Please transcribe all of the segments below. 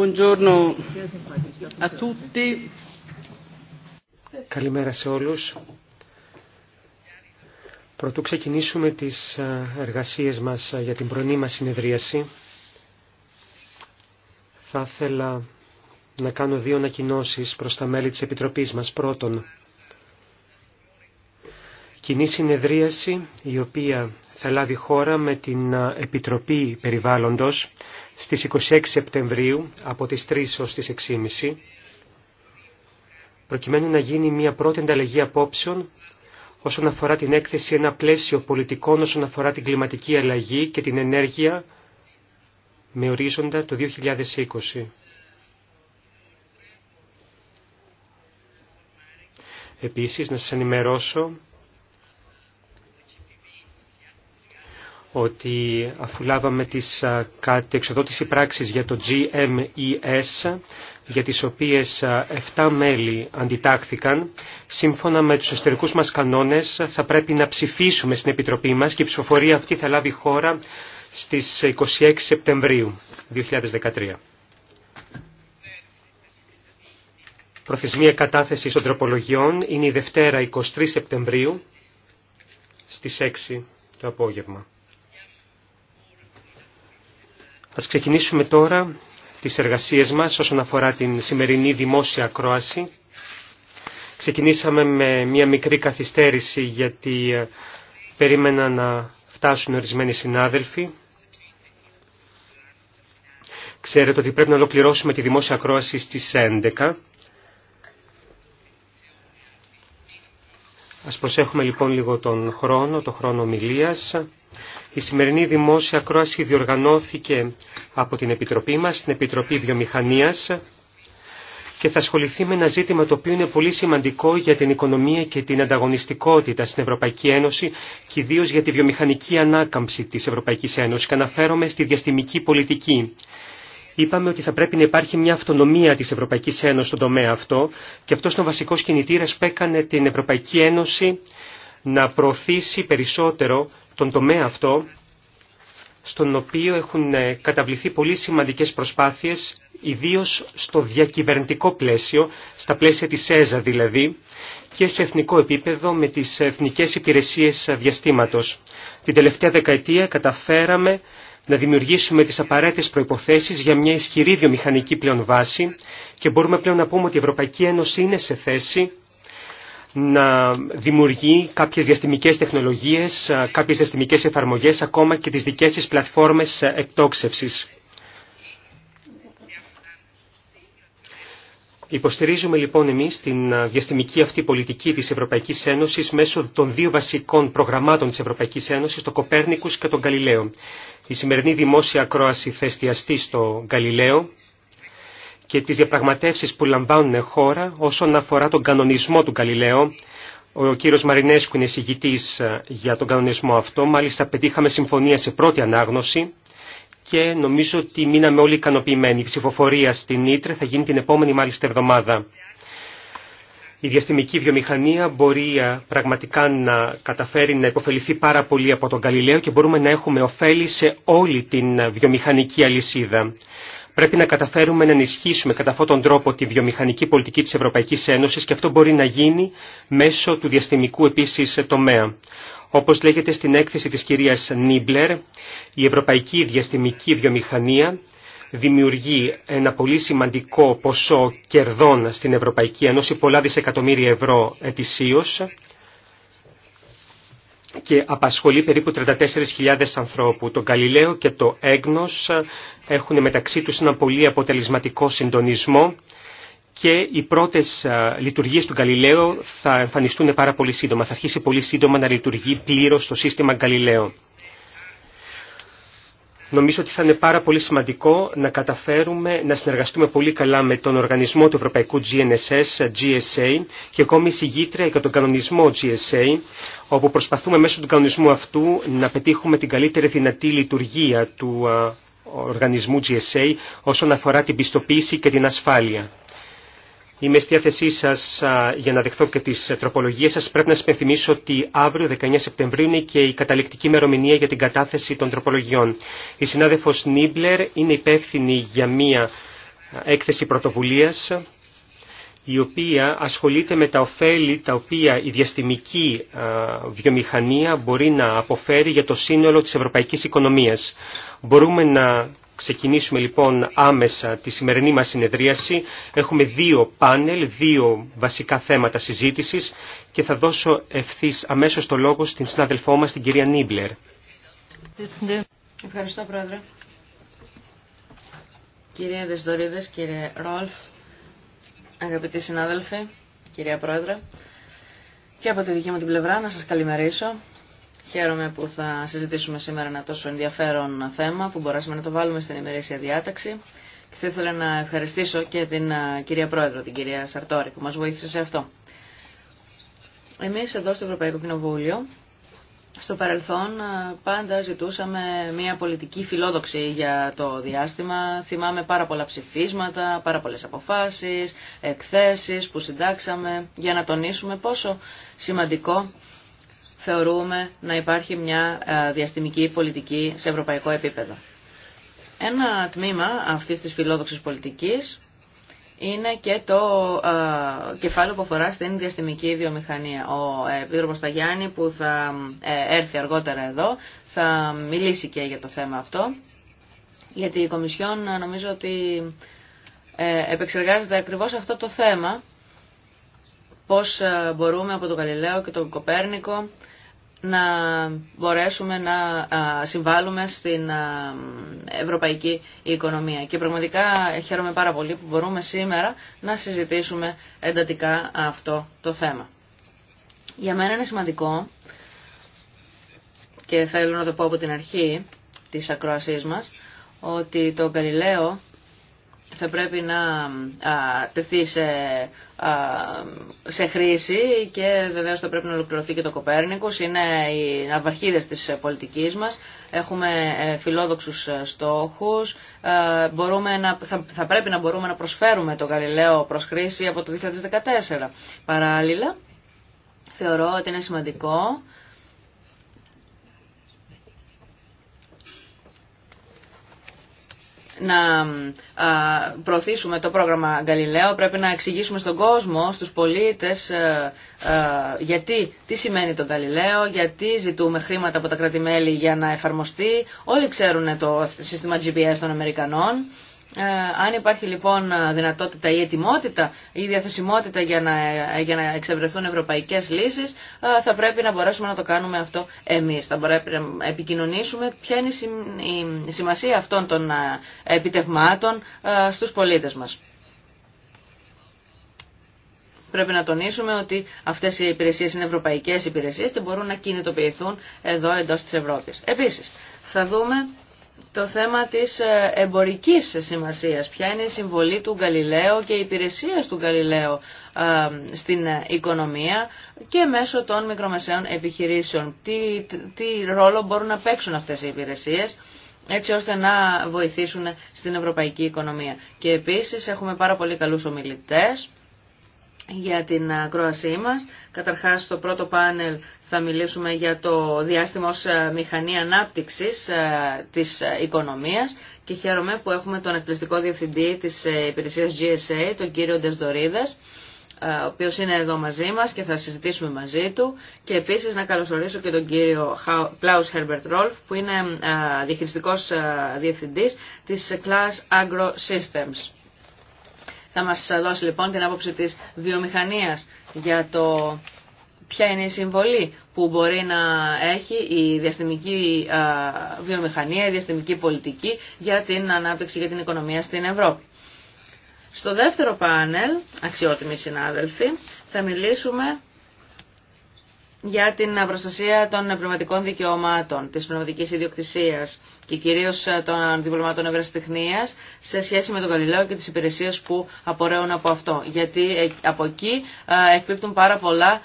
Buongiorno a tutti. Καλημέρα σε όλους. Πρωτού ξεκινήσουμε τις εργασίες μας για την πρωινή μας συνεδρίαση, θα ήθελα να κάνω δύο ανακοινώσει προς τα μέλη της Επιτροπής μας. Πρώτον, κοινή συνεδρίαση η οποία θα λάβει χώρα με την Επιτροπή Περιβάλλοντος στις 26 Σεπτεμβρίου από τις 3 ως τις 6.30 προκειμένου να γίνει μια πρώτη ανταλλαγή απόψεων όσον αφορά την έκθεση ένα πλαίσιο πολιτικών όσον αφορά την κλιματική αλλαγή και την ενέργεια με ορίζοντα το 2020. Επίσης, να σας ενημερώσω ότι αφού λάβαμε τις κατεξοδότηση πράξεις για το GMES, για τις οποίες 7 μέλη αντιτάχθηκαν, σύμφωνα με τους εσωτερικούς μας κανόνες θα πρέπει να ψηφίσουμε στην Επιτροπή μας και η ψηφοφορία αυτή θα λάβει χώρα στις 26 Σεπτεμβρίου 2013. Προθεσμία κατάθεση των τροπολογιών είναι η Δευτέρα 23 Σεπτεμβρίου στις 6 το απόγευμα. Ας ξεκινήσουμε τώρα τις εργασίες μας όσον αφορά την σημερινή δημόσια ακρόαση. Ξεκινήσαμε με μια μικρή καθυστέρηση γιατί ε, περίμενα να φτάσουν ορισμένοι συνάδελφοι. Ξέρετε ότι πρέπει να ολοκληρώσουμε τη δημόσια ακρόαση στις 11. Ας προσέχουμε λοιπόν λίγο τον χρόνο, τον χρόνο ομιλίας. Η σημερινή δημόσια ακρόαση διοργανώθηκε από την Επιτροπή μας, την Επιτροπή Βιομηχανίας και θα ασχοληθεί με ένα ζήτημα το οποίο είναι πολύ σημαντικό για την οικονομία και την ανταγωνιστικότητα στην Ευρωπαϊκή Ένωση και ιδίω για τη βιομηχανική ανάκαμψη της Ευρωπαϊκής Ένωσης και αναφέρομαι στη διαστημική πολιτική. Είπαμε ότι θα πρέπει να υπάρχει μια αυτονομία της Ευρωπαϊκής Ένωσης στον τομέα αυτό και αυτό είναι ο βασικός κινητήρας που έκανε την Ευρωπαϊκή Ένωση να προωθήσει περισσότερο τον τομέα αυτό, στον οποίο έχουν ε, καταβληθεί πολύ σημαντικές προσπάθειες, ιδίως στο διακυβερνητικό πλαίσιο, στα πλαίσια της ΕΖΑ δηλαδή, και σε εθνικό επίπεδο με τις εθνικές υπηρεσίες διαστήματος. Την τελευταία δεκαετία καταφέραμε να δημιουργήσουμε τις απαραίτητες προϋποθέσεις για μια ισχυρή βιομηχανική πλέον βάση και μπορούμε πλέον να πούμε ότι η Ευρωπαϊκή Ένωση είναι σε θέση να δημιουργεί κάποιες διαστημικές τεχνολογίες, κάποιες διαστημικές εφαρμογές, ακόμα και τις δικές της πλατφόρμες εκτόξευσης. Υποστηρίζουμε λοιπόν εμείς την διαστημική αυτή πολιτική της Ευρωπαϊκής Ένωσης μέσω των δύο βασικών προγραμμάτων της Ευρωπαϊκής Ένωσης, το Κοπέρνικους και τον Γαλιλαίο. Η σημερινή δημόσια ακρόαση θα στο Γαλιλαίο και τις διαπραγματεύσεις που λαμβάνουν χώρα όσον αφορά τον κανονισμό του Γαλιλαίου. Ο κύριος Μαρινέσκου είναι συγητής ε, για τον κανονισμό αυτό. Μάλιστα πετύχαμε συμφωνία σε πρώτη ανάγνωση και νομίζω ότι μείναμε όλοι ικανοποιημένοι. Η ψηφοφορία στην Ήτρε θα γίνει την επόμενη μάλιστα εβδομάδα. Η διαστημική βιομηχανία μπορεί ε, πραγματικά να καταφέρει να υποφεληθεί πάρα πολύ από τον Γαλιλαίο και μπορούμε να έχουμε ωφέλη σε όλη την ε, βιομηχανική αλυσίδα. Πρέπει να καταφέρουμε να ενισχύσουμε κατά αυτόν τον τρόπο τη βιομηχανική πολιτική της Ευρωπαϊκής Ένωσης και αυτό μπορεί να γίνει μέσω του διαστημικού επίσης τομέα. Όπως λέγεται στην έκθεση της κυρίας Νίμπλερ, η Ευρωπαϊκή Διαστημική Βιομηχανία δημιουργεί ένα πολύ σημαντικό ποσό κερδών στην Ευρωπαϊκή Ένωση, πολλά δισεκατομμύρια ευρώ ετησίως και απασχολεί περίπου 34.000 ανθρώπου. Το Γαλιλαίο και το Έγνος έχουν μεταξύ τους ένα πολύ αποτελεσματικό συντονισμό και οι πρώτες λειτουργίες του Γαλιλαίου θα εμφανιστούν πάρα πολύ σύντομα. Θα αρχίσει πολύ σύντομα να λειτουργεί πλήρως το σύστημα Γαλιλαίου. Νομίζω ότι θα είναι πάρα πολύ σημαντικό να καταφέρουμε να συνεργαστούμε πολύ καλά με τον οργανισμό του Ευρωπαϊκού GNSS, GSA και ακόμη συγγήτρια για τον κανονισμό GSA, όπου προσπαθούμε μέσω του κανονισμού αυτού να πετύχουμε την καλύτερη δυνατή λειτουργία του ε, οργανισμού GSA όσον αφορά την πιστοποίηση και την ασφάλεια. Είμαι στη διάθεσή σας για να δεχθώ και τις τροπολογίες σας. Πρέπει να σας υπενθυμίσω ότι αύριο 19 Σεπτεμβρίου είναι και η καταληκτική ημερομηνία για την κατάθεση των τροπολογιών. Η συνάδελφος Νίμπλερ είναι υπεύθυνη για μία έκθεση πρωτοβουλίας η οποία ασχολείται με τα ωφέλη τα οποία η διαστημική βιομηχανία μπορεί να αποφέρει για το σύνολο της ευρωπαϊκής οικονομίας. Μπορούμε να ξεκινήσουμε λοιπόν άμεσα τη σημερινή μας συνεδρίαση. Έχουμε δύο πάνελ, δύο βασικά θέματα συζήτησης και θα δώσω ευθύς αμέσως το λόγο στην συνάδελφό μας, την κυρία Νίμπλερ. Ευχαριστώ Πρόεδρε. Κυρία Δεσδορίδες, κύριε Ρόλφ, αγαπητοί συνάδελφοι, κυρία Πρόεδρε, και από τη δική μου την πλευρά να σας καλημερίσω Χαίρομαι που θα συζητήσουμε σήμερα ένα τόσο ενδιαφέρον θέμα που μπορέσαμε να το βάλουμε στην ημερήσια διάταξη. Και θα ήθελα να ευχαριστήσω και την κυρία Πρόεδρο, την κυρία Σαρτόρη, που μας βοήθησε σε αυτό. Εμείς εδώ στο Ευρωπαϊκό Κοινοβούλιο, στο παρελθόν πάντα ζητούσαμε μια πολιτική φιλόδοξη για το διάστημα. Θυμάμαι πάρα πολλά ψηφίσματα, πάρα πολλές αποφάσεις, εκθέσεις που συντάξαμε για να τονίσουμε πόσο σημαντικό θεωρούμε να υπάρχει μια ε, διαστημική πολιτική σε ευρωπαϊκό επίπεδο. Ένα τμήμα αυτής της φιλόδοξης πολιτικής είναι και το ε, κεφάλαιο που αφορά στην διαστημική βιομηχανία. Ο ε, Επίτροπος Σταγιάννη που θα έρθει αργότερα εδώ θα μιλήσει και για το θέμα αυτό γιατί η Κομισιόν νομίζω ότι επεξεργάζεται ακριβώς αυτό το θέμα πώς μπορούμε από τον Καλλιλέο και τον Κοπέρνικο να μπορέσουμε να συμβάλλουμε στην ευρωπαϊκή οικονομία. Και πραγματικά χαίρομαι πάρα πολύ που μπορούμε σήμερα να συζητήσουμε εντατικά αυτό το θέμα. Για μένα είναι σημαντικό και θέλω να το πω από την αρχή της ακροασής μας ότι το Γαλιλαίο θα πρέπει να τεθεί σε, σε χρήση και βεβαίως θα πρέπει να ολοκληρωθεί και το Κοπέρνικος. Είναι οι ναυαρχίδες της πολιτικής μας. Έχουμε ε, φιλόδοξους ε, στόχους. Ε, μπορούμε να, θα, πρέπει να μπορούμε να προσφέρουμε το Γαλιλαίο προς χρήση από το 2014. Παράλληλα, θεωρώ ότι είναι σημαντικό να προωθήσουμε το πρόγραμμα Γαλιλαίο, πρέπει να εξηγήσουμε στον κόσμο, στους πολίτες, ε, ε, γιατί, τι σημαίνει το Γαλιλαίο, γιατί ζητούμε χρήματα από τα κρατημέλη για να εφαρμοστεί. Όλοι ξέρουν το σύστημα GPS των Αμερικανών. Ε, αν υπάρχει λοιπόν δυνατότητα ή ετοιμότητα ή διαθεσιμότητα για να, για να εξευρεθούν ευρωπαϊκές λύσεις, ε, θα πρέπει να μπορέσουμε να το κάνουμε αυτό εμείς. Θα πρέπει να επικοινωνήσουμε ποια είναι η σημασία αυτών των ε, επιτευμάτων στους πολίτες μας. Πρέπει να τονίσουμε ότι αυτές οι υπηρεσίες είναι ευρωπαϊκές υπηρεσίες και μπορούν να κινητοποιηθούν εδώ εντός της Ευρώπης. Επίσης, θα δούμε το θέμα της ε, εμπορικής σημασίας. Ποια είναι η συμβολή του Γαλιλαίου και οι υπηρεσία του Γαλιλαίου ε, στην ε, οικονομία και μέσω των μικρομεσαίων επιχειρήσεων. Τι, τι ρόλο μπορούν να παίξουν αυτές οι υπηρεσίες έτσι ώστε να βοηθήσουν στην ευρωπαϊκή οικονομία. Και επίσης έχουμε πάρα πολύ καλούς ομιλητές για την ακρόασή μας. Καταρχάς στο πρώτο πάνελ θα μιλήσουμε για το διάστημα ως ε, μηχανή ανάπτυξης ε, της ε, οικονομίας και χαίρομαι που έχουμε τον εκτελεστικό διευθυντή της υπηρεσίας GSA, τον κύριο Ντεσδορίδας, ο οποίος είναι εδώ μαζί μας και θα συζητήσουμε μαζί του και επίσης να καλωσορίσω και τον κύριο Κλάους Herbert Rolf που είναι διαχειριστικός διευθυντής της Class Agro Systems. Θα μας δώσει λοιπόν την άποψη της βιομηχανίας για το ποια είναι η συμβολή που μπορεί να έχει η διαστημική βιομηχανία, η διαστημική πολιτική για την ανάπτυξη για την οικονομία στην Ευρώπη. Στο δεύτερο πάνελ, αξιότιμοι συνάδελφοι, θα μιλήσουμε για την προστασία των πνευματικών δικαιωμάτων, της πνευματικής ιδιοκτησίας και κυρίως ε, των διπλωμάτων ευρεσιτεχνίας σε σχέση με τον Γαλιλαίο και τις υπηρεσίες που απορρέουν από αυτό. Γιατί ε, από εκεί ε, εκπίπτουν πάρα πολλά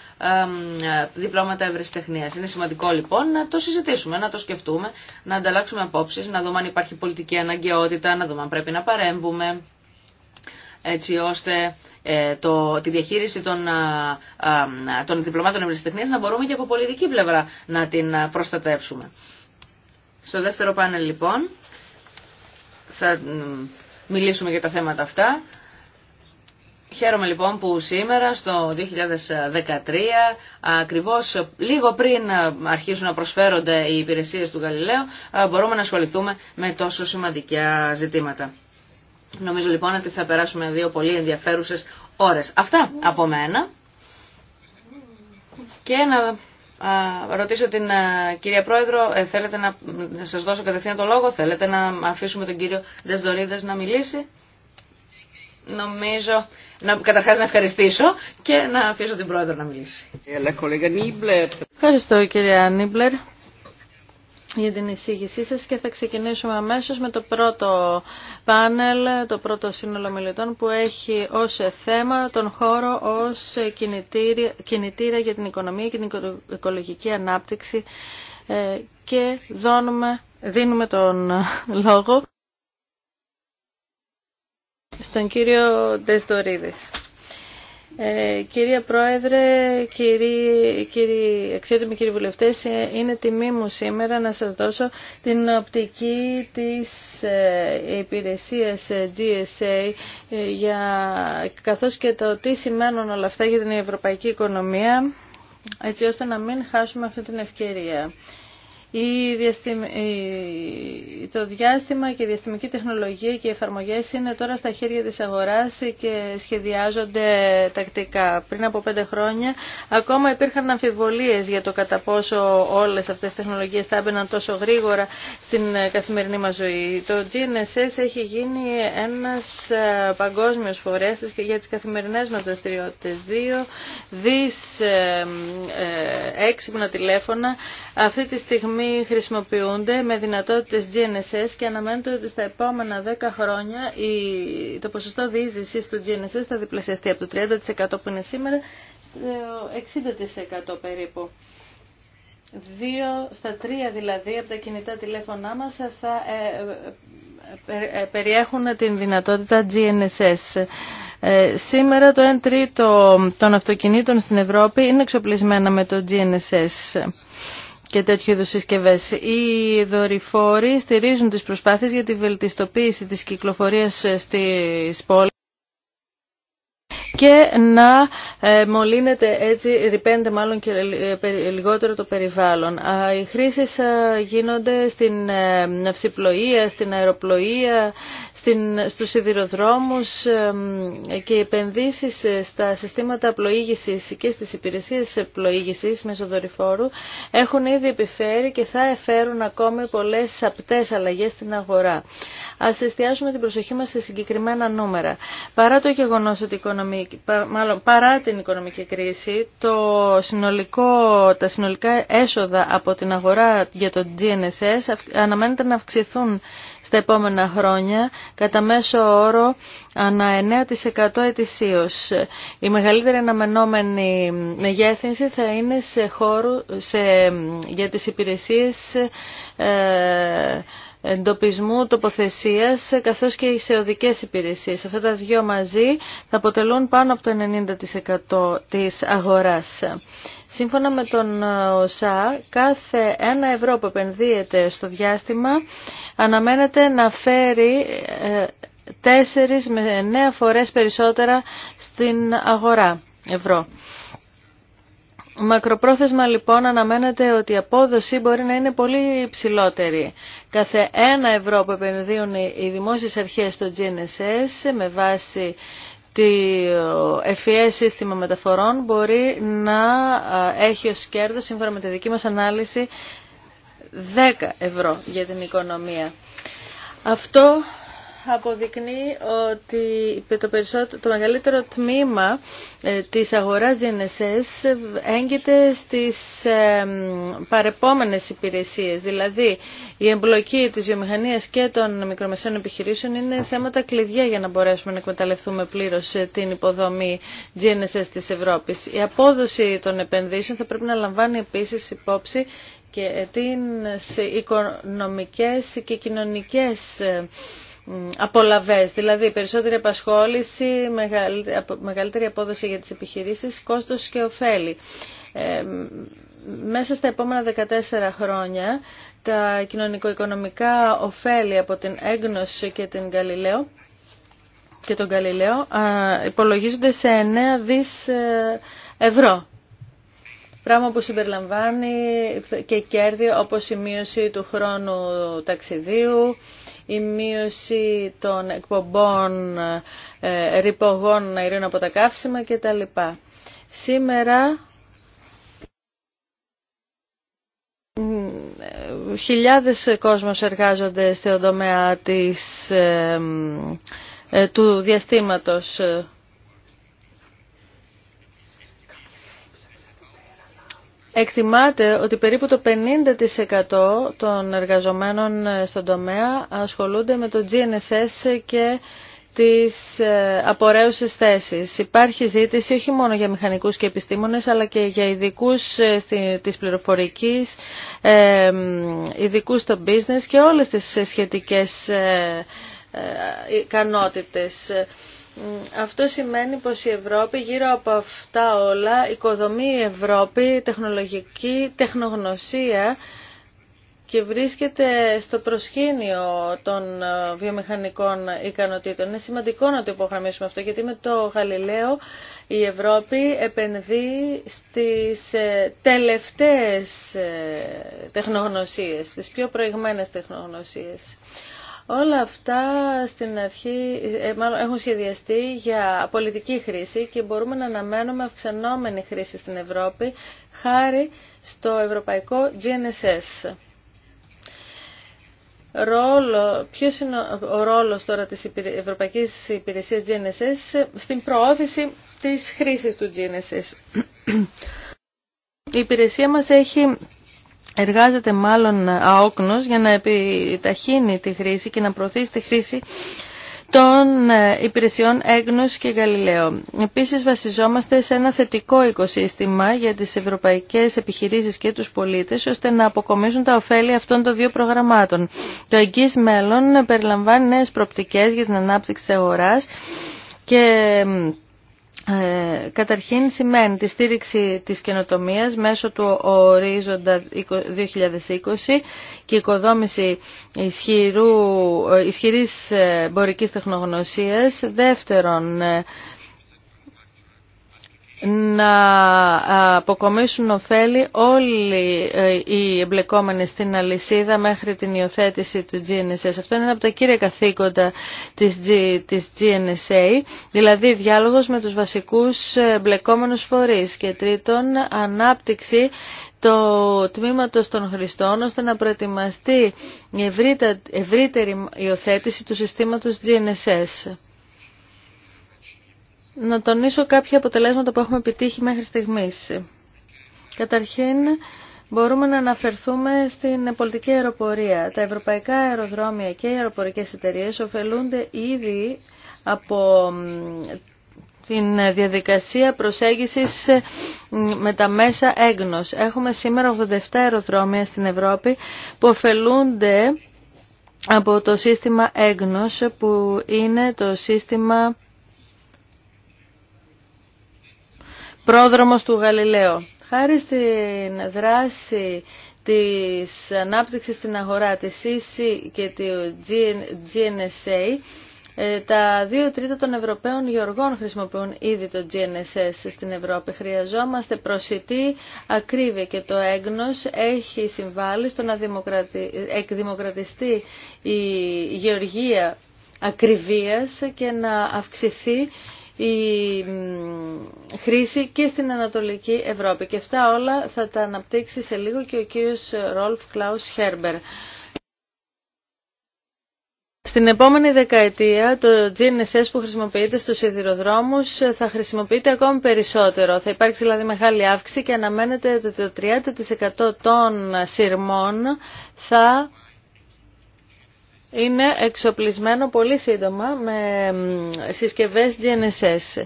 διπλώματα ευρεσιτεχνίας. Είναι σημαντικό λοιπόν να το συζητήσουμε, να το σκεφτούμε, να ανταλλάξουμε απόψεις, να δούμε αν υπάρχει πολιτική αναγκαιότητα, να δούμε αν πρέπει να παρέμβουμε έτσι ώστε ε, το, τη διαχείριση των, ε, ε, των διπλωμάτων ευρεσιτεχνίας να μπορούμε και από πολιτική πλευρά να την προστατεύσουμε. Στο δεύτερο πάνελ λοιπόν θα μιλήσουμε για τα θέματα αυτά. Χαίρομαι λοιπόν που σήμερα στο 2013, ακριβώς λίγο πριν αρχίσουν να προσφέρονται οι υπηρεσίες του Γαλιλαίου, μπορούμε να ασχοληθούμε με τόσο σημαντικά ζητήματα. Νομίζω λοιπόν ότι θα περάσουμε δύο πολύ ενδιαφέρουσες ώρες. Αυτά από μένα. Και να α, ρωτήσω την κυρία Πρόεδρο, ε, θέλετε να, σας δώσω κατευθείαν το λόγο, θέλετε να αφήσουμε τον κύριο Δεσδορίδες να μιλήσει. Νομίζω, να, καταρχάς να ευχαριστήσω και να αφήσω την Πρόεδρο να μιλήσει. Ε, Ευχαριστώ κυρία Νίμπλερ για την εισήγησή σας και θα ξεκινήσουμε αμέσως με το πρώτο πάνελ, το πρώτο σύνολο μιλητών που έχει ως θέμα τον χώρο ως κινητήρια για την οικονομία και την οικολογική ανάπτυξη ε, και δίνουμε τον λόγο στον κύριο Ντεσδορίδης. Ε, κυρία Πρόεδρε, κύριοι, κύριοι, αξιότιμοι κύριοι βουλευτές, ε, είναι τιμή μου σήμερα να σας δώσω την οπτική της ε, υπηρεσίας ε, GSA για, καθώς και το τι σημαίνουν όλα αυτά για την ευρωπαϊκή οικονομία, έτσι ώστε να μην χάσουμε αυτή την ευκαιρία το διάστημα και η διαστημική τεχνολογία και οι εφαρμογές είναι τώρα στα χέρια της αγοράς και σχεδιάζονται τακτικά. Πριν από πέντε χρόνια ακόμα υπήρχαν αμφιβολίες για το κατά πόσο όλες αυτές οι τεχνολογίες θα έμπαιναν τόσο γρήγορα στην καθημερινή μας ζωή. Το GNSS έχει γίνει ένας ε, παγκόσμιος φορέας για τις καθημερινές μας δραστηριότητες. Δύο δις ε, ε, έξυπνα τηλέφωνα αυτή τη στιγμή χρησιμοποιούνται με δυνατότητες GNSS και αναμένεται ότι στα επόμενα 10 χρόνια η, το ποσοστό διείσδυσης του GNSS θα διπλασιαστεί από το 30% που είναι σήμερα στο 60% περίπου. Δύο στα τρία δηλαδή από τα κινητά τηλέφωνά μας θα ε, ε, ε, περιέχουν την δυνατότητα GNSS. Σήμερα το 1 τρίτο των αυτοκινήτων στην Ευρώπη είναι εξοπλισμένα με το GNSS και τέτοιου είδου συσκευέ. Οι δορυφόροι στηρίζουν τις προσπάθειες για τη βελτιστοποίηση της κυκλοφορία στι πόλει και να ε, μολύνεται έτσι, ρηπαίνεται μάλλον και ε, ε, λιγότερο το περιβάλλον. Οι χρήσεις γίνονται στην ναυσιπλοεία, στην αεροπλοεία, στην, στους σιδηροδρόμους και οι επενδύσεις στα συστήματα πλοήγησης και στις υπηρεσίες πλοήγησης μεσοδορυφόρου έχουν ήδη επιφέρει και θα εφέρουν ακόμη πολλές απτές αλλαγές στην αγορά. Ας εστιάσουμε την προσοχή μας σε συγκεκριμένα νούμερα. Παρά το γεγονός ότι η οικονομία μάλλον παρά την οικονομική κρίση, το συνολικό, τα συνολικά έσοδα από την αγορά για το GNSS αναμένεται να αυξηθούν στα επόμενα χρόνια κατά μέσο όρο ανά 9% ετησίως. Η μεγαλύτερη αναμενόμενη μεγέθυνση θα είναι σε χώρου, σε, για τις υπηρεσίες ε, εντοπισμού τοποθεσίας καθώς και σε οδικές υπηρεσίες. Αυτά τα δύο μαζί θα αποτελούν πάνω από το 90% της αγοράς. Σύμφωνα με τον ε, ΟΣΑ, κάθε ένα ευρώ που επενδύεται στο διάστημα αναμένεται να φέρει ε, τέσσερις με νέα φορές περισσότερα στην αγορά ευρώ. Μακροπρόθεσμα λοιπόν αναμένεται ότι η απόδοση μπορεί να είναι πολύ υψηλότερη. Κάθε ένα ευρώ που επενδύουν οι δημόσιες αρχές στο GNSS με βάση το ε, FES σύστημα μεταφορών μπορεί να ε, έχει ως κέρδος σύμφωνα με τη δική μας ανάλυση 10 ευρώ για την οικονομία. Αυτό αποδεικνύει ότι το, περισσότερο, το μεγαλύτερο τμήμα ε, της αγοράς GNSS έγκυται στις παρεπόμενες υπηρεσίες. Δηλαδή, η εμπλοκή της βιομηχανίας και των μικρομεσαίων επιχειρήσεων είναι θέματα κλειδιά για να μπορέσουμε να εκμεταλλευτούμε πλήρως ε, την υποδομή GNSS της Ευρώπης. Η απόδοση των επενδύσεων θα πρέπει να λαμβάνει επίσης υπόψη και τι οικονομικές και κοινωνικές ε, απολαβές, δηλαδή περισσότερη απασχόληση, μεγαλύτερη απόδοση για τις επιχειρήσεις, κόστος και ωφέλη. Ε, μέσα στα επόμενα 14 χρόνια τα κοινωνικο-οικονομικά ωφέλη από την έγνωση και την Γαλιλαίο και τον Γαλιλαίο υπολογίζονται σε 9 δις ε, ευρώ. Πράγμα που συμπεριλαμβάνει και κέρδη όπως η μείωση του χρόνου ταξιδίου, η μείωση των εκπομπών ε, να ειρήνω από τα καύσιμα κτλ. Σήμερα χιλιάδες κόσμος εργάζονται στον τομέα ε, ε, του διαστήματος Εκτιμάται ότι περίπου το 50% των εργαζομένων στον τομέα ασχολούνται με το GNSS και τις ε, απορρέωσες θέσεις. Υπάρχει ζήτηση όχι μόνο για μηχανικούς και επιστήμονες, αλλά και για ειδικούς ε, της πληροφορικής, ε, ειδικούς στο business και όλες τις σχετικές ικανότητες. Αυτό σημαίνει πως η Ευρώπη γύρω από αυτά όλα οικοδομεί η Ευρώπη τεχνολογική τεχνογνωσία και βρίσκεται στο προσκήνιο των ε, βιομηχανικών ικανοτήτων. Είναι σημαντικό να το υπογραμμίσουμε αυτό γιατί με το Γαλιλαίο η Ευρώπη επενδύει στις ε, τελευταίες ε, τεχνογνωσίες, τις πιο προηγμένες τεχνογνωσίες. Όλα αυτά στην αρχή ε, έχουν σχεδιαστεί για πολιτική χρήση και μπορούμε να αναμένουμε αυξανόμενη χρήση στην Ευρώπη χάρη στο ευρωπαϊκό GNSS. Ρόλο, ποιος είναι ο ρόλος τώρα της Ευρωπαϊκής Υπηρεσίας GNSS στην προώθηση της χρήσης του GNSS. Η υπηρεσία μας έχει εργάζεται μάλλον αόκνος για να επιταχύνει τη χρήση και να προωθήσει τη χρήση των ε, υπηρεσιών έγνωση και γαλιλαίο. Επίσης βασιζόμαστε σε ένα θετικό οικοσύστημα για τις ευρωπαϊκές επιχειρήσεις και τους πολίτες ώστε να αποκομίσουν τα ωφέλη αυτών των δύο προγραμμάτων. Το εγγύς μέλλον περιλαμβάνει νέες προπτικές για την ανάπτυξη της αγοράς και ε, καταρχήν σημαίνει τη στήριξη της καινοτομίας μέσω του ορίζοντα 2020 και οικοδόμηση ισχυρού, ε, ισχυρής ε, εμπορικής τεχνογνωσίας. Δεύτερον, να αποκομίσουν ωφέλη όλοι ε, οι εμπλεκόμενοι στην αλυσίδα μέχρι την υιοθέτηση του GNSS. Αυτό είναι ένα από τα κύρια καθήκοντα της, της GNSA, δηλαδή διάλογος με τους βασικούς εμπλεκόμενους φορείς και τρίτον ανάπτυξη το τμήματο των χρηστών ώστε να προετοιμαστεί η ευρύτερη υιοθέτηση του συστήματος GNSS να τονίσω κάποια αποτελέσματα που έχουμε επιτύχει μέχρι στιγμής. Καταρχήν, μπορούμε να αναφερθούμε στην πολιτική αεροπορία. Τα ευρωπαϊκά αεροδρόμια και οι αεροπορικές εταιρείες ωφελούνται ήδη από την διαδικασία προσέγγισης με τα μέσα έγνος. Έχουμε σήμερα 87 αεροδρόμια στην Ευρώπη που ωφελούνται από το σύστημα έγνος που είναι το σύστημα πρόδρομος του Γαλιλαίου. Χάρη στην δράση της ανάπτυξης στην αγορά της CC και του GNSA, ε, τα δύο τρίτα των Ευρωπαίων γεωργών χρησιμοποιούν ήδη το GNSS στην Ευρώπη. Χρειαζόμαστε προσιτή ακρίβεια και το έγνος έχει συμβάλει στο να εκδημοκρατιστεί η γεωργία ακριβίας και να αυξηθεί η χρήση και στην Ανατολική Ευρώπη. Και αυτά όλα θα τα αναπτύξει σε λίγο και ο κύριος Ρόλφ Κλάους Χέρμπερ. Στην επόμενη δεκαετία το GNSS που χρησιμοποιείται στους σιδηροδρόμους θα χρησιμοποιείται ακόμη περισσότερο. Θα υπάρξει δηλαδή μεγάλη αύξηση και αναμένεται ότι το 30% των σειρμών θα είναι εξοπλισμένο πολύ σύντομα με συσκευές GNSS.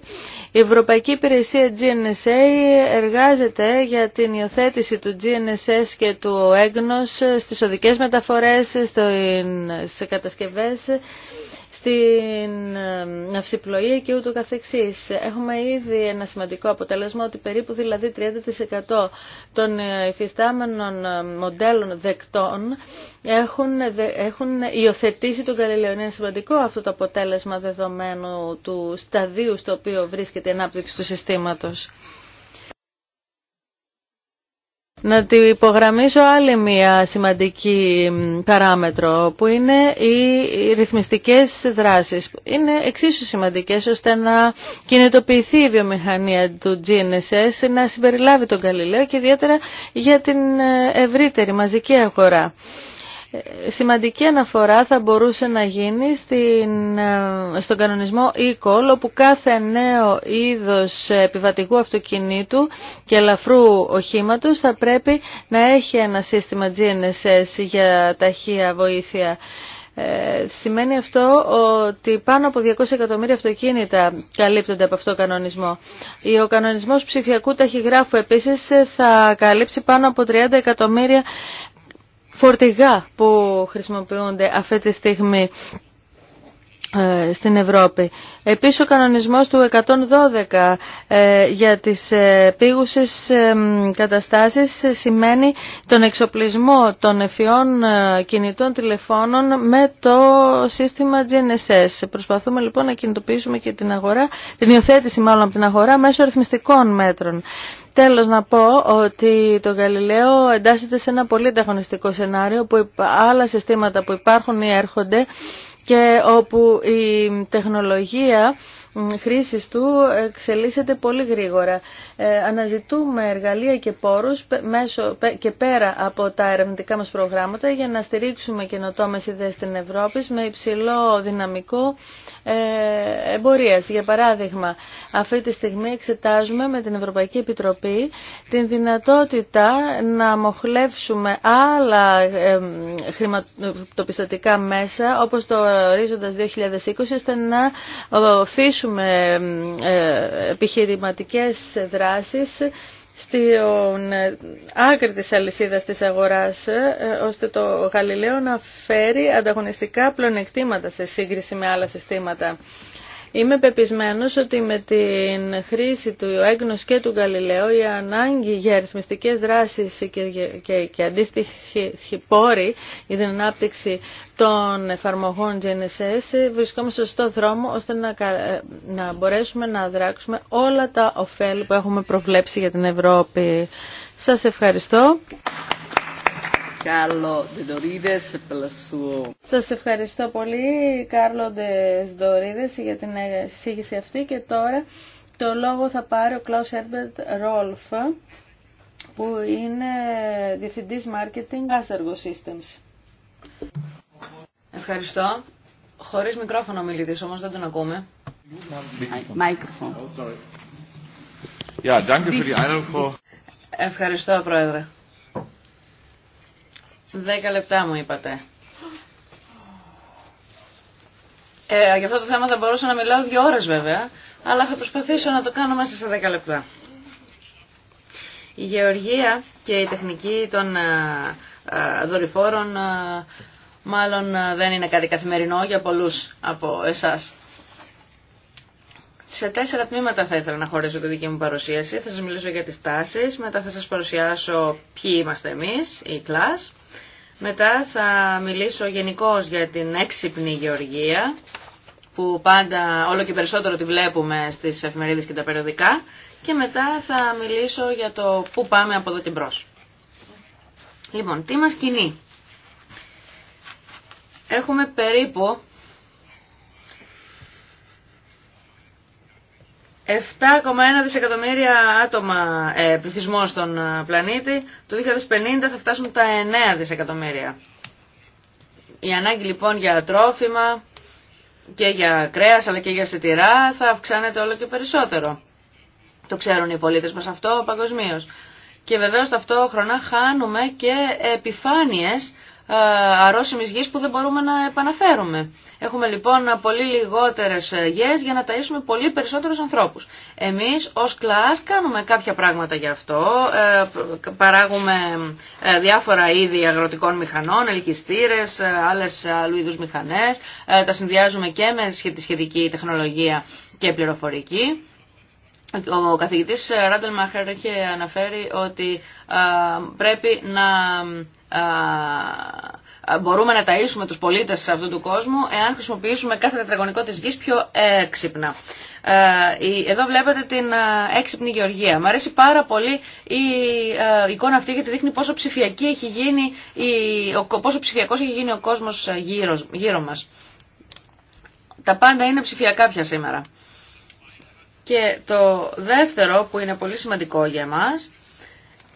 Η Ευρωπαϊκή Υπηρεσία GNSA εργάζεται για την υιοθέτηση του GNSS και του EGNOS στις οδικές μεταφορές, σε κατασκευές στην ε, αυσιπλοεία και ούτω καθεξής. Έχουμε ήδη ένα σημαντικό αποτέλεσμα ότι περίπου δηλαδή 30% των ε, υφιστάμενων ε, μοντέλων δεκτών έχουν, έχουν υιοθετήσει τον του Είναι σημαντικό αυτό το αποτέλεσμα δεδομένου του σταδίου στο οποίο βρίσκεται η ανάπτυξη του συστήματος να τη υπογραμμίσω άλλη μία σημαντική παράμετρο που είναι οι ρυθμιστικές δράσεις. Είναι εξίσου σημαντικές ώστε να κινητοποιηθεί η βιομηχανία του GNSS να συμπεριλάβει τον Καλλιλέο και ιδιαίτερα για την ε, ευρύτερη μαζική αγορά. Ε, σημαντική αναφορά θα μπορούσε να γίνει στην, ε, στον κανονισμό e-call, όπου κάθε νέο είδος επιβατικού αυτοκινήτου και ελαφρού οχήματος θα πρέπει να έχει ένα σύστημα GNSS για ταχεία βοήθεια. Ε, σημαίνει αυτό ότι πάνω από 200 εκατομμύρια αυτοκίνητα καλύπτονται από αυτό τον κανονισμό. Ο κανονισμός ψηφιακού ταχυγράφου επίσης θα καλύψει πάνω από 30 εκατομμύρια φορτηγά που χρησιμοποιούνται αυτή τη στιγμή ε, στην Ευρώπη. Επίσης ο κανονισμός του 112 ε, για τις ε, πήγουσες καταστάσεις σημαίνει τον εξοπλισμό των εφιών κινητών τηλεφώνων με το σύστημα GNSS. Προσπαθούμε λοιπόν να κινητοποιήσουμε και την αγορά, την υιοθέτηση μάλλον από την αγορά μέσω αριθμιστικών μέτρων. Τέλος να πω ότι το Γαλιλαίο εντάσσεται σε ένα πολύ ανταγωνιστικό σενάριο που άλλα συστήματα που υπάρχουν ή έρχονται και όπου η τεχνολογία χρήσης του εξελίσσεται πολύ γρήγορα. Ε, αναζητούμε εργαλεία και πόρους μέσω και πέρα από τα ερευνητικά μας προγράμματα για να στηρίξουμε καινοτόμες ιδέες στην Ευρώπη με υψηλό δυναμικό ε, εμπορίας. Για παράδειγμα, αυτή τη στιγμή εξετάζουμε με την Ευρωπαϊκή Επιτροπή την δυνατότητα να μοχλεύσουμε άλλα χρηματοπιστωτικά μέσα όπως το ορίζοντας 2020 ώστε να οφείσουμε ε, επιχειρηματικές δράσεις δράσεις στην άκρη της αλυσίδας της αγοράς, ε, ώστε το Γαλιλαίο να φέρει ανταγωνιστικά πλονεκτήματα σε σύγκριση με άλλα συστήματα. Είμαι πεπισμένος ότι με την χρήση του έγκνο και του Γαλιλαίου η ανάγκη για αριθμιστικές δράσεις και, και, και αντίστοιχοι πόροι για την ανάπτυξη των εφαρμογών GNSS βρισκόμαστε στο δρόμο ώστε να, ε, να μπορέσουμε να δράξουμε όλα τα ωφέλη που έχουμε προβλέψει για την Ευρώπη. Σας ευχαριστώ σα ευχαριστώ πολύ Κάρλο Ντορίδες για την εισήγηση αυτή και τώρα το λόγο θα πάρει ο Κλάου Έρμπερτ Ρόλφ που είναι Διευθυντής Μάρκετινγκ Asargo Systems. Ευχαριστώ. Χωρί μικρόφωνο μιλητή, όμω δεν τον ακούμε. Μικρόφωνο. Oh, ευχαριστώ, Πρόεδρε. Δέκα λεπτά μου είπατε. Ε, για αυτό το θέμα θα μπορούσα να μιλάω δύο ώρες βέβαια, αλλά θα προσπαθήσω να το κάνω μέσα σε δέκα λεπτά. Η γεωργία και η τεχνική των ε, ε, δορυφόρων ε, μάλλον δεν είναι κάτι καθημερινό για πολλούς από εσάς. Σε τέσσερα τμήματα θα ήθελα να χωρίσω τη δική μου παρουσίαση. Θα σας μιλήσω για τις τάσεις, μετά θα σας παρουσιάσω ποιοι είμαστε εμείς, η κλάς. Μετά θα μιλήσω γενικώ για την έξυπνη γεωργία, που πάντα όλο και περισσότερο τη βλέπουμε στις εφημερίδες και τα περιοδικά. Και μετά θα μιλήσω για το πού πάμε από εδώ και μπρος. Λοιπόν, τι μας κινεί. Έχουμε περίπου 7,1 δισεκατομμύρια άτομα ε, πληθυσμό στον ε, πλανήτη. Το 2050 θα φτάσουν τα 9 δισεκατομμύρια. Η ανάγκη λοιπόν για τρόφιμα και για κρέας αλλά και για σιτηρά θα αυξάνεται όλο και περισσότερο. Το ξέρουν οι πολίτες μας αυτό παγκοσμίω. Και βεβαίως ταυτόχρονα χάνουμε και επιφάνειες ε, αρρώσιμης γης που δεν μπορούμε να επαναφέρουμε. Έχουμε λοιπόν πολύ λιγότερες ε, γης για να ταΐσουμε πολύ περισσότερους ανθρώπους. Εμείς ως κλάς κάνουμε κάποια πράγματα γι' αυτό. Ε, παράγουμε διάφορα είδη αγροτικών μηχανών, ελκυστήρες, άλλες άλλου είδους μηχανές. Τα συνδυάζουμε και με τη σχετική τεχνολογία και πληροφορική ο καθηγητής ε, Ράντελ Μάχερ είχε αναφέρει ότι ε, πρέπει να ε, μπορούμε να ταΐσουμε τους πολίτες σε αυτού του κόσμου εάν χρησιμοποιήσουμε κάθε τετραγωνικό της γης πιο έξυπνα. Εδώ βλέπετε την έξυπνη γεωργία. Μ' αρέσει πάρα πολύ η εικόνα αυτή γιατί δείχνει πόσο, ψηφιακή έχει γίνει, πόσο ψηφιακός έχει γίνει ο κόσμος γύρω, γύρω μας. Τα πάντα είναι ψηφιακά πια σήμερα. Και το δεύτερο που είναι πολύ σημαντικό για μας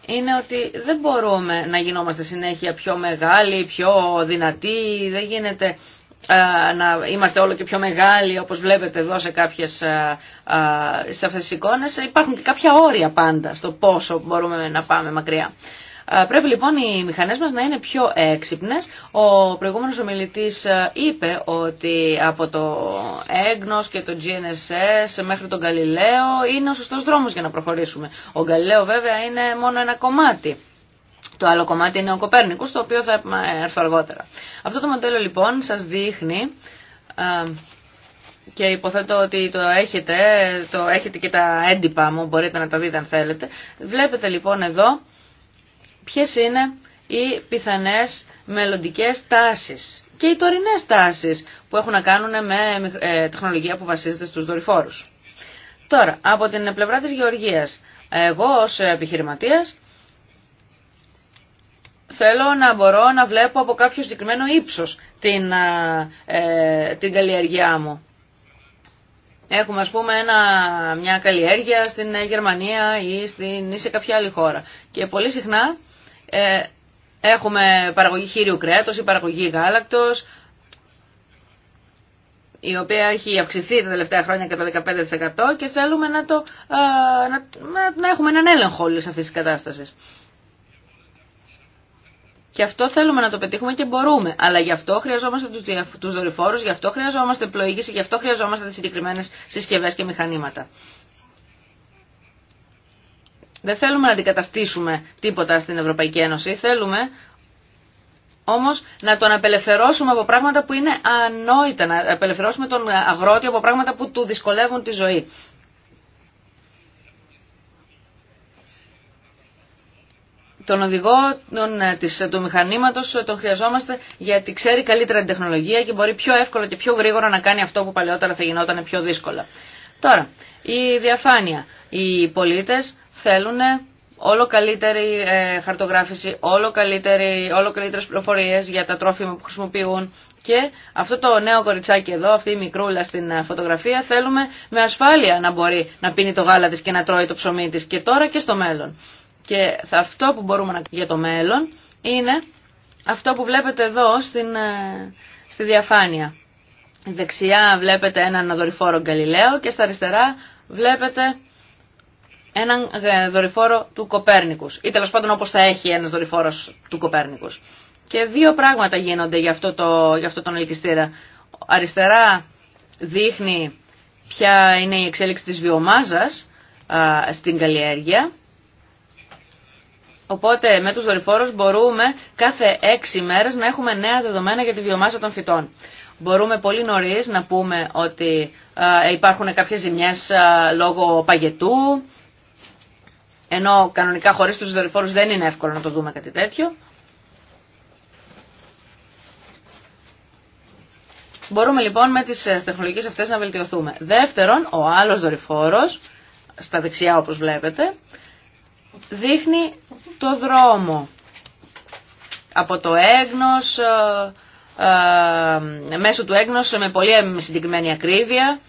είναι ότι δεν μπορούμε να γινόμαστε συνέχεια πιο μεγάλοι, πιο δυνατοί, δεν γίνεται να είμαστε όλο και πιο μεγάλοι όπως βλέπετε εδώ σε, κάποιες, σε αυτές τις εικόνες υπάρχουν και κάποια όρια πάντα στο πόσο μπορούμε να πάμε μακριά ε, πρέπει λοιπόν οι μηχανές μας να είναι πιο έξυπνες. Ο προηγούμενος ομιλητής ε, είπε ότι από το έγνος και το GNSS μέχρι τον Γαλιλαίο είναι ο σωστός δρόμος για να προχωρήσουμε. Ο Γαλιλαίο βέβαια είναι μόνο ένα κομμάτι. Το άλλο κομμάτι είναι ο Κοπέρνικος, το οποίο θα ε, έρθω αργότερα. Αυτό το μοντέλο λοιπόν σας δείχνει και υποθέτω ότι το έχετε, το έχετε και τα έντυπα μου, μπορείτε να τα δείτε αν θέλετε. Βλέπετε λοιπόν εδώ ποιες είναι οι πιθανές μελλοντικέ τάσεις και οι τωρινές τάσεις που έχουν να κάνουν με ε, ε, τεχνολογία που βασίζεται στους δορυφόρους. Τώρα, από την πλευρά της γεωργίας, εγώ ως επιχειρηματίας θέλω να μπορώ να βλέπω από κάποιο συγκεκριμένο ύψος την, ε, ε την καλλιεργιά μου. Έχουμε ας πούμε μια καλλιέργεια στην Γερμανία ή, στην, ή σε κάποια άλλη χώρα. Και πολύ συχνά ε, έχουμε παραγωγή χείριου κρέατος ή παραγωγή γάλακτος, η οποία έχει αυξηθεί τα τελευταία χρόνια κατά 15% και θέλουμε να, το, ε, να, να έχουμε έναν έλεγχο όλη αυτή τη κατάσταση. Και αυτό θέλουμε να το πετύχουμε και μπορούμε. Αλλά γι' αυτό χρειαζόμαστε τους δορυφόρους, γι' αυτό χρειαζόμαστε πλοήγηση, γι' αυτό χρειαζόμαστε τις συγκεκριμένε συσκευές και μηχανήματα. Δεν θέλουμε να αντικαταστήσουμε τίποτα στην Ευρωπαϊκή Ένωση. Θέλουμε όμως να τον απελευθερώσουμε από πράγματα που είναι ανόητα. Να απελευθερώσουμε τον αγρότη από πράγματα που του δυσκολεύουν τη ζωή. Τον οδηγό τον, ε, της, ε, του μηχανήματος ε, τον χρειαζόμαστε γιατί ξέρει καλύτερα την τεχνολογία και μπορεί πιο εύκολα και πιο γρήγορα να κάνει αυτό που παλαιότερα θα γινόταν πιο δύσκολα. Τώρα, η διαφάνεια. Οι πολίτες θέλουν όλο καλύτερη ε, χαρτογράφηση, όλο, καλύτερη, όλο καλύτερες πληροφορίες για τα τρόφιμα που χρησιμοποιούν και αυτό το νέο κοριτσάκι εδώ, αυτή η μικρούλα στην ε, φωτογραφία, θέλουμε με ασφάλεια να μπορεί να πίνει το γάλα της και να τρώει το ψωμί της και τώρα και στο μέλλον. Και αυτό που μπορούμε να για το μέλλον είναι αυτό που βλέπετε εδώ στην, ε, στη διαφάνεια. Δεξιά βλέπετε έναν δορυφόρο Γκαλιλαίο και στα αριστερά βλέπετε έναν ε, δορυφόρο του Κοπέρνικου. Ή τέλο πάντων όπω θα έχει ένα δορυφόρο του Κοπέρνικου. Και δύο πράγματα γίνονται για αυτό, το, για αυτό τον ελκυστήρα. Αριστερά δείχνει ποια είναι η εξέλιξη της βιομάζας στην καλλιέργεια. Οπότε με τους δορυφόρους μπορούμε κάθε έξι μέρες να έχουμε νέα δεδομένα για τη βιομάζα των φυτών. Μπορούμε πολύ νωρίς να πούμε ότι υπάρχουν κάποιες ζημιές λόγω παγετού, ενώ κανονικά χωρίς τους δορυφόρους δεν είναι εύκολο να το δούμε κάτι τέτοιο. Μπορούμε λοιπόν με τις ε, τεχνολογίες αυτές να βελτιωθούμε. Δεύτερον, ο άλλος δορυφόρος, στα δεξιά όπως βλέπετε, δείχνει το δρόμο. Από το έγνος, ε, ε, μέσω του έγνος με πολύ συγκεκριμένη ακρίβεια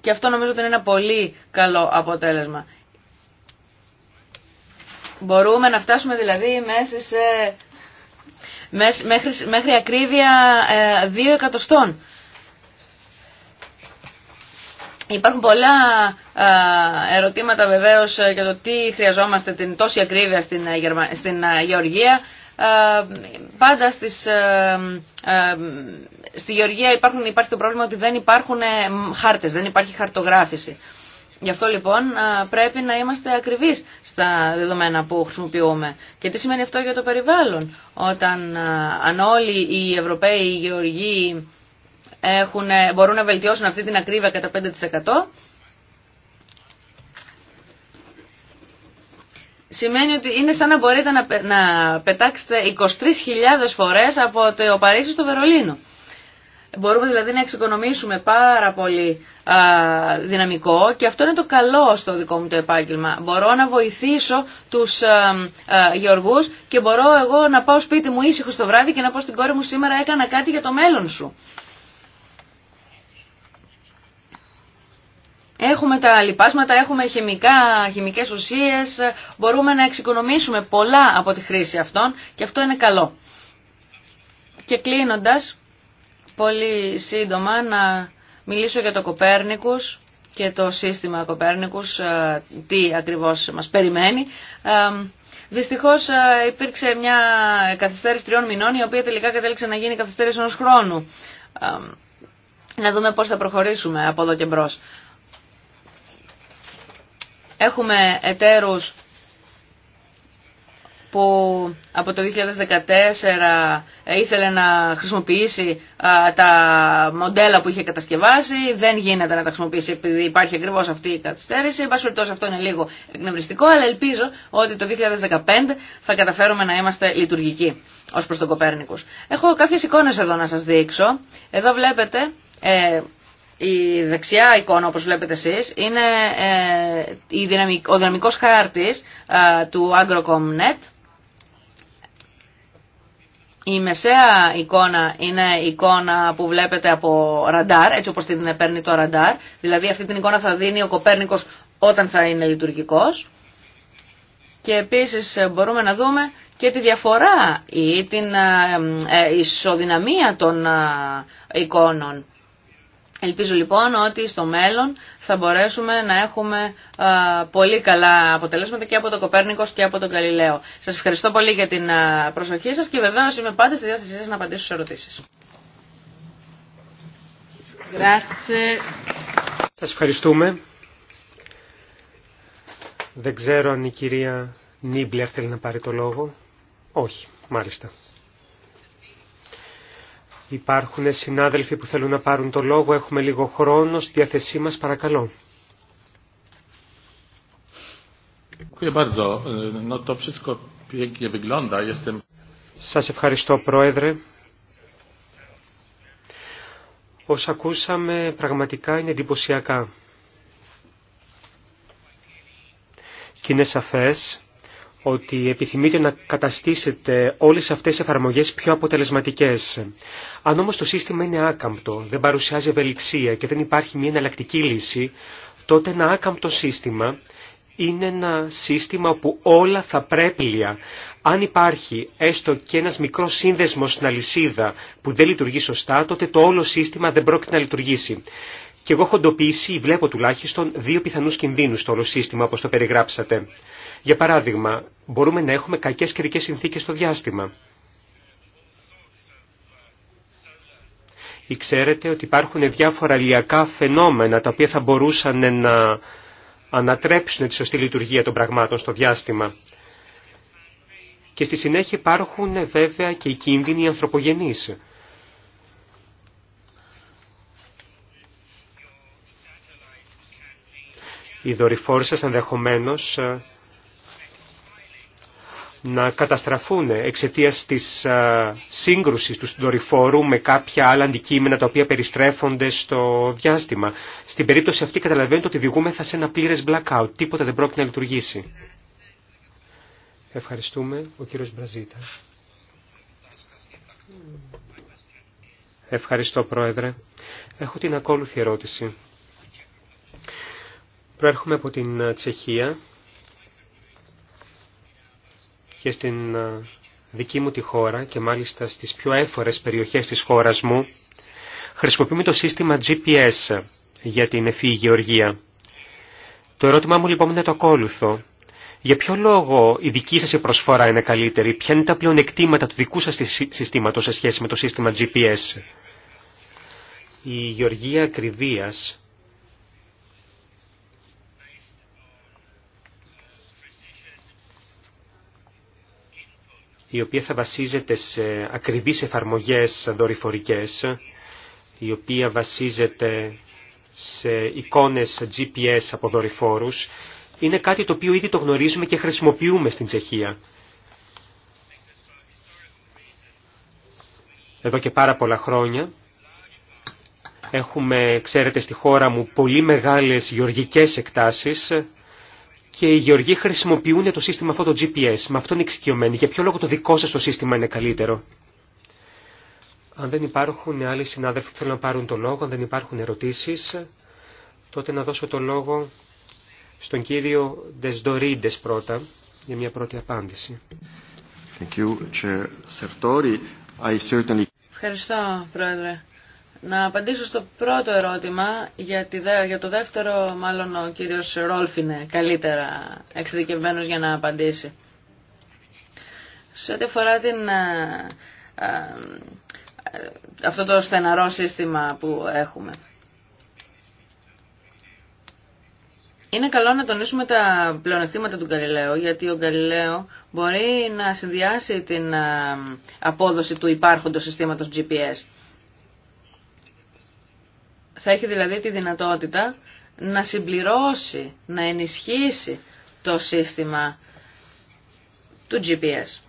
και αυτό νομίζω ότι είναι ένα πολύ καλό αποτέλεσμα. Μπορούμε να φτάσουμε δηλαδή μέσα σε, μέχρι, μέχρι ακρίβεια 2 ε, εκατοστών. Υπάρχουν πολλά ε, ερωτήματα βεβαίως ε, για το τι χρειαζόμαστε την τόση ακρίβεια στην, στην Γεωργία. Πάντα στις, στη Γεωργία υπάρχουν, υπάρχει το πρόβλημα ότι δεν υπάρχουν χάρτες, δεν υπάρχει χαρτογράφηση. Γι' αυτό λοιπόν πρέπει να είμαστε ακριβεί στα δεδομένα που χρησιμοποιούμε. Και τι σημαίνει αυτό για το περιβάλλον. Όταν αν όλοι οι Ευρωπαίοι οι έχουν, μπορούν να βελτιώσουν αυτή την ακρίβεια κατά 5%, Σημαίνει ότι είναι σαν να μπορείτε να, να πετάξετε 23.000 φορές από το Παρίσι στο Βερολίνο. Μπορούμε δηλαδή να εξοικονομήσουμε πάρα πολύ δυναμικό και αυτό είναι το καλό στο δικό μου το επάγγελμα. Μπορώ να βοηθήσω τους α, γεωργούς και μπορώ εγώ να πάω σπίτι μου ήσυχο το βράδυ και να πω στην κόρη μου σήμερα έκανα κάτι για το μέλλον σου. Έχουμε τα λοιπάσματα, έχουμε χημικά, χημικές ουσίες, μπορούμε να εξοικονομήσουμε πολλά από τη χρήση αυτών και αυτό είναι καλό. Και κλείνοντας, πολύ σύντομα να μιλήσω για το Κοπέρνικους και το σύστημα Κοπέρνικους, ε, τι ακριβώς μας περιμένει. Ε, δυστυχώς ε, υπήρξε μια καθυστέρηση τριών μηνών, η οποία τελικά κατέληξε να γίνει καθυστέρηση ενός χρόνου. Να δούμε πώς θα προχωρήσουμε από εδώ και μπρος. Έχουμε εταίρους που από το 2014 ήθελε να χρησιμοποιήσει τα μοντέλα που είχε κατασκευάσει, δεν γίνεται να τα χρησιμοποιήσει επειδή υπάρχει ακριβώς αυτή η καθυστέρηση. Εν πάση αυτό είναι λίγο εκνευριστικό, αλλά ελπίζω ότι το 2015 θα καταφέρουμε να είμαστε λειτουργικοί ως προς τον Κοπέρνικους. Έχω κάποιες εικόνες εδώ να σας δείξω. Εδώ βλέπετε... Ε, η δεξιά εικόνα, όπως βλέπετε εσείς, είναι ε, ο δυναμικός χάρτης του AgroCom.net. Η μεσαία εικόνα είναι η εικόνα που βλέπετε από ραντάρ, έτσι όπως την παίρνει το ραντάρ. Δηλαδή αυτή την εικόνα θα δίνει ο Κοπέρνικος όταν θα είναι λειτουργικός. Και επίσης ε, μπορούμε να δούμε και τη διαφορά ή την ε, ε, ισοδυναμία των εικόνων. Ελπίζω λοιπόν ότι στο μέλλον θα μπορέσουμε να έχουμε πολύ καλά αποτελέσματα και από τον Κοπέρνικο και από τον Καλλιλέο. Σας ευχαριστώ πολύ για την προσοχή σας και βεβαίως είμαι πάντα στη διάθεσή σας να απαντήσω σε ερωτήσεις. Σας ευχαριστούμε. Δεν ξέρω αν η κυρία Νίμπλερ θέλει να πάρει το λόγο. Όχι, μάλιστα. Υπάρχουν συνάδελφοι που θέλουν να πάρουν το λόγο. Έχουμε λίγο χρόνο στη διάθεσή μας. Παρακαλώ. Σας ευχαριστώ Πρόεδρε. Όσα ακούσαμε πραγματικά είναι εντυπωσιακά. Και είναι σαφές ότι επιθυμείτε να καταστήσετε όλες αυτές τις εφαρμογές πιο αποτελεσματικές. Αν όμως το σύστημα είναι άκαμπτο, δεν παρουσιάζει ευελιξία και δεν υπάρχει μια εναλλακτική λύση, τότε ένα άκαμπτο σύστημα είναι ένα σύστημα που όλα θα πρέπει αν υπάρχει έστω και ένας μικρός σύνδεσμος στην αλυσίδα που δεν λειτουργεί σωστά, τότε το όλο σύστημα δεν πρόκειται να λειτουργήσει. Και εγώ έχω εντοπίσει ή βλέπω τουλάχιστον δύο πιθανούς κινδύνους στο όλο σύστημα όπως το περιγράψατε. Για παράδειγμα, μπορούμε να έχουμε κακές καιρικές συνθήκες στο διάστημα. Ή ξέρετε ότι υπάρχουν διάφορα ηλιακά φαινόμενα τα οποία θα μπορούσαν να ανατρέψουν τη σωστή λειτουργία των πραγμάτων στο διάστημα. Και στη συνέχεια υπάρχουν βέβαια και οι κίνδυνοι ανθρωπογενείς. Οι δορυφόροι σας ενδεχομένως να καταστραφούν εξαιτίας της σύγκρουσης του συντορυφόρου με κάποια άλλα αντικείμενα τα οποία περιστρέφονται στο διάστημα. Στην περίπτωση αυτή καταλαβαίνετε ότι διηγούμεθα σε ένα πλήρες blackout. Τίποτα δεν πρόκειται να λειτουργήσει. Ευχαριστούμε. Ο κύριος Μπραζίτα. Ευχαριστώ Πρόεδρε. Έχω την ακόλουθη ερώτηση. Προέρχομαι από την Τσεχία και στην ε, δική μου τη χώρα και μάλιστα στις πιο έφορες περιοχές της χώρας μου χρησιμοποιούμε το σύστημα GPS για την εφή γεωργία. Το ερώτημά μου λοιπόν είναι το ακόλουθο. Για ποιο λόγο η δική σας προσφορά είναι καλύτερη, ποια είναι τα πλεονεκτήματα του δικού σας συστήματος σε σχέση με το σύστημα GPS. Η γεωργία ακριβίας η οποία θα βασίζεται σε ακριβείς εφαρμογές δορυφορικές, η οποία βασίζεται σε εικόνες GPS από δορυφόρους, είναι κάτι το οποίο ήδη το γνωρίζουμε και χρησιμοποιούμε στην Τσεχία. Εδώ και πάρα πολλά χρόνια έχουμε, ξέρετε, στη χώρα μου πολύ μεγάλες γεωργικές εκτάσεις, και οι γεωργοί χρησιμοποιούν το σύστημα αυτό το GPS. Με αυτό είναι εξοικειωμένοι. Για ποιο λόγο το δικό σας το σύστημα είναι καλύτερο. Αν δεν υπάρχουν άλλοι συνάδελφοι που θέλουν να πάρουν το λόγο, αν δεν υπάρχουν ερωτήσεις, τότε να δώσω το λόγο στον κύριο Δεσδορίντες πρώτα για μια πρώτη απάντηση. Ευχαριστώ, Πρόεδρε. Να απαντήσω στο πρώτο ερώτημα, για, για το δεύτερο μάλλον ο κύριος Ρόλφ είναι καλύτερα εξειδικευμένος για να απαντήσει. Σε ό,τι αφορά την, ε, ε, ε, αυτό το στεναρό σύστημα που έχουμε. Είναι καλό να τονίσουμε τα πλεονεκτήματα του Γκαλιλαίου, γιατί ο Γκαλιλαίο μπορεί να συνδυάσει την απόδοση του υπάρχοντος συστήματος GPS θα έχει δηλαδή τη δυνατότητα να συμπληρώσει, να ενισχύσει το σύστημα του GPS.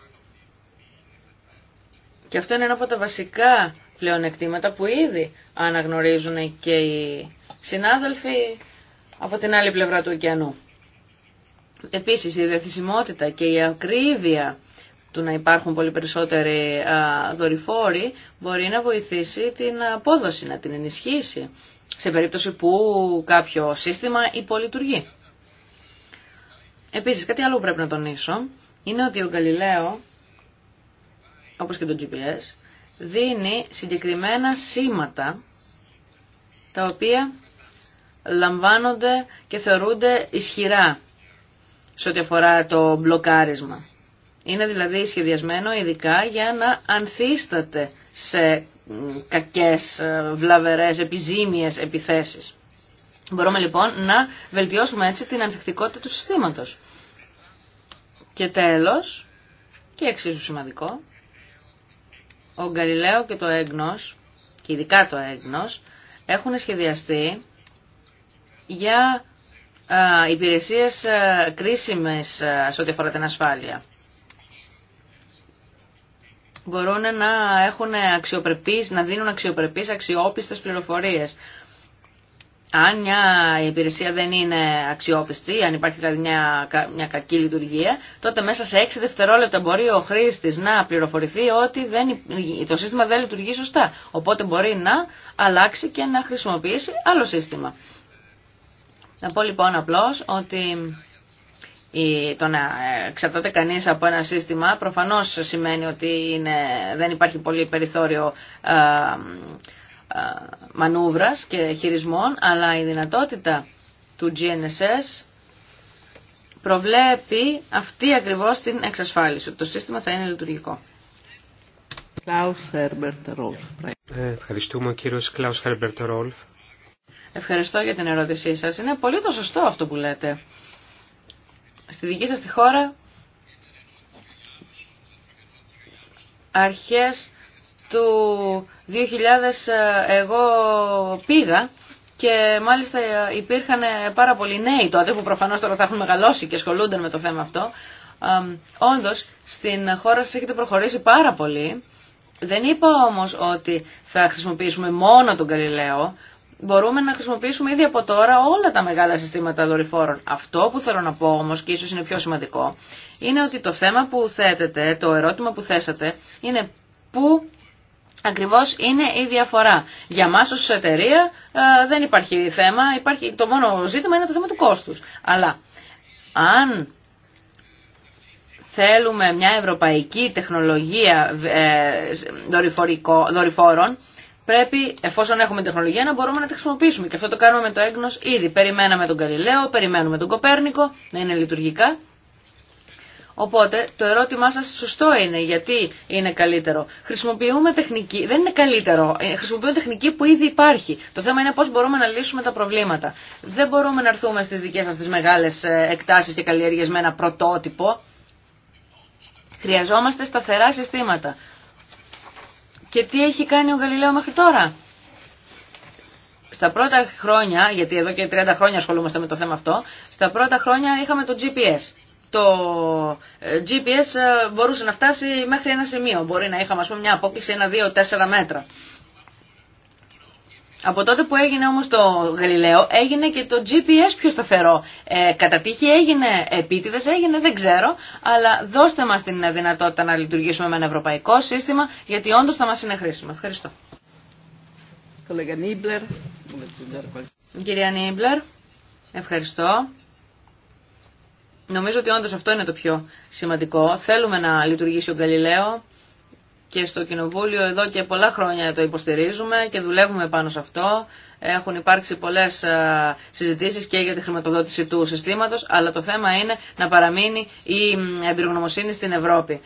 Και αυτό είναι ένα από τα βασικά πλεονεκτήματα που ήδη αναγνωρίζουν και οι συνάδελφοι από την άλλη πλευρά του ωκεανού. Επίσης η διαθυσιμότητα και η ακρίβεια του να υπάρχουν πολύ περισσότεροι δορυφόροι μπορεί να βοηθήσει την απόδοση, να την ενισχύσει σε περίπτωση που κάποιο σύστημα υπολειτουργεί. Επίσης, κάτι άλλο που πρέπει να τονίσω είναι ότι ο Γαλιλαίο, όπως και το GPS, δίνει συγκεκριμένα σήματα τα οποία λαμβάνονται και θεωρούνται ισχυρά σε ό,τι αφορά το μπλοκάρισμα. Είναι δηλαδή σχεδιασμένο ειδικά για να ανθίσταται σε κακές, ε, βλαβερές, επιζήμιες επιθέσεις. Μπορούμε λοιπόν να βελτιώσουμε έτσι την ανθεκτικότητα του συστήματος. Και τέλος, και εξίσου σημαντικό, ο Γκαλιλαίο και το έγνος, και ειδικά το έγνος, έχουν σχεδιαστεί για ε, υπηρεσίες ε, κρίσιμες σε ό,τι αφορά την ασφάλεια μπορούν να έχουν αξιοπρεπείς, να δίνουν αξιοπρεπείς αξιόπιστες πληροφορίες. Αν μια υπηρεσία δεν είναι αξιόπιστη, αν υπάρχει δηλαδή μια, κακή λειτουργία, τότε μέσα σε 6 δευτερόλεπτα μπορεί ο χρήστη να πληροφορηθεί ότι δεν, το σύστημα δεν λειτουργεί σωστά. Οπότε μπορεί να αλλάξει και να χρησιμοποιήσει άλλο σύστημα. Να πω λοιπόν απλώς ότι το να εξαρτάται κανείς από ένα σύστημα προφανώς σημαίνει ότι είναι, δεν υπάρχει πολύ περιθώριο α, ε, ε, μανούβρας και χειρισμών, αλλά η δυνατότητα του GNSS προβλέπει αυτή ακριβώς την εξασφάλιση. Το σύστημα θα είναι λειτουργικό. Ε, ευχαριστούμε κύριος Κλάους Χέρμπερτ Ρόλφ. Ευχαριστώ για την ερώτησή σας. Είναι πολύ το σωστό αυτό που λέτε. Στη δική σας τη χώρα αρχές του 2000 ε, εγώ πήγα και μάλιστα υπήρχαν ε, πάρα πολλοί νέοι τότε που προφανώς τώρα θα έχουν μεγαλώσει και ασχολούνται με το θέμα αυτό. Όντως στην χώρα σας έχετε προχωρήσει πάρα πολύ. Δεν είπα όμως ότι θα χρησιμοποιήσουμε μόνο τον Γαλιλαίο μπορούμε να χρησιμοποιήσουμε ήδη από τώρα όλα τα μεγάλα συστήματα δορυφόρων. Αυτό που θέλω να πω όμως και ίσως είναι πιο σημαντικό είναι ότι το θέμα που θέτετε, το ερώτημα που θέσατε είναι πού ακριβώς είναι η διαφορά. Για μας ως εταιρεία δεν υπάρχει θέμα, υπάρχει, το μόνο ζήτημα είναι το θέμα του κόστους. Αλλά αν θέλουμε μια ευρωπαϊκή τεχνολογία ε, δορυφόρων, πρέπει, εφόσον έχουμε τεχνολογία, να μπορούμε να τη χρησιμοποιήσουμε. Και αυτό το κάνουμε με το έγνος ήδη. Περιμέναμε τον Καλιλαίο, περιμένουμε τον Κοπέρνικο να είναι λειτουργικά. Οπότε το ερώτημά σας σωστό είναι γιατί είναι καλύτερο. Χρησιμοποιούμε τεχνική, δεν είναι καλύτερο, ε, χρησιμοποιούμε τεχνική που ήδη υπάρχει. Το θέμα είναι πώς μπορούμε να λύσουμε τα προβλήματα. Δεν μπορούμε να έρθουμε στις δικές σας τι μεγάλες ε, εκτάσεις και καλλιέργειες με ένα πρωτότυπο. Χρειαζόμαστε σταθερά συστήματα. Και τι έχει κάνει ο Γαλιλαίο μέχρι τώρα. Στα πρώτα χρόνια, γιατί εδώ και 30 χρόνια ασχολούμαστε με το θέμα αυτό, στα πρώτα χρόνια είχαμε το GPS. Το ε, GPS ε, μπορούσε να φτάσει μέχρι ένα σημείο. Μπορεί να είχαμε ας πούμε, μια απόκληση ένα, δύο, τέσσερα μέτρα. Από τότε που έγινε όμως το Γαλιλαίο έγινε και το GPS πιο σταθερό. Ε, κατά τύχη έγινε επίτηδες, έγινε δεν ξέρω, αλλά δώστε μας την δυνατότητα να λειτουργήσουμε με ένα ευρωπαϊκό σύστημα, γιατί όντως θα μας είναι χρήσιμο. Ευχαριστώ. Κυρία Νίμπλερ, ευχαριστώ. Νομίζω ότι όντως αυτό είναι το πιο σημαντικό. Θέλουμε να λειτουργήσει ο Γαλιλαίο και στο Κοινοβούλιο εδώ και πολλά χρόνια το υποστηρίζουμε και δουλεύουμε πάνω σε αυτό. Έχουν υπάρξει πολλές ε, συζητήσεις και για τη χρηματοδότηση του συστήματος, αλλά το θέμα είναι να παραμείνει η εμπειρογνωμοσύνη στην Ευρώπη.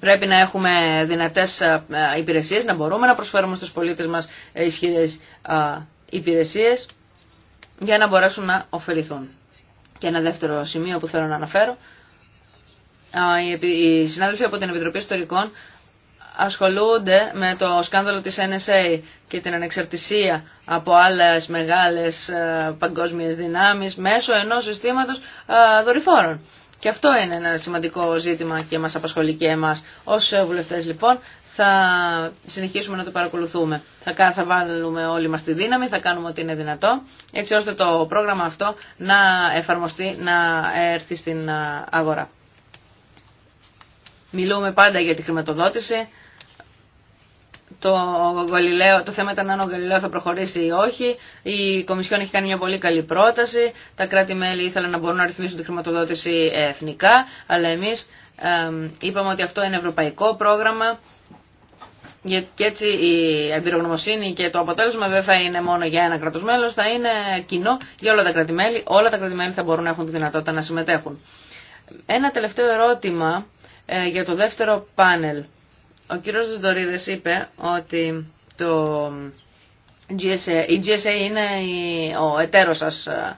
Πρέπει να έχουμε δυνατές ε, ε, υπηρεσίες, να μπορούμε να προσφέρουμε στους πολίτες μας ισχυρές υπηρεσίες για να μπορέσουν να ωφεληθούν. Και ένα δεύτερο σημείο που θέλω να αναφέρω οι συνάδελφοι από την Επιτροπή Ιστορικών ασχολούνται με το σκάνδαλο της NSA και την ανεξαρτησία από άλλες μεγάλες ε, παγκόσμιες δυνάμεις μέσω ενός συστήματος ε, δορυφόρων. Και αυτό είναι ένα σημαντικό ζήτημα και μας απασχολεί και εμάς ως βουλευτές λοιπόν. Θα συνεχίσουμε να το παρακολουθούμε. Θα, βάλουμε όλοι μας τη δύναμη, θα κάνουμε ό,τι είναι δυνατό, έτσι ώστε το πρόγραμμα αυτό να εφαρμοστεί, να έρθει στην ε, αγορά. Μιλούμε πάντα για τη χρηματοδότηση. Το, Γαλιλαίο, το θέμα ήταν αν ο Γαλιλαίο θα προχωρήσει ή όχι. Η Κομισιόν έχει κάνει μια πολύ καλή πρόταση. Τα κράτη-μέλη ήθελαν να μπορούν να ρυθμίσουν τη χρηματοδότηση ε, εθνικά, αλλά εμεί είπαμε ότι αυτό είναι ευρωπαϊκό πρόγραμμα. Και έτσι η εμπειρογνωμοσύνη και το αποτέλεσμα δεν θα είναι μόνο για ένα κράτο μέλο, θα είναι κοινό για όλα τα κράτη-μέλη. Όλα τα κράτη-μέλη θα μπορούν να έχουν τη δυνατότητα να συμμετέχουν. Ένα τελευταίο ερώτημα ε, για το δεύτερο πάνελ. Ο κύριος Ζητορίδης είπε ότι το η GSA είναι ο εταίρος σας ε,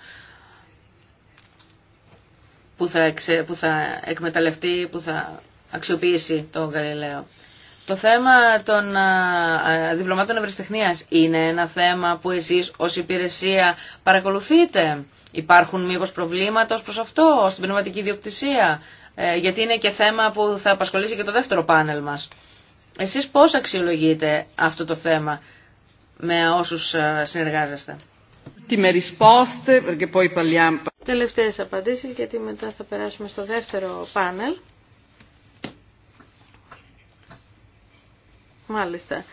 που θα, εξε, που θα εκμεταλλευτεί, που θα αξιοποιήσει τον Γαλιλαίο. Το θέμα των ε, διπλωμάτων ευρεσιτεχνίας είναι ένα θέμα που εσείς ως υπηρεσία παρακολουθείτε. Υπάρχουν μήπως προβλήματα ως προς αυτό, την πνευματική ιδιοκτησία... Ε, γιατί είναι και θέμα που θα απασχολήσει και το δεύτερο πάνελ μας. Εσείς πώς αξιολογείτε αυτό το θέμα με όσους ε, συνεργάζεστε. Τελευταίες απαντήσεις γιατί μετά θα περάσουμε στο δεύτερο πάνελ. Μάλιστα.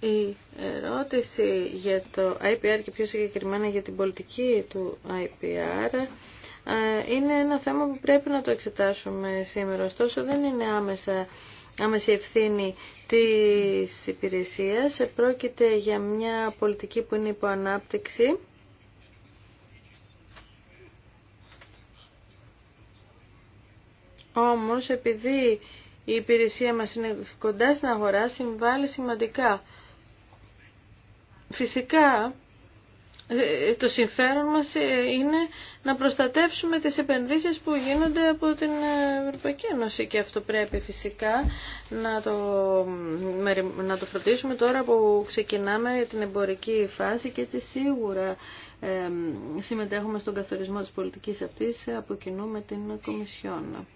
Η ερώτηση για το IPR και πιο συγκεκριμένα για την πολιτική του IPR είναι ένα θέμα που πρέπει να το εξετάσουμε σήμερα. Ωστόσο δεν είναι άμεσα άμεση ευθύνη της υπηρεσίας. Πρόκειται για μια πολιτική που είναι υπό ανάπτυξη. Όμως επειδή η υπηρεσία μας είναι κοντά στην αγορά συμβάλλει σημαντικά. Φυσικά το συμφέρον μας ε, είναι να προστατεύσουμε τις επενδύσεις που γίνονται από την ε, Ευρωπαϊκή Ένωση και αυτό πρέπει φυσικά να το, να το φροντίσουμε τώρα που ξεκινάμε την εμπορική φάση και έτσι σίγουρα ε, συμμετέχουμε στον καθορισμό της πολιτικής αυτής από κοινού με την Κομισιόν.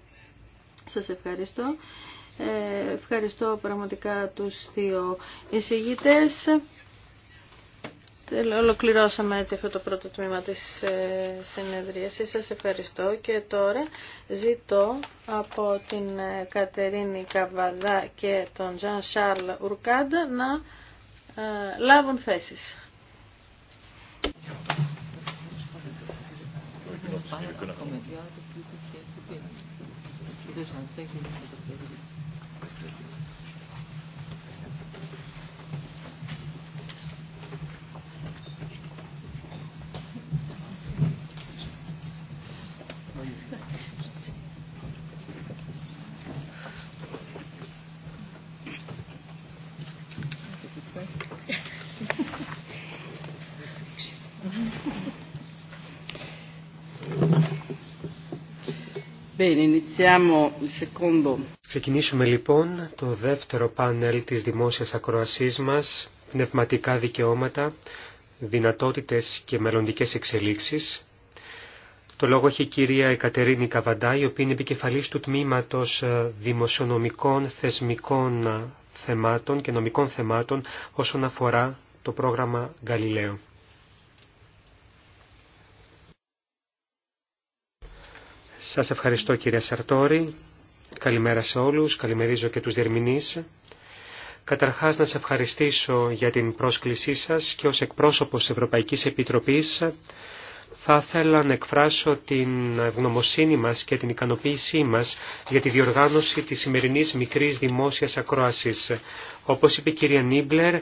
Σας ευχαριστώ. ευχαριστώ πραγματικά τους δύο εισηγητές. Ολοκληρώσαμε έτσι αυτό το πρώτο τμήμα της ε, συνεδρίασης. Σας ευχαριστώ και τώρα ζητώ από την ε, Κατερίνη Καβαδά και τον Τζαν Σάρλ Ουρκάντα να ε, λάβουν θέσεις. Ξεκινήσουμε λοιπόν το δεύτερο πάνελ της δημόσιας ακροασής μας, πνευματικά δικαιώματα, δυνατότητες και μελλοντικές εξελίξεις. Το λόγο έχει η κυρία Εκατερίνη Καβαντά, η οποία είναι επικεφαλής του τμήματος ε, δημοσιονομικών θεσμικών ε, θεμάτων και νομικών θεμάτων όσον αφορά το πρόγραμμα Γαλιλαίο. Σας ευχαριστώ κύριε Σαρτόρη. Καλημέρα σε όλους. Καλημερίζω και τους διερμηνείς. Καταρχάς να σας ευχαριστήσω για την πρόσκλησή σας και ως εκπρόσωπος Ευρωπαϊκής Επιτροπής θα ήθελα να εκφράσω την ευγνωμοσύνη μας και την ικανοποίησή μας για τη διοργάνωση της σημερινής μικρής δημόσιας ακρόασης. Όπως είπε η κυρία Νίμπλερ,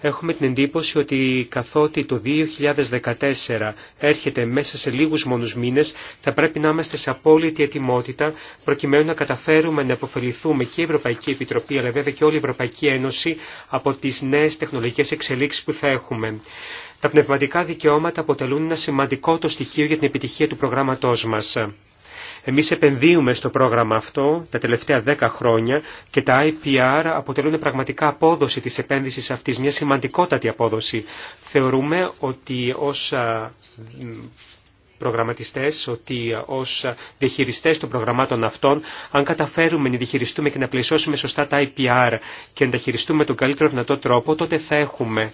έχουμε την εντύπωση ότι καθότι το 2014 έρχεται μέσα σε λίγους μόνους μήνες, θα πρέπει να είμαστε σε απόλυτη ετοιμότητα, προκειμένου να καταφέρουμε να αποφεληθούμε και η Ευρωπαϊκή Επιτροπή, αλλά βέβαια και όλη η Ευρωπαϊκή Ένωση, από τις νέες τεχνολογικές εξελίξεις που θα έχουμε. Τα πνευματικά δικαιώματα αποτελούν ένα σημαντικό το στοιχείο για την επιτυχία του προγράμματός μας. Εμείς επενδύουμε στο πρόγραμμα αυτό τα τελευταία δέκα χρόνια και τα IPR αποτελούν πραγματικά απόδοση της επένδυσης αυτής, μια σημαντικότατη απόδοση. Θεωρούμε ότι ως προγραμματιστές, ότι ως διαχειριστές των προγραμμάτων αυτών, αν καταφέρουμε να διαχειριστούμε και να πλαισώσουμε σωστά τα IPR και να τα χειριστούμε τον καλύτερο δυνατό τρόπο, τότε θα έχουμε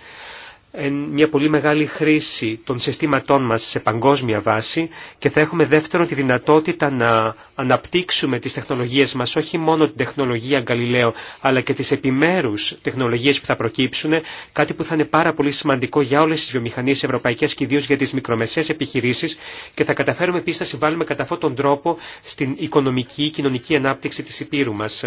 μια πολύ μεγάλη χρήση των συστήματών μας σε παγκόσμια βάση και θα έχουμε δεύτερον τη δυνατότητα να αναπτύξουμε τις τεχνολογίες μας, όχι μόνο την τεχνολογία Γκαλιλαίο, αλλά και τις επιμέρους τεχνολογίες που θα προκύψουν, κάτι που θα είναι πάρα πολύ σημαντικό για όλες τις βιομηχανίες ευρωπαϊκές και ιδίως για τις μικρομεσαίες επιχειρήσεις και θα καταφέρουμε επίσης να συμβάλλουμε κατά αυτόν τον τρόπο στην οικονομική και κοινωνική ανάπτυξη της Υπήρου μας.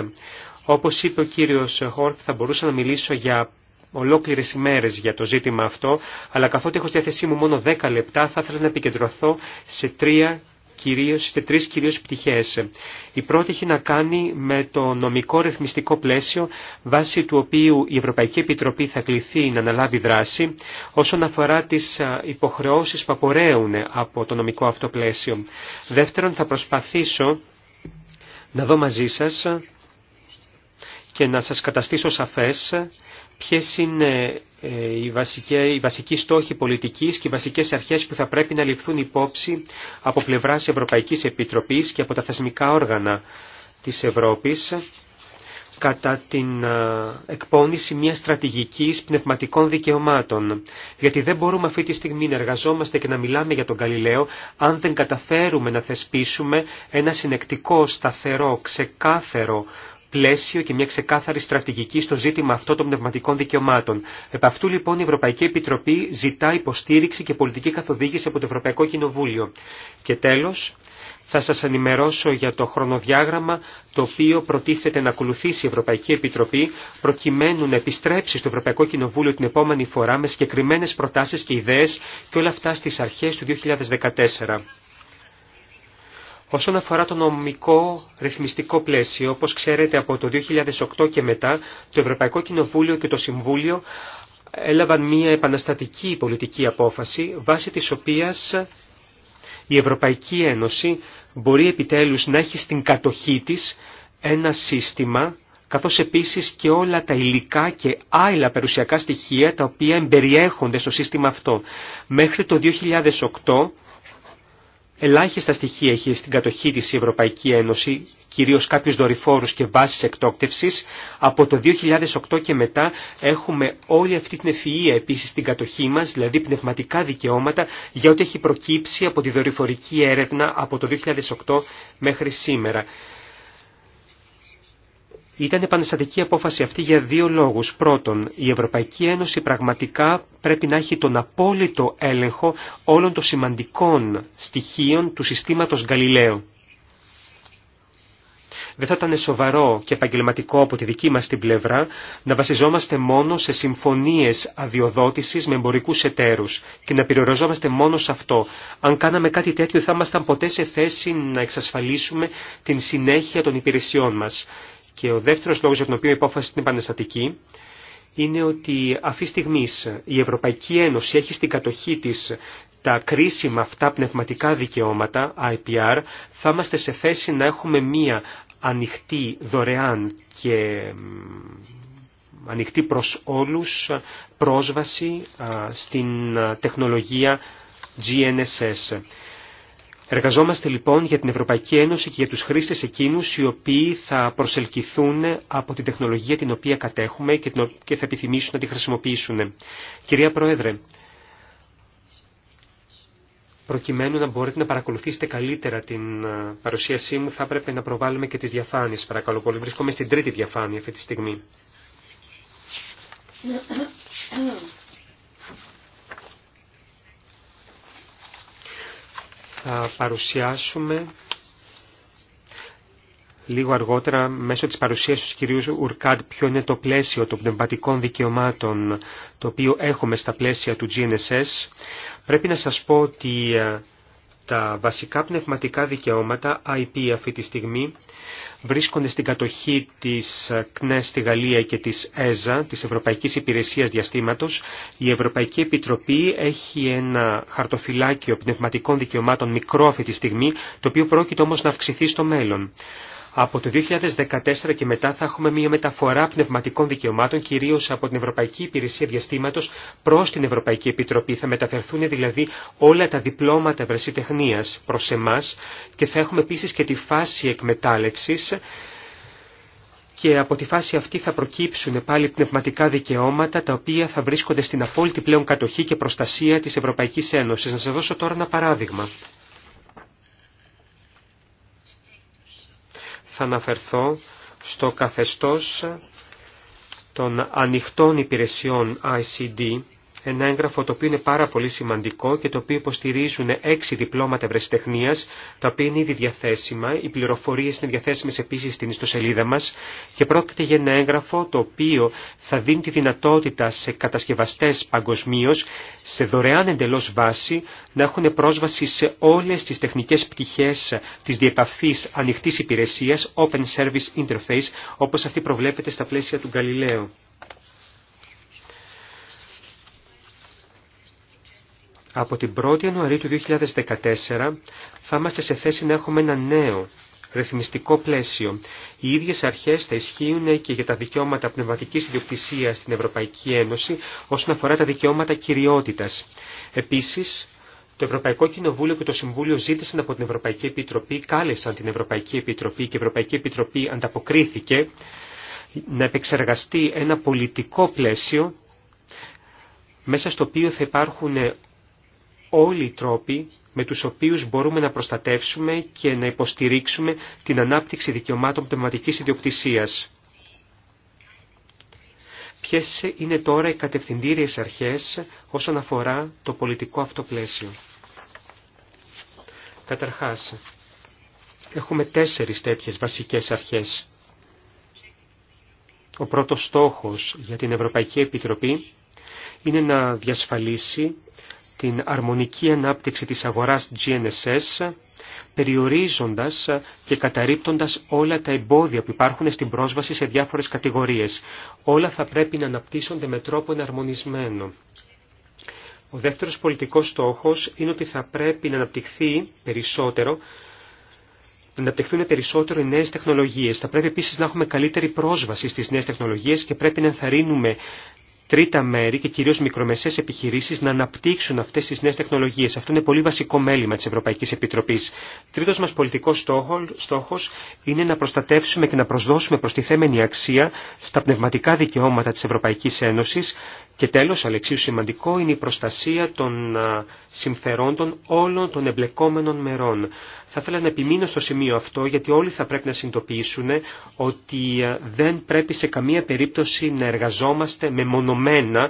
Όπως είπε ο κύριος Χόρκ, θα μπορούσα να μιλήσω για ολόκληρε ημέρε για το ζήτημα αυτό, αλλά καθότι έχω στη διάθεσή μου μόνο 10 λεπτά, θα ήθελα να επικεντρωθώ σε τρία κυρίως, σε τρεις κυρίως πτυχές. Η πρώτη έχει να κάνει με το νομικό ρυθμιστικό πλαίσιο βάσει του οποίου η Ευρωπαϊκή Επιτροπή θα κληθεί να αναλάβει δράση όσον αφορά τις υποχρεώσεις που απορρέουν από το νομικό αυτό πλαίσιο. Δεύτερον θα προσπαθήσω να δω μαζί σας και να σας καταστήσω σαφές ποιες είναι ε, οι βασικοί, οι βασικοί στόχοι πολιτικής και οι βασικές αρχές που θα πρέπει να ληφθούν υπόψη από πλευράς Ευρωπαϊκής Επιτροπής και από τα θεσμικά όργανα της Ευρώπης κατά την ε, εκπόνηση μιας στρατηγικής πνευματικών δικαιωμάτων. Γιατί δεν μπορούμε αυτή τη στιγμή να εργαζόμαστε και να μιλάμε για τον Καλλιλέο αν δεν καταφέρουμε να θεσπίσουμε ένα συνεκτικό, σταθερό, ξεκάθαρο πλαίσιο και μια ξεκάθαρη στρατηγική στο ζήτημα αυτό των πνευματικών δικαιωμάτων. Επ' αυτού λοιπόν η Ευρωπαϊκή Επιτροπή ζητά υποστήριξη και πολιτική καθοδήγηση από το Ευρωπαϊκό Κοινοβούλιο. Και τέλος, θα σας ενημερώσω για το χρονοδιάγραμμα το οποίο προτίθεται να ακολουθήσει η Ευρωπαϊκή Επιτροπή προκειμένου να επιστρέψει στο Ευρωπαϊκό Κοινοβούλιο την επόμενη φορά με συγκεκριμένε προτάσεις και ιδέες και όλα αυτά στις αρχές του 2014. Όσον αφορά το νομικό ρυθμιστικό πλαίσιο, όπως ξέρετε από το 2008 και μετά, το Ευρωπαϊκό Κοινοβούλιο και το Συμβούλιο έλαβαν μια επαναστατική πολιτική απόφαση, βάσει της οποίας η Ευρωπαϊκή Ένωση μπορεί επιτέλους να έχει στην κατοχή της ένα σύστημα, καθώς επίσης και όλα τα υλικά και άλλα περιουσιακά στοιχεία τα οποία εμπεριέχονται στο σύστημα αυτό. Μέχρι το 2008 Ελάχιστα στοιχεία έχει στην κατοχή της η Ευρωπαϊκή Ένωση, κυρίως κάποιους δορυφόρους και βάσεις εκτόκτευσης. Από το 2008 και μετά έχουμε όλη αυτή την ευφυΐα επίσης στην κατοχή μας, δηλαδή πνευματικά δικαιώματα για ό,τι έχει προκύψει από τη δορυφορική έρευνα από το 2008 μέχρι σήμερα. Ήταν επαναστατική απόφαση αυτή για δύο λόγους. Πρώτον, η Ευρωπαϊκή Ένωση πραγματικά πρέπει να έχει τον απόλυτο έλεγχο όλων των σημαντικών στοιχείων του συστήματος Γαλιλαίου. Δεν θα ήταν σοβαρό και επαγγελματικό από τη δική μας την πλευρά να βασιζόμαστε μόνο σε συμφωνίες αδειοδότησης με εμπορικού εταίρους και να περιοριζόμαστε μόνο σε αυτό. Αν κάναμε κάτι τέτοιο θα ήμασταν ποτέ σε θέση να εξασφαλίσουμε την συνέχεια των υπηρεσιών μας. Και ο δεύτερος λόγος για τον οποίο η υπόφαση είναι επαναστατική είναι ότι αυτή τη στιγμή η Ευρωπαϊκή Ένωση έχει στην κατοχή της τα κρίσιμα αυτά πνευματικά δικαιώματα, IPR, θα είμαστε σε θέση να έχουμε μία ανοιχτή δωρεάν και ανοιχτή προς όλους πρόσβαση στην τεχνολογία GNSS. Εργαζόμαστε λοιπόν για την Ευρωπαϊκή Ένωση και για τους χρήστες εκείνους οι οποίοι θα προσελκυθούν από την τεχνολογία την οποία κατέχουμε και θα επιθυμήσουν να τη χρησιμοποιήσουν. Κυρία Πρόεδρε, προκειμένου να μπορείτε να παρακολουθήσετε καλύτερα την παρουσίασή μου θα έπρεπε να προβάλλουμε και τις διαφάνειες. Παρακαλώ πολύ, βρίσκομαι στην τρίτη διαφάνεια αυτή τη στιγμή. θα παρουσιάσουμε λίγο αργότερα μέσω της παρουσίας του κυρίου Ουρκάντ ποιο είναι το πλαίσιο των πνευματικών δικαιωμάτων το οποίο έχουμε στα πλαίσια του GNSS. Πρέπει να σας πω ότι ε, τα βασικά πνευματικά δικαιώματα, IP αυτή τη στιγμή, βρίσκονται στην κατοχή της ΚΝΕΣ στη Γαλλία και της ΕΖΑ, της Ευρωπαϊκής Υπηρεσίας Διαστήματος. Η Ευρωπαϊκή Επιτροπή έχει ένα χαρτοφυλάκιο πνευματικών δικαιωμάτων μικρό αυτή τη στιγμή, το οποίο πρόκειται όμως να αυξηθεί στο μέλλον. Από το 2014 και μετά θα έχουμε μια μεταφορά πνευματικών δικαιωμάτων, κυρίω από την Ευρωπαϊκή Υπηρεσία Διαστήματο προ την Ευρωπαϊκή Επιτροπή. Θα μεταφερθούν δηλαδή όλα τα διπλώματα βρεσιτεχνία προ εμά και θα έχουμε επίση και τη φάση εκμετάλλευση. Και από τη φάση αυτή θα προκύψουν πάλι πνευματικά δικαιώματα τα οποία θα βρίσκονται στην απόλυτη πλέον κατοχή και προστασία της Ευρωπαϊκής Ένωσης. Να σας δώσω τώρα ένα παράδειγμα. θα αναφερθώ στο καθεστώς των ανοιχτών υπηρεσιών ICD ένα έγγραφο το οποίο είναι πάρα πολύ σημαντικό και το οποίο υποστηρίζουν έξι διπλώματα ευρεσιτεχνία, τα οποία είναι ήδη διαθέσιμα. Οι πληροφορίε είναι διαθέσιμε επίση στην ιστοσελίδα μα και πρόκειται για ένα έγγραφο το οποίο θα δίνει τη δυνατότητα σε κατασκευαστέ παγκοσμίω, σε δωρεάν εντελώ βάση, να έχουν πρόσβαση σε όλε τι τεχνικέ πτυχέ τη διεπαφή ανοιχτή υπηρεσία, Open Service Interface, όπω αυτή προβλέπεται στα πλαίσια του Γκαλιλαίου. από την 1η Ιανουαρίου του 2014 θα είμαστε σε θέση να έχουμε ένα νέο ρυθμιστικό πλαίσιο. Οι ίδιες αρχές θα ισχύουν και για τα δικαιώματα πνευματικής ιδιοκτησίας στην Ευρωπαϊκή Ένωση όσον αφορά τα δικαιώματα κυριότητας. Επίσης, το Ευρωπαϊκό Κοινοβούλιο και το Συμβούλιο ζήτησαν από την Ευρωπαϊκή Επιτροπή, κάλεσαν την Ευρωπαϊκή Επιτροπή και η Ευρωπαϊκή Επιτροπή ανταποκρίθηκε να επεξεργαστεί ένα πολιτικό πλαίσιο μέσα στο οποίο θα υπάρχουν όλοι οι τρόποι με τους οποίους μπορούμε να προστατεύσουμε και να υποστηρίξουμε την ανάπτυξη δικαιωμάτων πνευματικής ιδιοκτησίας. Ποιες είναι τώρα οι κατευθυντήριες αρχές όσον αφορά το πολιτικό αυτό πλαίσιο. Καταρχάς, έχουμε τέσσερις τέτοιες βασικές αρχές. Ο πρώτος στόχος για την Ευρωπαϊκή Επιτροπή είναι να διασφαλίσει την αρμονική ανάπτυξη της αγοράς GNSS, περιορίζοντας και καταρρύπτοντας όλα τα εμπόδια που υπάρχουν στην πρόσβαση σε διάφορες κατηγορίες. Όλα θα πρέπει να αναπτύσσονται με τρόπο εναρμονισμένο. Ο δεύτερος πολιτικός στόχος είναι ότι θα πρέπει να αναπτυχθεί περισσότερο να αναπτυχθούν περισσότερο οι νέες τεχνολογίες. Θα πρέπει επίσης να έχουμε καλύτερη πρόσβαση στις νέες τεχνολογίες και πρέπει να ενθαρρύνουμε τρίτα μέρη και κυρίως μικρομεσαίες επιχειρήσεις να αναπτύξουν αυτές τις νέες τεχνολογίες. Αυτό είναι πολύ βασικό μέλημα της Ευρωπαϊκής Επιτροπής. Τρίτος μας πολιτικός στόχος είναι να προστατεύσουμε και να προσδώσουμε προστιθέμενη αξία στα πνευματικά δικαιώματα της Ευρωπαϊκής Ένωσης και τέλος, αλεξίου σημαντικό, είναι η προστασία των συμφερόντων όλων των εμπλεκόμενων μερών. Θα ήθελα να επιμείνω στο σημείο αυτό γιατί όλοι θα πρέπει να συνειδητοποιήσουν ότι ε, δεν πρέπει σε καμία περίπτωση να εργαζόμαστε μεμονωμένα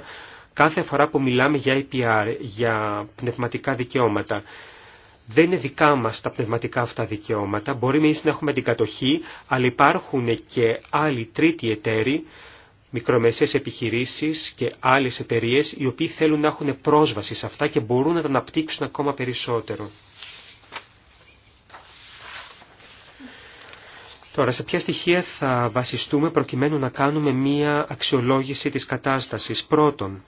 κάθε φορά που μιλάμε για IPR, για πνευματικά δικαιώματα. Δεν είναι δικά μας τα πνευματικά αυτά δικαιώματα, μπορεί εμείς να έχουμε την κατοχή, αλλά υπάρχουν και άλλοι τρίτοι εταίροι, μικρομεσαίες επιχειρήσεις και άλλες εταιρείες, οι οποίοι θέλουν να έχουν πρόσβαση σε αυτά και μπορούν να τα αναπτύξουν ακόμα περισσότερο. Τώρα, σε ποια στοιχεία θα βασιστούμε προκειμένου να κάνουμε μία αξιολόγηση της κατάστασης. Πρώτον,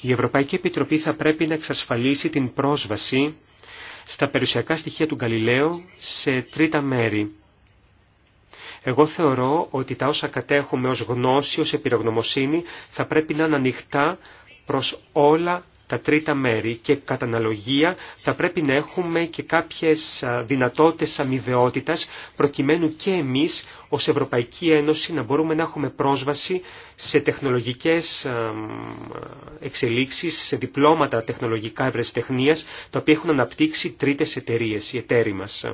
η Ευρωπαϊκή Επιτροπή θα πρέπει να εξασφαλίσει την πρόσβαση στα περιουσιακά στοιχεία του Γαλιλαίου σε τρίτα μέρη. Εγώ θεωρώ ότι τα όσα κατέχουμε ως γνώση, ως επιρρογνωμοσύνη, θα πρέπει να είναι ανοιχτά προς όλα τα τρίτα μέρη και κατά αναλογία θα πρέπει να έχουμε και κάποιες δυνατότητες αμοιβαιότητας προκειμένου και εμείς ως Ευρωπαϊκή Ένωση να μπορούμε να έχουμε πρόσβαση σε τεχνολογικές εξελίξεις, σε διπλώματα τεχνολογικά ευρεσιτεχνίας τα οποία έχουν αναπτύξει τρίτες εταιρείες, οι εταίροι μας.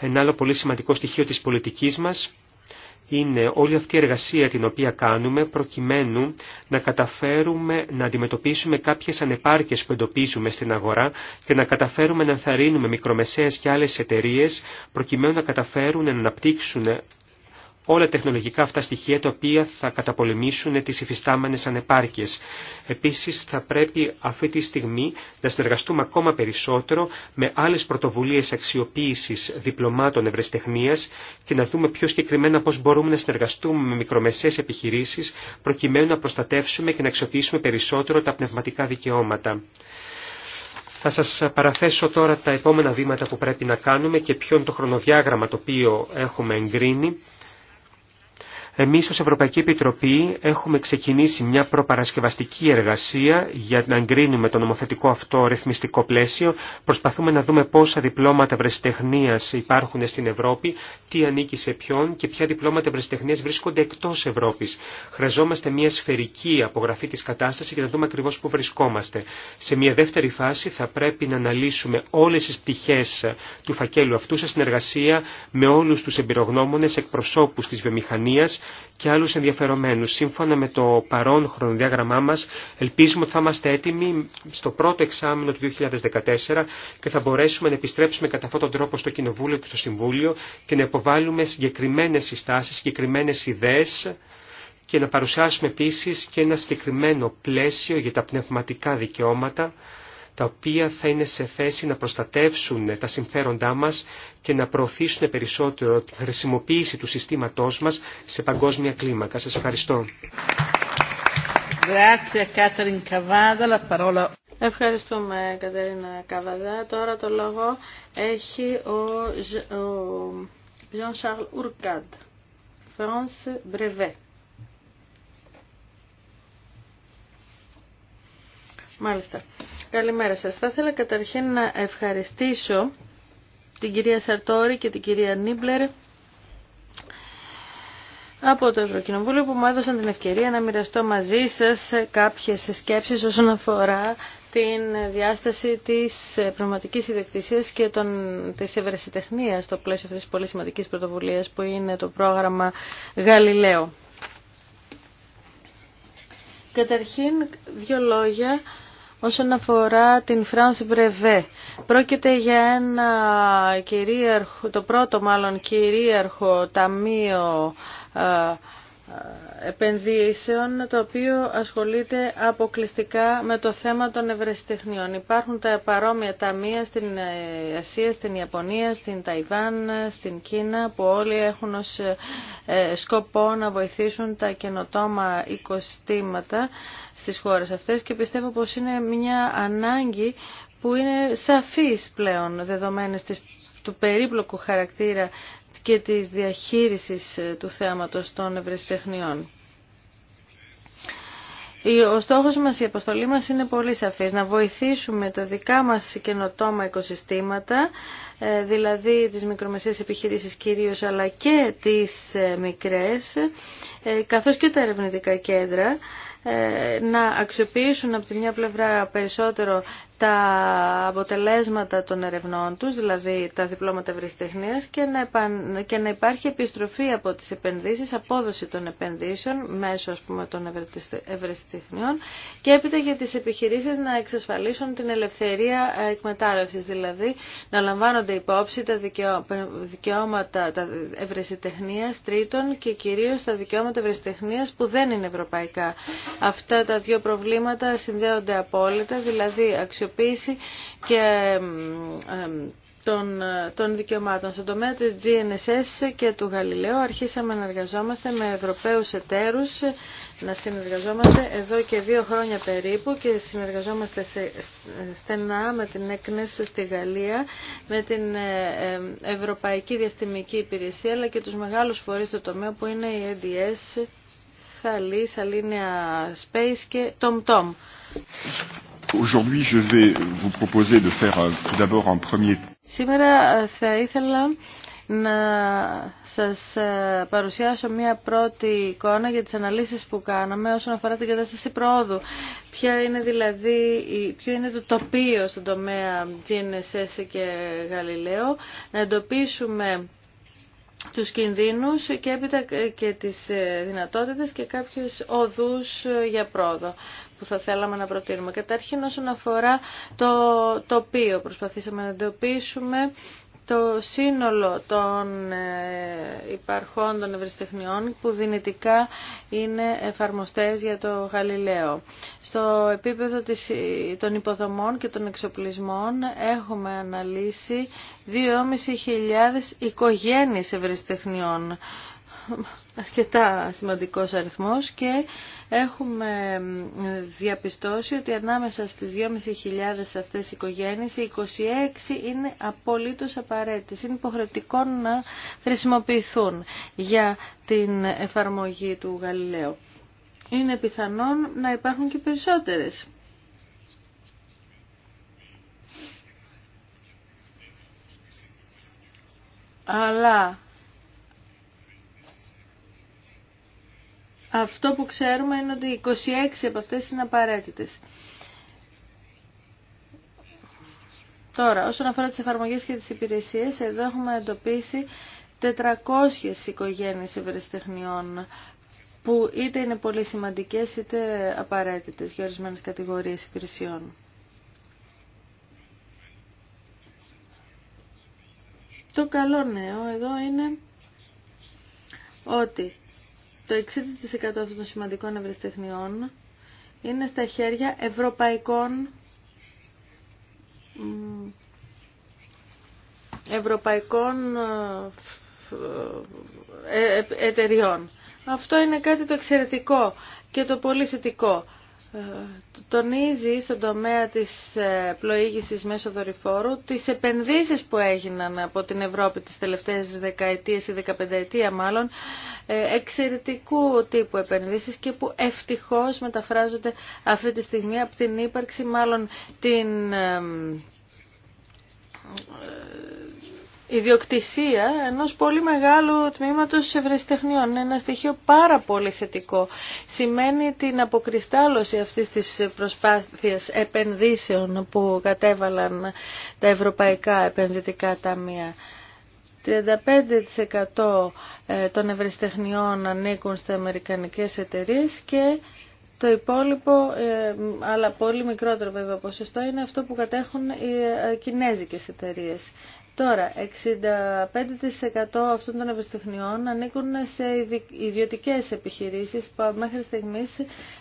Ένα άλλο πολύ σημαντικό στοιχείο της πολιτικής μας είναι όλη αυτή η εργασία την οποία κάνουμε προκειμένου να καταφέρουμε να αντιμετωπίσουμε κάποιες ανεπάρκειες που εντοπίζουμε στην αγορά και να καταφέρουμε να ενθαρρύνουμε μικρομεσαίες και άλλες εταιρείες προκειμένου να καταφέρουν να αναπτύξουν όλα τεχνολογικά αυτά στοιχεία τα οποία θα καταπολεμήσουν τις υφιστάμενες ανεπάρκειες. Επίσης θα πρέπει αυτή τη στιγμή να συνεργαστούμε ακόμα περισσότερο με άλλες πρωτοβουλίες αξιοποίησης διπλωμάτων ευρεσιτεχνίας και να δούμε πιο συγκεκριμένα πώς μπορούμε να συνεργαστούμε με μικρομεσαίες επιχειρήσεις προκειμένου να προστατεύσουμε και να αξιοποιήσουμε περισσότερο τα πνευματικά δικαιώματα. Θα σας παραθέσω τώρα τα επόμενα βήματα που πρέπει να κάνουμε και ποιο είναι το χρονοδιάγραμμα το οποίο έχουμε εγκρίνει. Εμείς ως Ευρωπαϊκή Επιτροπή έχουμε ξεκινήσει μια προπαρασκευαστική εργασία για να εγκρίνουμε το νομοθετικό αυτό ρυθμιστικό πλαίσιο. Προσπαθούμε να δούμε πόσα διπλώματα βρεσιτεχνίας υπάρχουν στην Ευρώπη, τι ανήκει σε ποιον και ποια διπλώματα βρεσιτεχνίας βρίσκονται εκτός Ευρώπης. Χρειαζόμαστε μια σφαιρική απογραφή της κατάστασης για να δούμε ακριβώς πού βρισκόμαστε. Σε μια δεύτερη φάση θα πρέπει να αναλύσουμε όλες τις πτυχές του φακέλου αυτού σε συνεργασία με όλους τους εμπειρογνώμονες εκπροσώπους της βιομηχανίας και άλλους ενδιαφερομένους. Σύμφωνα με το παρόν χρονοδιάγραμμά μας, ελπίζουμε ότι θα είμαστε έτοιμοι στο πρώτο εξάμεινο του 2014 και θα μπορέσουμε να επιστρέψουμε κατά αυτόν τον τρόπο στο Κοινοβούλιο και στο Συμβούλιο και να υποβάλουμε συγκεκριμένες συστάσεις, συγκεκριμένες ιδέες και να παρουσιάσουμε επίσης και ένα συγκεκριμένο πλαίσιο για τα πνευματικά δικαιώματα τα οποία θα είναι σε θέση να προστατεύσουν τα συμφέροντά μας και να προωθήσουν περισσότερο τη χρησιμοποίηση του συστήματός μας σε παγκόσμια κλίμακα. Σας ευχαριστώ. Ευχαριστούμε Κατερίνα Καβαδά. Τώρα το λόγο έχει ο, Ούρκαντ, France Brevet. Μάλιστα. Καλημέρα σας. Θα ήθελα καταρχήν να ευχαριστήσω την κυρία Σαρτόρη και την κυρία Νίμπλερ από το Ευρωκοινοβούλιο που μου έδωσαν την ευκαιρία να μοιραστώ μαζί σας κάποιες σκέψεις όσον αφορά την διάσταση της πνευματικής ιδιοκτησίας και των, της ευρεσιτεχνίας στο πλαίσιο αυτής της πολύ σημαντικής πρωτοβουλίας που είναι το πρόγραμμα Γαλιλαίο. Καταρχήν, δύο λόγια Όσον αφορά την France Brevet, πρόκειται για ένα κυρίαρχο, το πρώτο μάλλον κυρίαρχο ταμείο ε, επενδύσεων το οποίο ασχολείται αποκλειστικά με το θέμα των ευρεσιτεχνιών. Υπάρχουν τα παρόμοια ταμεία στην ε, Ασία, στην Ιαπωνία, στην Ταϊβάν, στην Κίνα που όλοι έχουν ως ε, σκοπό να βοηθήσουν τα καινοτόμα οικοστήματα στις χώρες αυτές και πιστεύω πως είναι μια ανάγκη που είναι σαφής πλέον δεδομένες της του περίπλοκου χαρακτήρα και της διαχείρισης ε, του θέματος των ευρεσιτεχνιών. Ο στόχος μας, η αποστολή μας είναι πολύ σαφής, να βοηθήσουμε τα δικά μας καινοτόμα οικοσυστήματα, ε, δηλαδή τις μικρομεσαίες επιχειρήσεις κυρίως, αλλά και τις ε, μικρές, καθώς και τα ερευνητικά κέντρα, να αξιοποιήσουν από τη μια πλευρά περισσότερο τα αποτελέσματα των ερευνών τους, δηλαδή τα διπλώματα ευρυστεχνίας και να, υπάρχει επιστροφή από τις επενδύσεις, απόδοση των επενδύσεων μέσω ας πούμε των ευρεσιτεχνίων και έπειτα για τις επιχειρήσεις να εξασφαλίσουν την ελευθερία ε, εκμετάλλευσης, δηλαδή να λαμβάνονται υπόψη τα δικαιώματα τα ευρεσιτεχνίας τρίτων και κυρίως τα δικαιώματα ευρεσιτεχνίας που δεν είναι ευρωπαϊκά. Αυτά τα δύο προβλήματα συνδέονται απόλυτα, δηλαδή αξιοποίηση και των, των δικαιωμάτων. Στον τομέα της GNSS και του Γαλιλαίου αρχίσαμε να εργαζόμαστε με Ευρωπαίους εταίρους, να συνεργαζόμαστε εδώ και δύο χρόνια περίπου και συνεργαζόμαστε σε, στενά με την ΕΚΝΕΣ στη Γαλλία, με την ε, ε, Ευρωπαϊκή Διαστημική Υπηρεσία αλλά και τους μεγάλους φορείς του τομέα που είναι η EDS, Θαλή, Σαλίνια Space και TomTom. -Tom. Σήμερα θα ήθελα να σας ε, παρουσιάσω μία πρώτη εικόνα για τις αναλύσεις που κάναμε όσον αφορά την κατάσταση πρόοδου. Ποια είναι δηλαδή, ποιο είναι το τοπίο στον τομέα GNSS και Γαλιλαίο, να εντοπίσουμε τους κινδύνους και έπειτα ε, και τις ε, δυνατότητες και κάποιες οδούς για πρόοδο που θα θέλαμε να προτείνουμε. Καταρχήν όσον αφορά το τοπίο, προσπαθήσαμε να εντοπίσουμε το σύνολο των ε, υπαρχών των ευρεσιτεχνιών που δυνητικά είναι εφαρμοστές για το Γαλιλαίο. Στο επίπεδο ε, των υποδομών και των εξοπλισμών έχουμε αναλύσει 2.500 οικογένειες ευρεσιτεχνιών αρκετά σημαντικός αριθμός και έχουμε διαπιστώσει ότι ανάμεσα στις 2.500 αυτές οι οικογένειες οι 26 είναι απολύτως απαραίτητες. Είναι υποχρεωτικό να χρησιμοποιηθούν για την εφαρμογή του Γαλιλαίου. Είναι πιθανόν να υπάρχουν και περισσότερες. Αλλά Αυτό που ξέρουμε είναι ότι 26 από αυτές είναι απαραίτητες. Τώρα, όσον αφορά τις εφαρμογές και τις υπηρεσίες, εδώ έχουμε εντοπίσει 400 οικογένειες ευρεσιτεχνιών που είτε είναι πολύ σημαντικές είτε απαραίτητες για ορισμένες κατηγορίες υπηρεσιών. Το καλό νέο εδώ είναι ότι το 60% αυτών των σημαντικών ευρεσιτεχνιών είναι στα χέρια ευρωπαϊκών ευρωπαϊκών ε, ε, ε, εταιριών. Αυτό είναι κάτι το εξαιρετικό και το πολύ θετικό. Ε, τονίζει στον τομέα της ε, πλοήγησης μέσω δορυφόρου τις επενδύσεις που έγιναν από την Ευρώπη τις τελευταίες δεκαετίες ή δεκαπενταετία μάλλον ε, εξαιρετικού τύπου επενδύσεις και που ευτυχώς μεταφράζονται αυτή τη στιγμή από την ύπαρξη μάλλον την ιδιοκτησία ενός πολύ μεγάλου τμήματος ευρεσιτεχνιών. Ένα στοιχείο πάρα πολύ θετικό. Σημαίνει την αποκριστάλωση αυτής της προσπάθειας επενδύσεων που κατέβαλαν τα ευρωπαϊκά επενδυτικά ταμεία. 35% ε, των ευρεσιτεχνιών ανήκουν στα αμερικανικές εταιρείες και το υπόλοιπο, ε, αλλά πολύ μικρότερο βέβαια ποσοστό, είναι αυτό που κατέχουν οι ε, κινέζικες εταιρείες. Τώρα, 65% αυτών των ευρεσιτεχνιών ανήκουν σε ιδιωτικές επιχειρήσεις που μέχρι στιγμής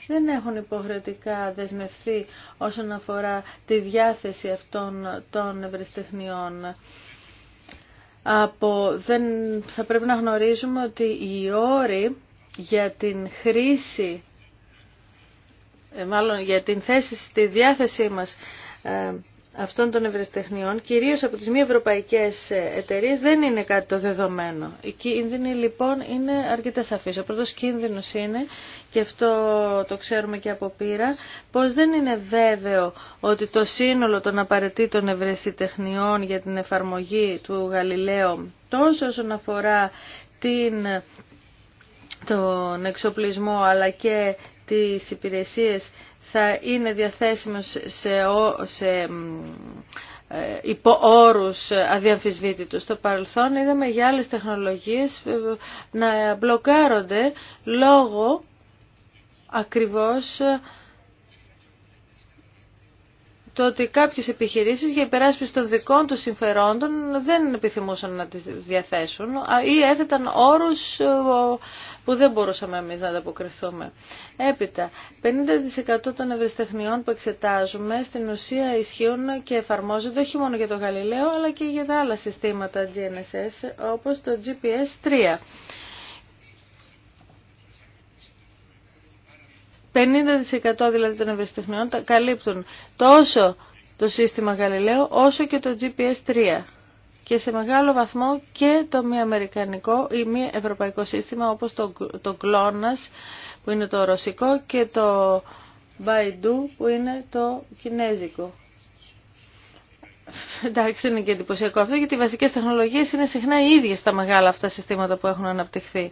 δεν έχουν υποχρεωτικά δεσμευθεί όσον αφορά τη διάθεση αυτών των ευρεσιτεχνιών. Από, δεν, θα πρέπει να γνωρίζουμε ότι οι όροι για την χρήση, ε, μάλλον για την θέση στη διάθεσή μας ε, αυτών των ευρεσιτεχνιών, κυρίως από τις μη ευρωπαϊκές εταιρείες, δεν είναι κάτι το δεδομένο. Οι κίνδυνοι λοιπόν είναι αρκετά σαφείς. Ο πρώτος κίνδυνος είναι, και αυτό το ξέρουμε και από πείρα, πως δεν είναι βέβαιο ότι το σύνολο των απαραίτητων ευρεσιτεχνιών για την εφαρμογή του Γαλιλαίου, τόσο όσον αφορά την τον εξοπλισμό αλλά και τις υπηρεσίες θα είναι διαθέσιμος σε, ο, σε ε, υπό όρους το Στο παρελθόν είδαμε για άλλες τεχνολογίες ε, να μπλοκάρονται λόγω ακριβώς ε, το ότι κάποιες επιχειρήσεις για υπεράσπιση των δικών τους συμφερόντων δεν επιθυμούσαν να τις διαθέσουν ή έθεταν όρους που δεν μπορούσαμε εμείς να ανταποκριθούμε. Έπειτα, 50% των ευρεσιτεχνιών που εξετάζουμε στην ουσία ισχύουν και εφαρμόζονται όχι μόνο για το Γαλιλαίο αλλά και για τα άλλα συστήματα GNSS όπως το GPS 3. 50% δηλαδή των ευρεσιτεχνιών καλύπτουν τόσο το σύστημα Γαλιλαίο όσο και το GPS 3 και σε μεγάλο βαθμό και το μη αμερικανικό ή μη ευρωπαϊκό σύστημα όπως το, το GLONASS που είναι το ρωσικό και το Baidu που είναι το κινέζικο. Εντάξει, είναι και εντυπωσιακό αυτό, γιατί οι βασικές τεχνολογίες είναι συχνά οι ίδιες τα μεγάλα αυτά συστήματα που έχουν αναπτυχθεί.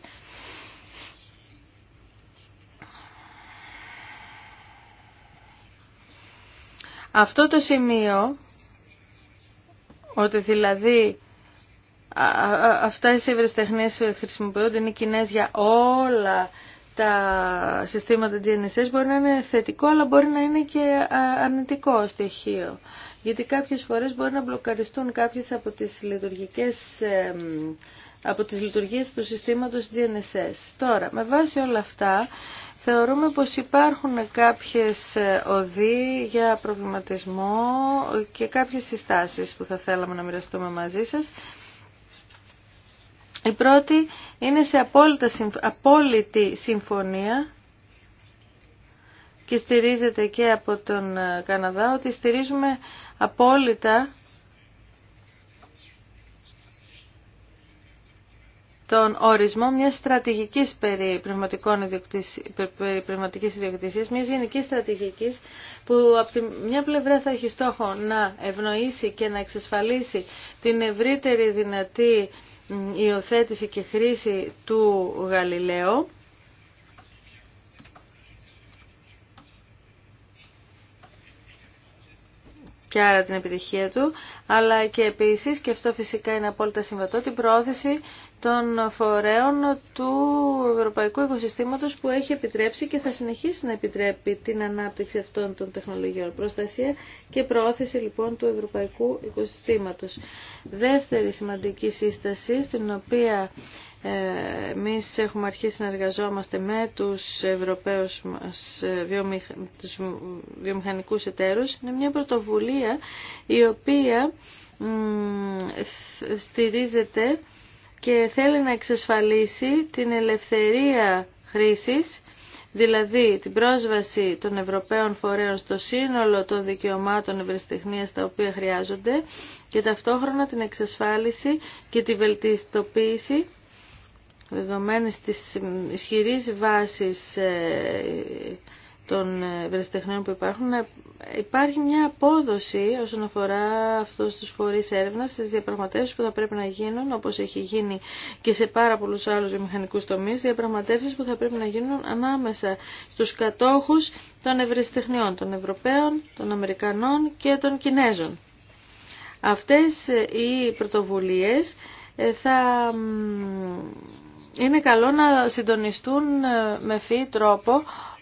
Αυτό το σημείο ότι δηλαδή αυτά οι σύμβερες τεχνίες χρησιμοποιούνται, είναι κοινέ για όλα τα συστήματα GNSS μπορεί να είναι θετικό αλλά μπορεί να είναι και αρνητικό στοιχείο. Γιατί κάποιες φορές μπορεί να μπλοκαριστούν κάποιες από τις λειτουργικές από τις λειτουργίες του συστήματος GNSS. Τώρα, με βάση όλα αυτά, Θεωρούμε πως υπάρχουν κάποιες ε, οδοί για προβληματισμό και κάποιες συστάσεις που θα θέλαμε να μοιραστούμε μαζί σας. Η πρώτη είναι σε απόλυτα, απόλυτη συμφωνία και στηρίζεται και από τον ε, Καναδά ότι στηρίζουμε απόλυτα τον ορισμό μιας στρατηγικής περί πνευματικών ιδιοκτησία, ιδιοκτησίας, μιας γενικής στρατηγικής που από τη μια πλευρά θα έχει στόχο να ευνοήσει και να εξασφαλίσει την ευρύτερη δυνατή υιοθέτηση και χρήση του Γαλιλαίου. και άρα την επιτυχία του, αλλά και επίσης, και αυτό φυσικά είναι απόλυτα συμβατό, την πρόθεση των φορέων του Ευρωπαϊκού Οικοσυστήματος που έχει επιτρέψει και θα συνεχίσει να επιτρέπει την ανάπτυξη αυτών των τεχνολογιών. Προστασία και προώθηση λοιπόν του Ευρωπαϊκού Οικοσυστήματος. Δεύτερη σημαντική σύσταση στην οποία ε, Εμεί έχουμε αρχίσει να εργαζόμαστε με τους Ευρωπαίους μας ε, τους βιομηχανικούς εταίρους. Είναι μια πρωτοβουλία η οποία στηρίζεται και θέλει να εξασφαλίσει την ελευθερία χρήσης, δηλαδή την πρόσβαση των Ευρωπαίων φορέων στο σύνολο των δικαιωμάτων ευρεσιτεχνίας τα οποία χρειάζονται και ταυτόχρονα την εξασφάλιση και τη βελτιστοποίηση δεδομένης της ισχυρής βάσης ε, των ε, ευρεσιτεχνών που υπάρχουν, υπάρχει μια απόδοση όσον αφορά αυτού του φορείς έρευνα, στις διαπραγματεύσεις που θα πρέπει να γίνουν, όπως έχει γίνει και σε πάρα πολλού άλλου βιομηχανικού τομείς, διαπραγματεύσεις που θα πρέπει να γίνουν ανάμεσα στους κατόχους των ευρεσιτεχνιών, των Ευρωπαίων, των Αμερικανών και των Κινέζων. Αυτές ε, οι πρωτοβουλίες ε, θα είναι καλό να συντονιστούν με φύ τρόπο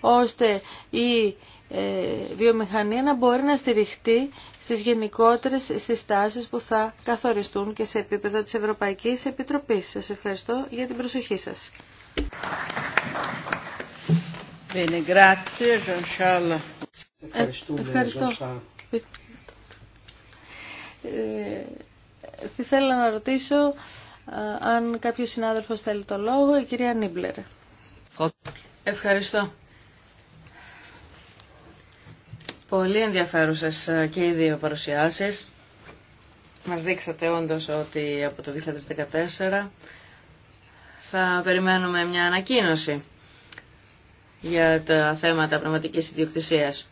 ώστε η ε, βιομηχανία να μπορεί να στηριχτεί στις γενικότερες συστάσεις που θα καθοριστούν και σε επίπεδο της Ευρωπαϊκής Επιτροπής. Σας ευχαριστώ για την προσοχή σας. Ε, ευχαριστώ. Ε, θα ήθελα να ρωτήσω αν κάποιος συνάδελφος θέλει το λόγο, η κυρία Νίμπλερ. Ευχαριστώ. Πολύ ενδιαφέρουσες ε, και οι δύο παρουσιάσεις. Μας δείξατε όντως ότι από το 2014 θα περιμένουμε μια ανακοίνωση για τα θέματα πνευματικής ιδιοκτησίας.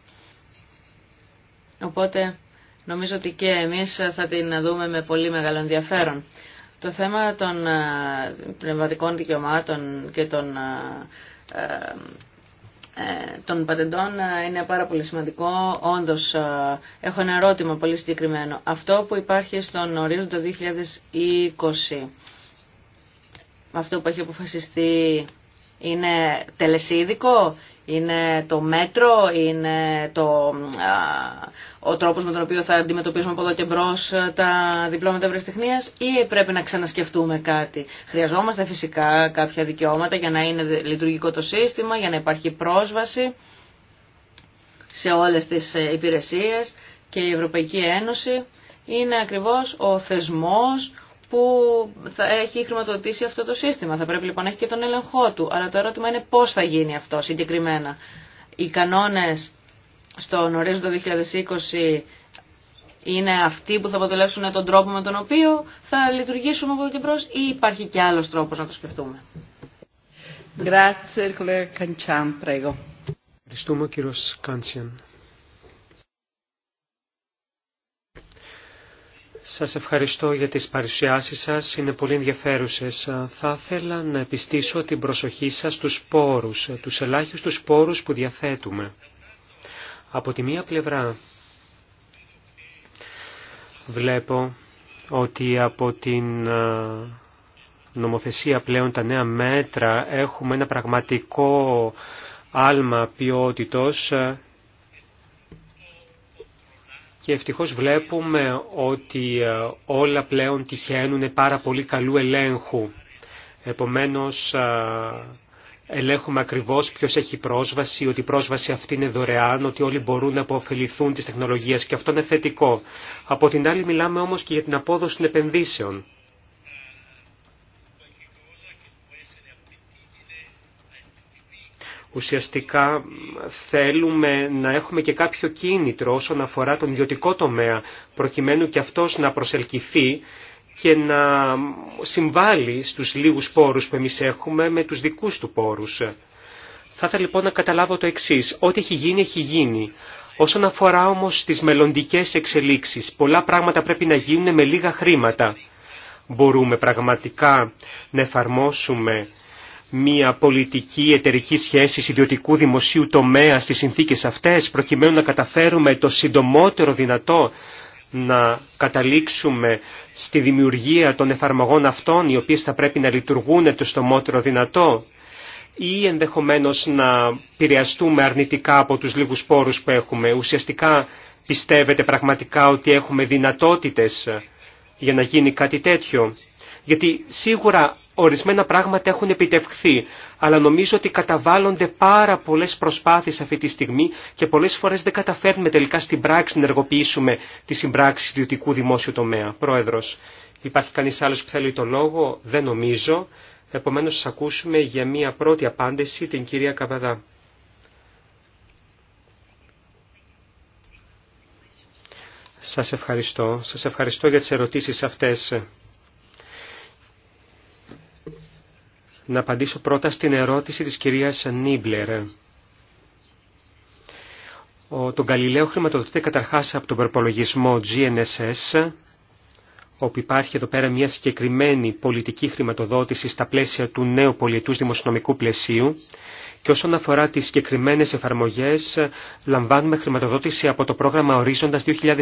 Οπότε νομίζω ότι και εμείς θα την δούμε με πολύ μεγάλο ενδιαφέρον. Το θέμα των ε, πνευματικών δικαιωμάτων και των ε, ε, των πατεντών ε, είναι πάρα πολύ σημαντικό. όντω. Ε, έχω ένα ερώτημα πολύ συγκεκριμένο. Αυτό που υπάρχει στον ορίζοντα 2020, αυτό που έχει αποφασιστεί είναι τελεσίδικο είναι το μέτρο, είναι το, ο τρόπος με τον οποίο θα αντιμετωπίσουμε από εδώ και μπρο ε, τα διπλώματα ευρεστιχνίας ή πρέπει να ξανασκεφτούμε κάτι. Χρειαζόμαστε φυσικά κάποια δικαιώματα για να είναι λειτουργικό το σύστημα, για να υπάρχει πρόσβαση σε όλες τις ε, υπηρεσίες και η Ευρωπαϊκή Ένωση είναι ακριβώς ο θεσμός που θα έχει χρηματοδοτήσει αυτό το σύστημα. Θα πρέπει λοιπόν να έχει και τον έλεγχό του. Αλλά το ερώτημα είναι πώς θα γίνει αυτό συγκεκριμένα. Οι κανόνες στον ορίζοντα 2020 είναι αυτοί που θα αποτελέσουν τον τρόπο με τον οποίο θα λειτουργήσουμε από εδώ και ή υπάρχει και άλλος τρόπος να το σκεφτούμε. Ευχαριστούμε κύριος Κάντσιαν. Σας ευχαριστώ για τις παρουσιάσεις σας, είναι πολύ ενδιαφέρουσες. Θα ήθελα να επιστήσω την προσοχή σας στους πόρους, τους ελάχιστους πόρους που διαθέτουμε. Από τη μία πλευρά βλέπω ότι από την ε, νομοθεσία πλέον τα νέα μέτρα έχουμε ένα πραγματικό άλμα ποιότητος ε, και ευτυχώς βλέπουμε ότι ε, όλα πλέον τυχαίνουν πάρα πολύ καλού ελέγχου. Επομένως, ε, ελέγχουμε ακριβώς ποιος έχει πρόσβαση, ότι η πρόσβαση αυτή είναι δωρεάν, ότι όλοι μπορούν να αποφεληθούν της τεχνολογίας και αυτό είναι θετικό. Από την άλλη μιλάμε όμως και για την απόδοση των επενδύσεων. Ουσιαστικά θέλουμε να έχουμε και κάποιο κίνητρο όσον αφορά τον ιδιωτικό τομέα, προκειμένου και αυτός να προσελκυθεί και να συμβάλλει στους λίγους πόρους που εμείς έχουμε με τους δικούς του πόρους. Θα ήθελα λοιπόν να καταλάβω το εξής. Ό,τι έχει γίνει, έχει γίνει. Όσον αφορά όμως τις μελλοντικέ εξελίξεις, πολλά πράγματα πρέπει να γίνουν με λίγα χρήματα. Μπορούμε πραγματικά να εφαρμόσουμε μια πολιτική εταιρική σχέση ιδιωτικού δημοσίου τομέα στις συνθήκες αυτές προκειμένου να καταφέρουμε το συντομότερο δυνατό να καταλήξουμε στη δημιουργία των εφαρμογών αυτών οι οποίες θα πρέπει να λειτουργούν το συντομότερο δυνατό ή ενδεχομένως να επηρεαστούμε αρνητικά από τους λίγους πόρους που έχουμε. Ουσιαστικά πιστεύετε πραγματικά ότι έχουμε δυνατότητες για να γίνει κάτι τέτοιο. Γιατί σίγουρα ορισμένα πράγματα έχουν επιτευχθεί, αλλά νομίζω ότι καταβάλλονται πάρα πολλές προσπάθειες αυτή τη στιγμή και πολλές φορές δεν καταφέρνουμε τελικά στην πράξη να ενεργοποιήσουμε τη συμπράξη ιδιωτικού δημόσιου τομέα. Πρόεδρος, υπάρχει κανείς άλλος που θέλει το λόγο, δεν νομίζω. Επομένως, σας ακούσουμε για μία πρώτη απάντηση την κυρία Καβαδά. Σας ευχαριστώ. Σας ευχαριστώ για τις ερωτήσεις αυτές. να απαντήσω πρώτα στην ερώτηση της κυρίας Νίμπλερ. Ο, τον Γαλιλαίο χρηματοδοτείται καταρχάς από τον προπολογισμό GNSS, όπου υπάρχει εδώ πέρα μια συγκεκριμένη πολιτική χρηματοδότηση στα πλαίσια του νέου πολιτού δημοσιονομικού πλαισίου και όσον αφορά τις συγκεκριμένες εφαρμογές, λαμβάνουμε χρηματοδότηση από το πρόγραμμα Ορίζοντας 2020.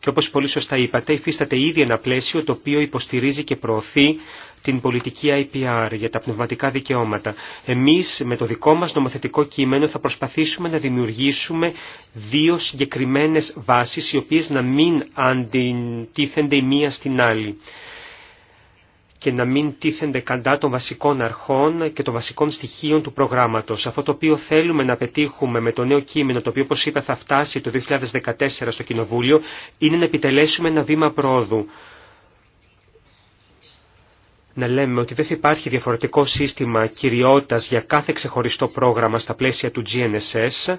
Και όπως πολύ σωστά είπατε, υφίσταται ήδη ένα πλαίσιο το οποίο υποστηρίζει και προωθεί την πολιτική IPR για τα πνευματικά δικαιώματα. Εμείς με το δικό μας νομοθετικό κείμενο θα προσπαθήσουμε να δημιουργήσουμε δύο συγκεκριμένες βάσεις οι οποίες να μην αντιτίθενται η μία στην άλλη και να μην τίθενται καντά των βασικών αρχών και των βασικών στοιχείων του προγράμματος. Αυτό το οποίο θέλουμε να πετύχουμε με το νέο κείμενο, το οποίο όπως είπα θα φτάσει το 2014 στο Κοινοβούλιο, είναι να επιτελέσουμε ένα βήμα πρόοδου. Να λέμε ότι δεν θα υπάρχει διαφορετικό σύστημα κυριότητας για κάθε ξεχωριστό πρόγραμμα στα πλαίσια του GNSS,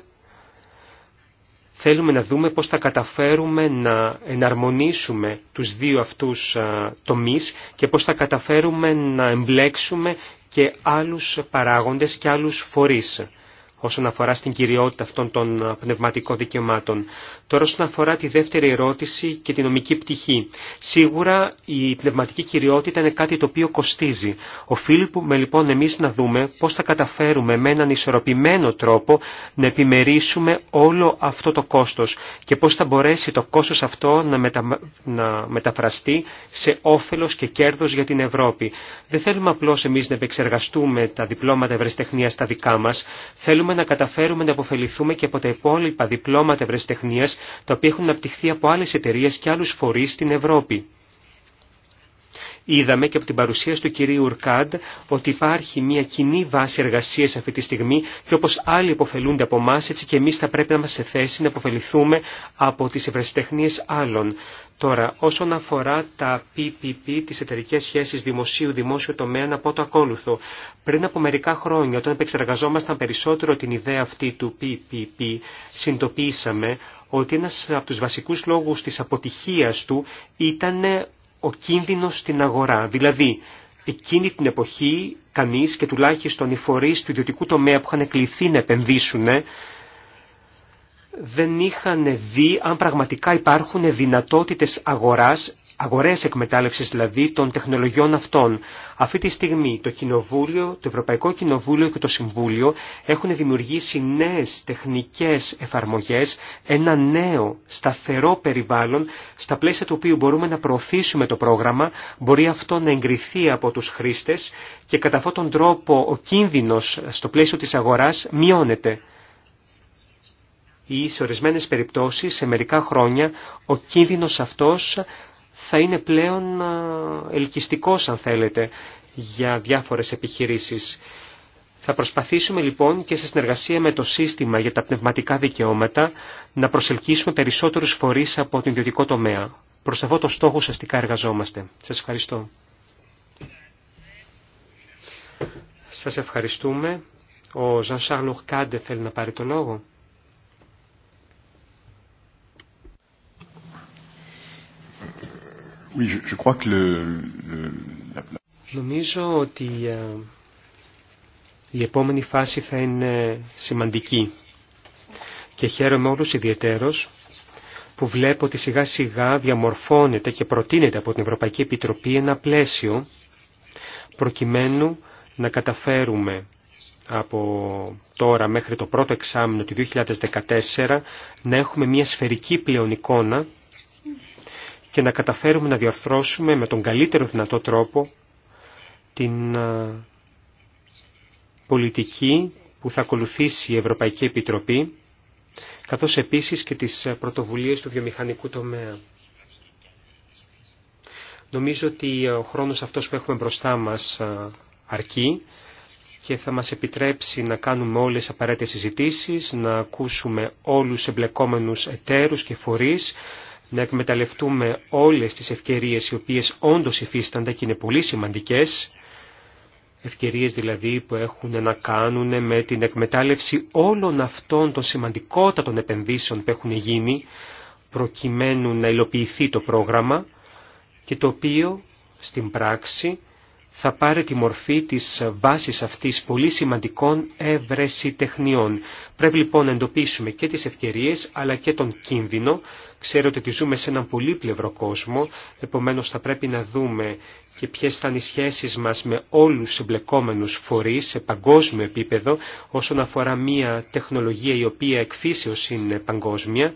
θέλουμε να δούμε πώς θα καταφέρουμε να εναρμονίσουμε τους δύο αυτούς τομείς και πώς θα καταφέρουμε να εμπλέξουμε και άλλους παράγοντες και άλλους φορείς όσον αφορά στην κυριότητα αυτών των ε, πνευματικών δικαιωμάτων. Τώρα όσον αφορά τη δεύτερη ερώτηση και τη νομική πτυχή. Σίγουρα η πνευματική κυριότητα είναι κάτι το οποίο κοστίζει. Οφείλουμε λοιπόν εμείς να δούμε πώς θα καταφέρουμε με έναν ισορροπημένο τρόπο να επιμερίσουμε όλο αυτό το κόστος και πώς θα μπορέσει το κόστος αυτό να, να μεταφραστεί σε όφελος και κέρδος για την Ευρώπη. Δεν θέλουμε απλώς εμείς να επεξεργαστούμε τα διπλώματα ευρεσιτεχνίας στα δικά μας. Θέλουμε θέλουμε να καταφέρουμε να αποφεληθούμε και από τα υπόλοιπα διπλώματα ευρεσιτεχνία τα οποία έχουν αναπτυχθεί από άλλε εταιρείε και άλλου φορεί στην Ευρώπη. Είδαμε και από την παρουσίαση του κυρίου Ουρκάντ ότι υπάρχει μια κοινή βάση εργασίας αυτή τη στιγμή και όπως άλλοι υποφελούνται από εμά, έτσι και εμείς θα πρέπει να είμαστε σε θέση να αποφεληθούμε από τις ευρεσιτεχνίες άλλων. Τώρα, όσον αφορά τα PPP, τις εταιρικές σχέσεις δημοσίου-δημόσιο τομέα, να πω το ακόλουθο. Πριν από μερικά χρόνια, όταν επεξεργαζόμασταν περισσότερο την ιδέα αυτή του PPP, συντοπίσαμε ότι ένας από τους βασικούς λόγους της αποτυχίας του ήταν ο κίνδυνος στην αγορά. Δηλαδή, εκείνη την εποχή, κανείς και τουλάχιστον οι φορείς του ιδιωτικού τομέα που είχαν κληθεί να επενδύσουν, δεν είχαν δει αν πραγματικά υπάρχουν δυνατότητες αγοράς, αγορές εκμετάλλευσης δηλαδή των τεχνολογιών αυτών. Αυτή τη στιγμή το Κοινοβούλιο, το Ευρωπαϊκό Κοινοβούλιο και το Συμβούλιο έχουν δημιουργήσει νέες τεχνικές εφαρμογές, ένα νέο σταθερό περιβάλλον στα πλαίσια του οποίου μπορούμε να προωθήσουμε το πρόγραμμα, μπορεί αυτό να εγκριθεί από τους χρήστες και κατά αυτόν τον τρόπο ο κίνδυνος στο πλαίσιο της αγοράς μειώνεται ή σε ορισμένες περιπτώσεις σε μερικά χρόνια ο κίνδυνος αυτός θα είναι πλέον ελκυστικός αν θέλετε για διάφορες επιχειρήσεις. Θα προσπαθήσουμε λοιπόν και σε συνεργασία με το σύστημα για τα πνευματικά δικαιώματα να προσελκύσουμε περισσότερους φορείς από την ιδιωτικό τομέα. Προς αυτό το στόχο ουσιαστικά εργαζόμαστε. Σας ευχαριστώ. Σας ευχαριστούμε. Ο Ζαν Κάντε θέλει να πάρει το λόγο. Νομίζω ότι ε, η επόμενη φάση θα είναι σημαντική και χαίρομαι όλους ιδιαιτέρως που βλέπω ότι σιγά σιγά διαμορφώνεται και προτείνεται από την Ευρωπαϊκή Επιτροπή ένα πλαίσιο προκειμένου να καταφέρουμε από τώρα μέχρι το πρώτο εξάμεινο του 2014 να έχουμε μια σφαιρική πλέον εικόνα και να καταφέρουμε να διορθώσουμε με τον καλύτερο δυνατό τρόπο την πολιτική που θα ακολουθήσει η Ευρωπαϊκή Επιτροπή, καθώς επίσης και τις πρωτοβουλίες του βιομηχανικού τομέα. Νομίζω ότι ο χρόνος αυτός που έχουμε μπροστά μας αρκεί και θα μας επιτρέψει να κάνουμε όλες τις απαραίτητες συζητήσεις, να ακούσουμε όλους εμπλεκόμενους εταίρους και φορείς, να εκμεταλλευτούμε όλες τις ευκαιρίες οι οποίες όντως υφίστανται και είναι πολύ σημαντικές, ευκαιρίες δηλαδή που έχουν να κάνουν με την εκμετάλλευση όλων αυτών των σημαντικότατων επενδύσεων που έχουν γίνει, προκειμένου να υλοποιηθεί το πρόγραμμα και το οποίο στην πράξη θα πάρει τη μορφή της βάσης αυτής πολύ σημαντικών ευρεσιτεχνιών. Πρέπει λοιπόν να εντοπίσουμε και τις ευκαιρίες αλλά και τον κίνδυνο Ξέρετε ότι ζούμε σε έναν πολύπλευρο κόσμο, επομένως θα πρέπει να δούμε και ποιες θα είναι οι σχέσεις μας με όλους τους εμπλεκόμενους φορείς σε παγκόσμιο επίπεδο όσον αφορά μια τεχνολογία η οποία εκφύσεως είναι παγκόσμια.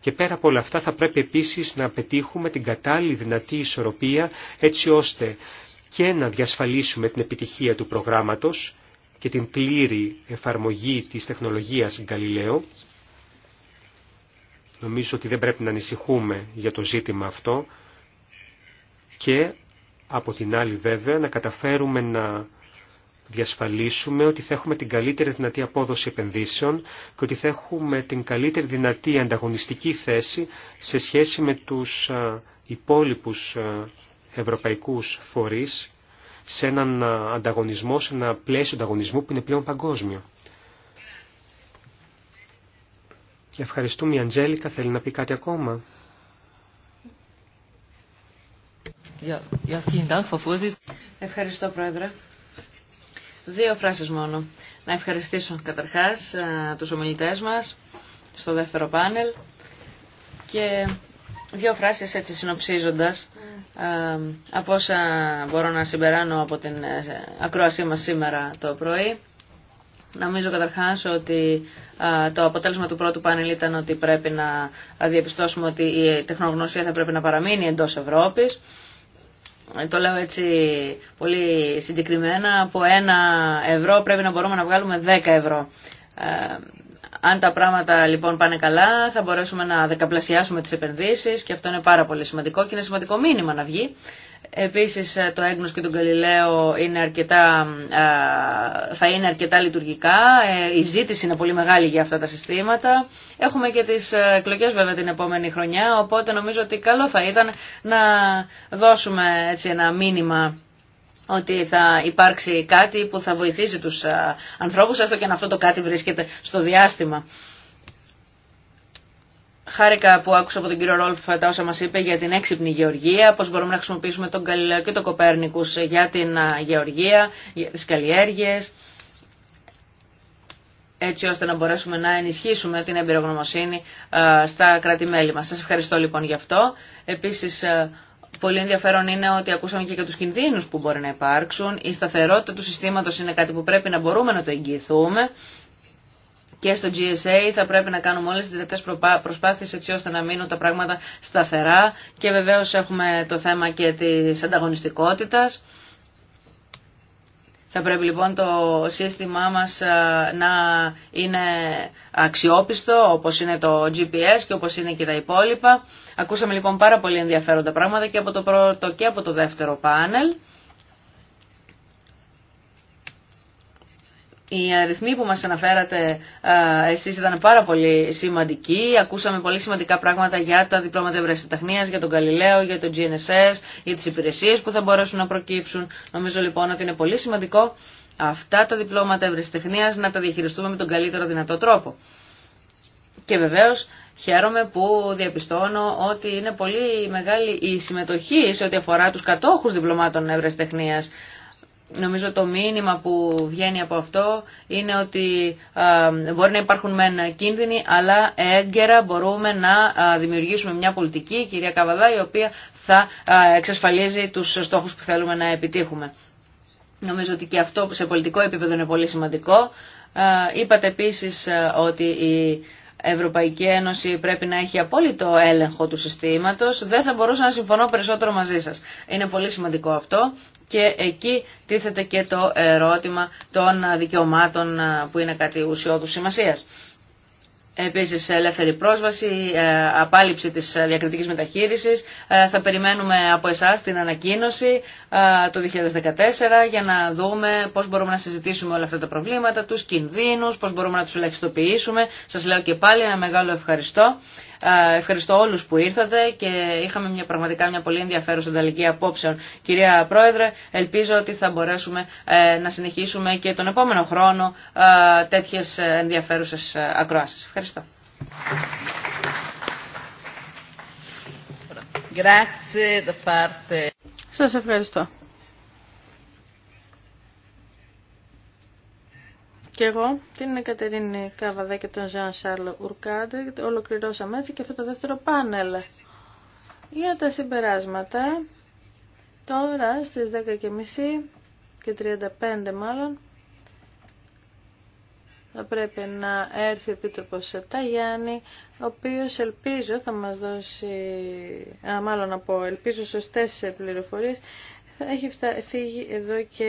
Και πέρα από όλα αυτά θα πρέπει επίσης να πετύχουμε την κατάλληλη δυνατή ισορροπία έτσι ώστε και να διασφαλίσουμε την επιτυχία του προγράμματος και την πλήρη εφαρμογή της τεχνολογίας Γκαλιλαίου Νομίζω ότι δεν πρέπει να ανησυχούμε για το ζήτημα αυτό και από την άλλη βέβαια να καταφέρουμε να διασφαλίσουμε ότι θα έχουμε την καλύτερη δυνατή απόδοση επενδύσεων και ότι θα έχουμε την καλύτερη δυνατή ανταγωνιστική θέση σε σχέση με τους υπόλοιπους ευρωπαϊκούς φορείς σε έναν ανταγωνισμό, σε ένα πλαίσιο ανταγωνισμού που είναι πλέον παγκόσμιο. Και ευχαριστούμε η Αντζέλικα. Θέλει να πει κάτι ακόμα. Ευχαριστώ Πρόεδρε. Δύο φράσεις μόνο. Να ευχαριστήσω καταρχάς ε, τους ομιλητές μας στο δεύτερο πάνελ και δύο φράσεις έτσι συνοψίζοντας ε, από όσα μπορώ να συμπεράνω από την ε, ακρόασή μας σήμερα το πρωί. Νομίζω καταρχάς ότι το αποτέλεσμα του πρώτου πάνελ ήταν ότι πρέπει να διαπιστώσουμε ότι η τεχνογνωσία θα πρέπει να παραμείνει εντός Ευρώπης. Ε, το λέω έτσι πολύ συγκεκριμένα, από ένα ευρώ πρέπει να μπορούμε να βγάλουμε δέκα ευρώ. Ε, αν τα πράγματα λοιπόν πάνε καλά θα μπορέσουμε να δεκαπλασιάσουμε τις επενδύσεις και αυτό είναι πάρα πολύ σημαντικό και είναι σημαντικό μήνυμα να βγει. Επίσης ε, το έγνος και τον Καλιλαίο είναι αρκετά, ε, θα είναι αρκετά λειτουργικά. Ε, η ζήτηση είναι πολύ μεγάλη για αυτά τα συστήματα. Έχουμε και τις εκλογές βέβαια την επόμενη χρονιά, οπότε νομίζω ότι καλό θα ήταν να δώσουμε έτσι ένα μήνυμα ότι θα υπάρξει κάτι που θα βοηθήσει τους ανθρώπους, έστω και αν αυτό το κάτι βρίσκεται στο διάστημα. Χάρηκα που άκουσα από τον κύριο Ρόλφ τα όσα μας είπε για την έξυπνη γεωργία, πώ μπορούμε να χρησιμοποιήσουμε τον Καλλιλέο και τον Κοπέρνικου για την γεωργία, για τι καλλιέργειε, έτσι ώστε να μπορέσουμε να ενισχύσουμε την εμπειρογνωμοσύνη στα κράτη-μέλη μας. Σας ευχαριστώ λοιπόν γι' αυτό. Επίση, Πολύ ενδιαφέρον είναι ότι ακούσαμε και για του κινδύνου που μπορεί να υπάρξουν. Η σταθερότητα του συστήματο είναι κάτι που πρέπει να μπορούμε να το εγγυηθούμε και στο GSA θα πρέπει να κάνουμε όλες τις δυνατές προσπάθειες έτσι ώστε να μείνουν τα πράγματα σταθερά και βεβαίως έχουμε το θέμα και της ανταγωνιστικότητας. Θα πρέπει λοιπόν το σύστημά μας να είναι αξιόπιστο όπως είναι το GPS και όπως είναι και τα υπόλοιπα. Ακούσαμε λοιπόν πάρα πολύ ενδιαφέροντα πράγματα και από το πρώτο και από το δεύτερο πάνελ. οι αριθμοί που μας αναφέρατε εσείς ήταν πάρα πολύ σημαντικοί. Ακούσαμε πολύ σημαντικά πράγματα για τα διπλώματα ευρεσιτεχνίας, για τον Καλλιλέο, για τον GNSS, για τις υπηρεσίες που θα μπορέσουν να προκύψουν. Νομίζω λοιπόν ότι είναι πολύ σημαντικό αυτά τα διπλώματα ευρεσιτεχνίας να τα διαχειριστούμε με τον καλύτερο δυνατό τρόπο. Και βεβαίως χαίρομαι που διαπιστώνω ότι είναι πολύ μεγάλη η συμμετοχή σε ό,τι αφορά τους κατόχους διπλωμάτων ευρεσιτεχνίας Νομίζω το μήνυμα που βγαίνει από αυτό είναι ότι μπορεί να υπάρχουν μεν κίνδυνοι, αλλά έγκαιρα μπορούμε να δημιουργήσουμε μια πολιτική, κυρία Καβαδά, η οποία θα εξασφαλίζει τους στόχους που θέλουμε να επιτύχουμε. Νομίζω ότι και αυτό σε πολιτικό επίπεδο είναι πολύ σημαντικό. Είπατε επίσης ότι η Ευρωπαϊκή Ένωση πρέπει να έχει απόλυτο έλεγχο του συστήματος, δεν θα μπορούσα να συμφωνώ περισσότερο μαζί σας. Είναι πολύ σημαντικό αυτό και εκεί τίθεται και το ερώτημα των δικαιωμάτων ε, που είναι κάτι ουσιώδου σημασίας. Επίσης ελεύθερη πρόσβαση, ε, απάλληψη της διακριτικής μεταχείρισης. Ε, θα περιμένουμε από εσάς την ανακοίνωση ε, το 2014 για να δούμε πώς μπορούμε να συζητήσουμε όλα αυτά τα προβλήματα, του κινδύνους, πώς μπορούμε να τους ελαχιστοποιήσουμε. Σας λέω και πάλι ένα μεγάλο ευχαριστώ. Ε, ευχαριστώ όλους που ήρθατε και είχαμε μια, πραγματικά μια πολύ ενδιαφέρουσα ανταλλαγή απόψεων. Κυρία Πρόεδρε, ελπίζω ότι θα μπορέσουμε ε, να συνεχίσουμε και τον επόμενο χρόνο ε, τέτοιες ενδιαφέρουσες ακροάσεις. Ευχαριστώ. Σας ευχαριστώ. Και εγώ, την Κατερίνη Καβαδέ και τον Ζαν Σάρλο Ουρκάντε, ολοκληρώσαμε έτσι και αυτό το δεύτερο πάνελ. Για τα συμπεράσματα, τώρα στις 10.30 και 35 μάλλον, θα πρέπει να έρθει ο Επίτροπος Ταγιάννη, ο οποίος ελπίζω θα μας δώσει, α, μάλλον να πω, ελπίζω σωστές πληροφορίες θα έχει φύγει εδώ και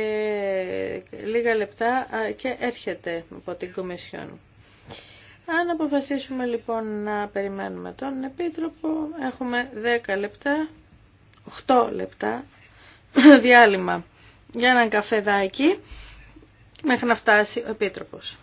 λίγα λεπτά και έρχεται από την Κομισιόν. Αν αποφασίσουμε λοιπόν να περιμένουμε τον Επίτροπο, έχουμε 10 λεπτά, 8 λεπτά διάλειμμα για έναν καφεδάκι μέχρι να φτάσει ο Επίτροπος.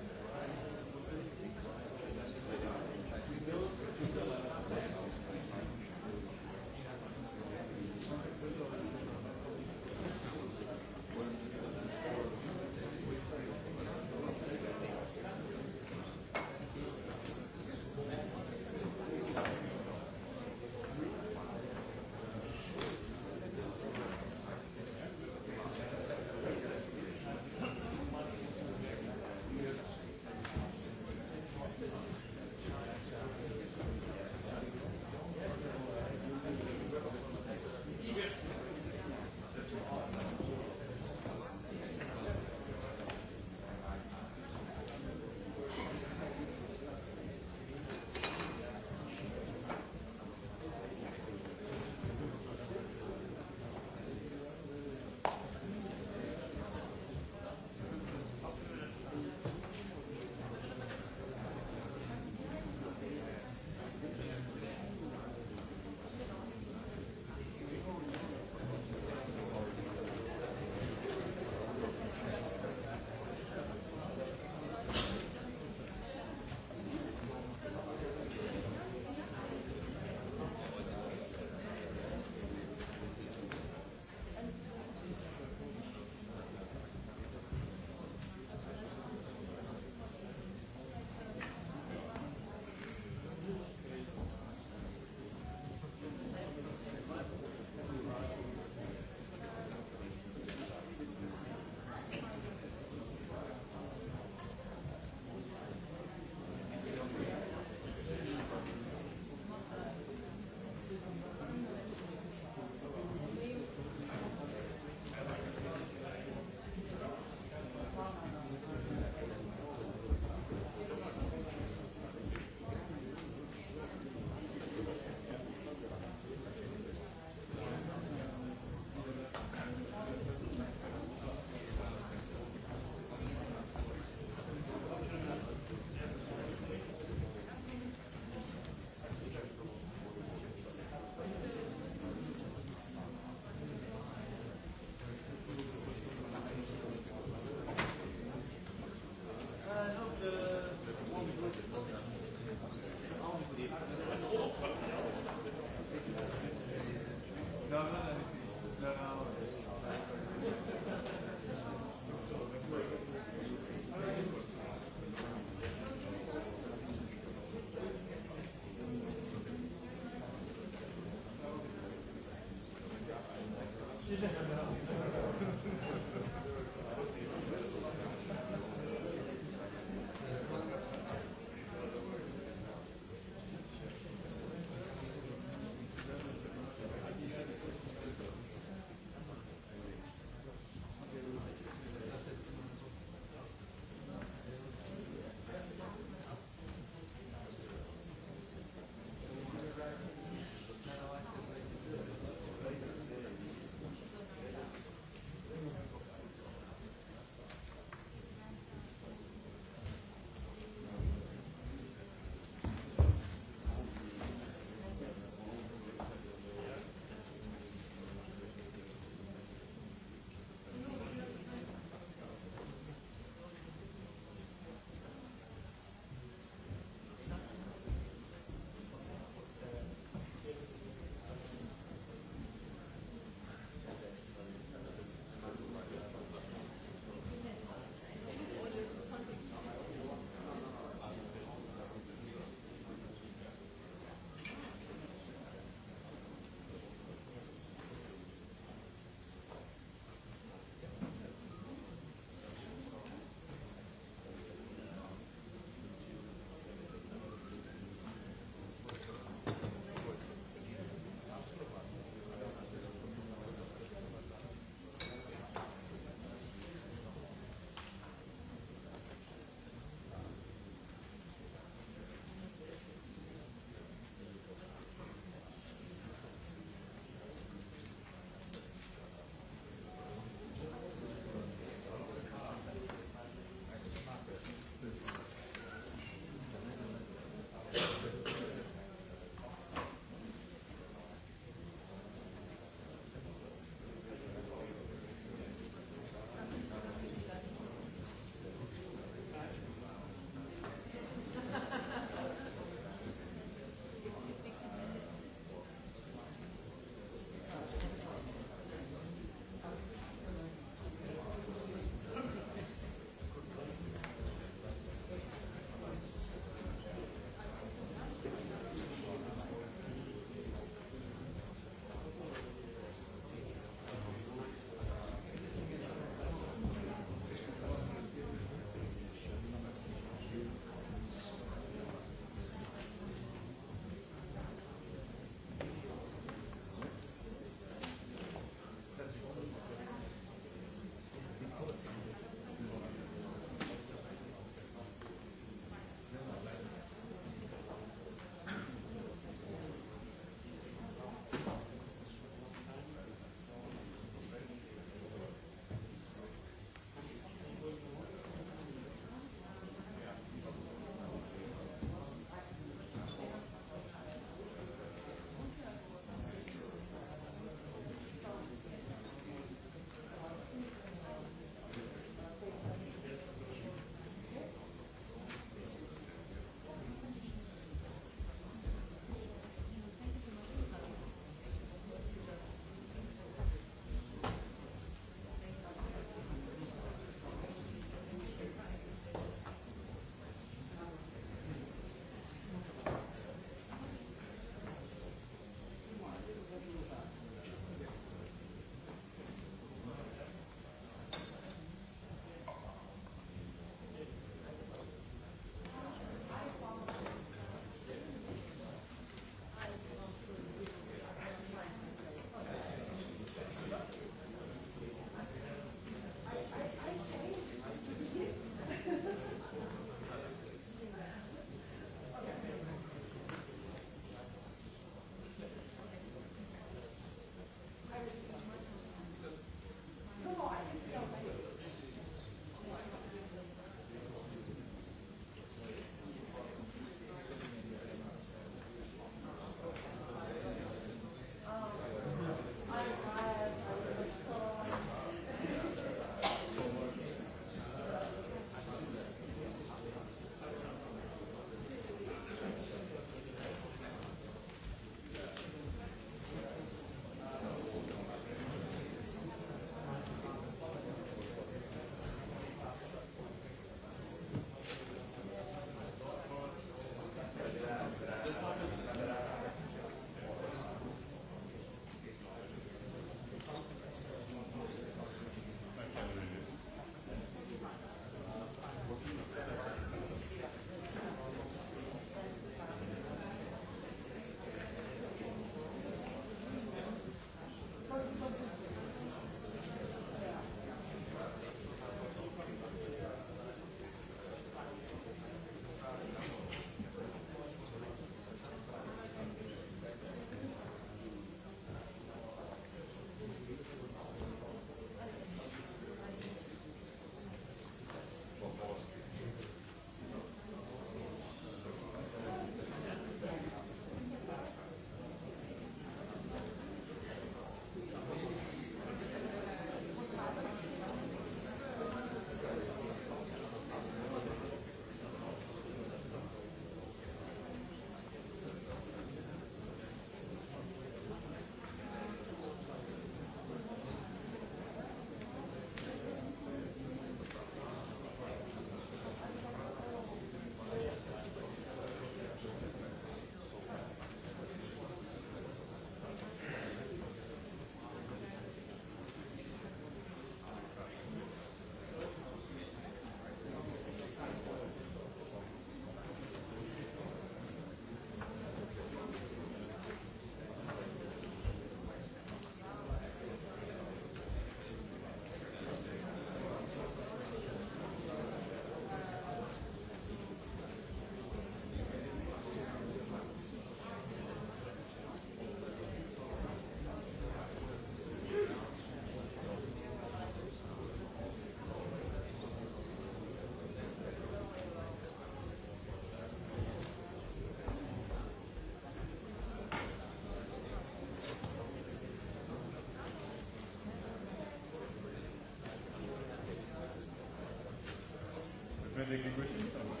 και δεν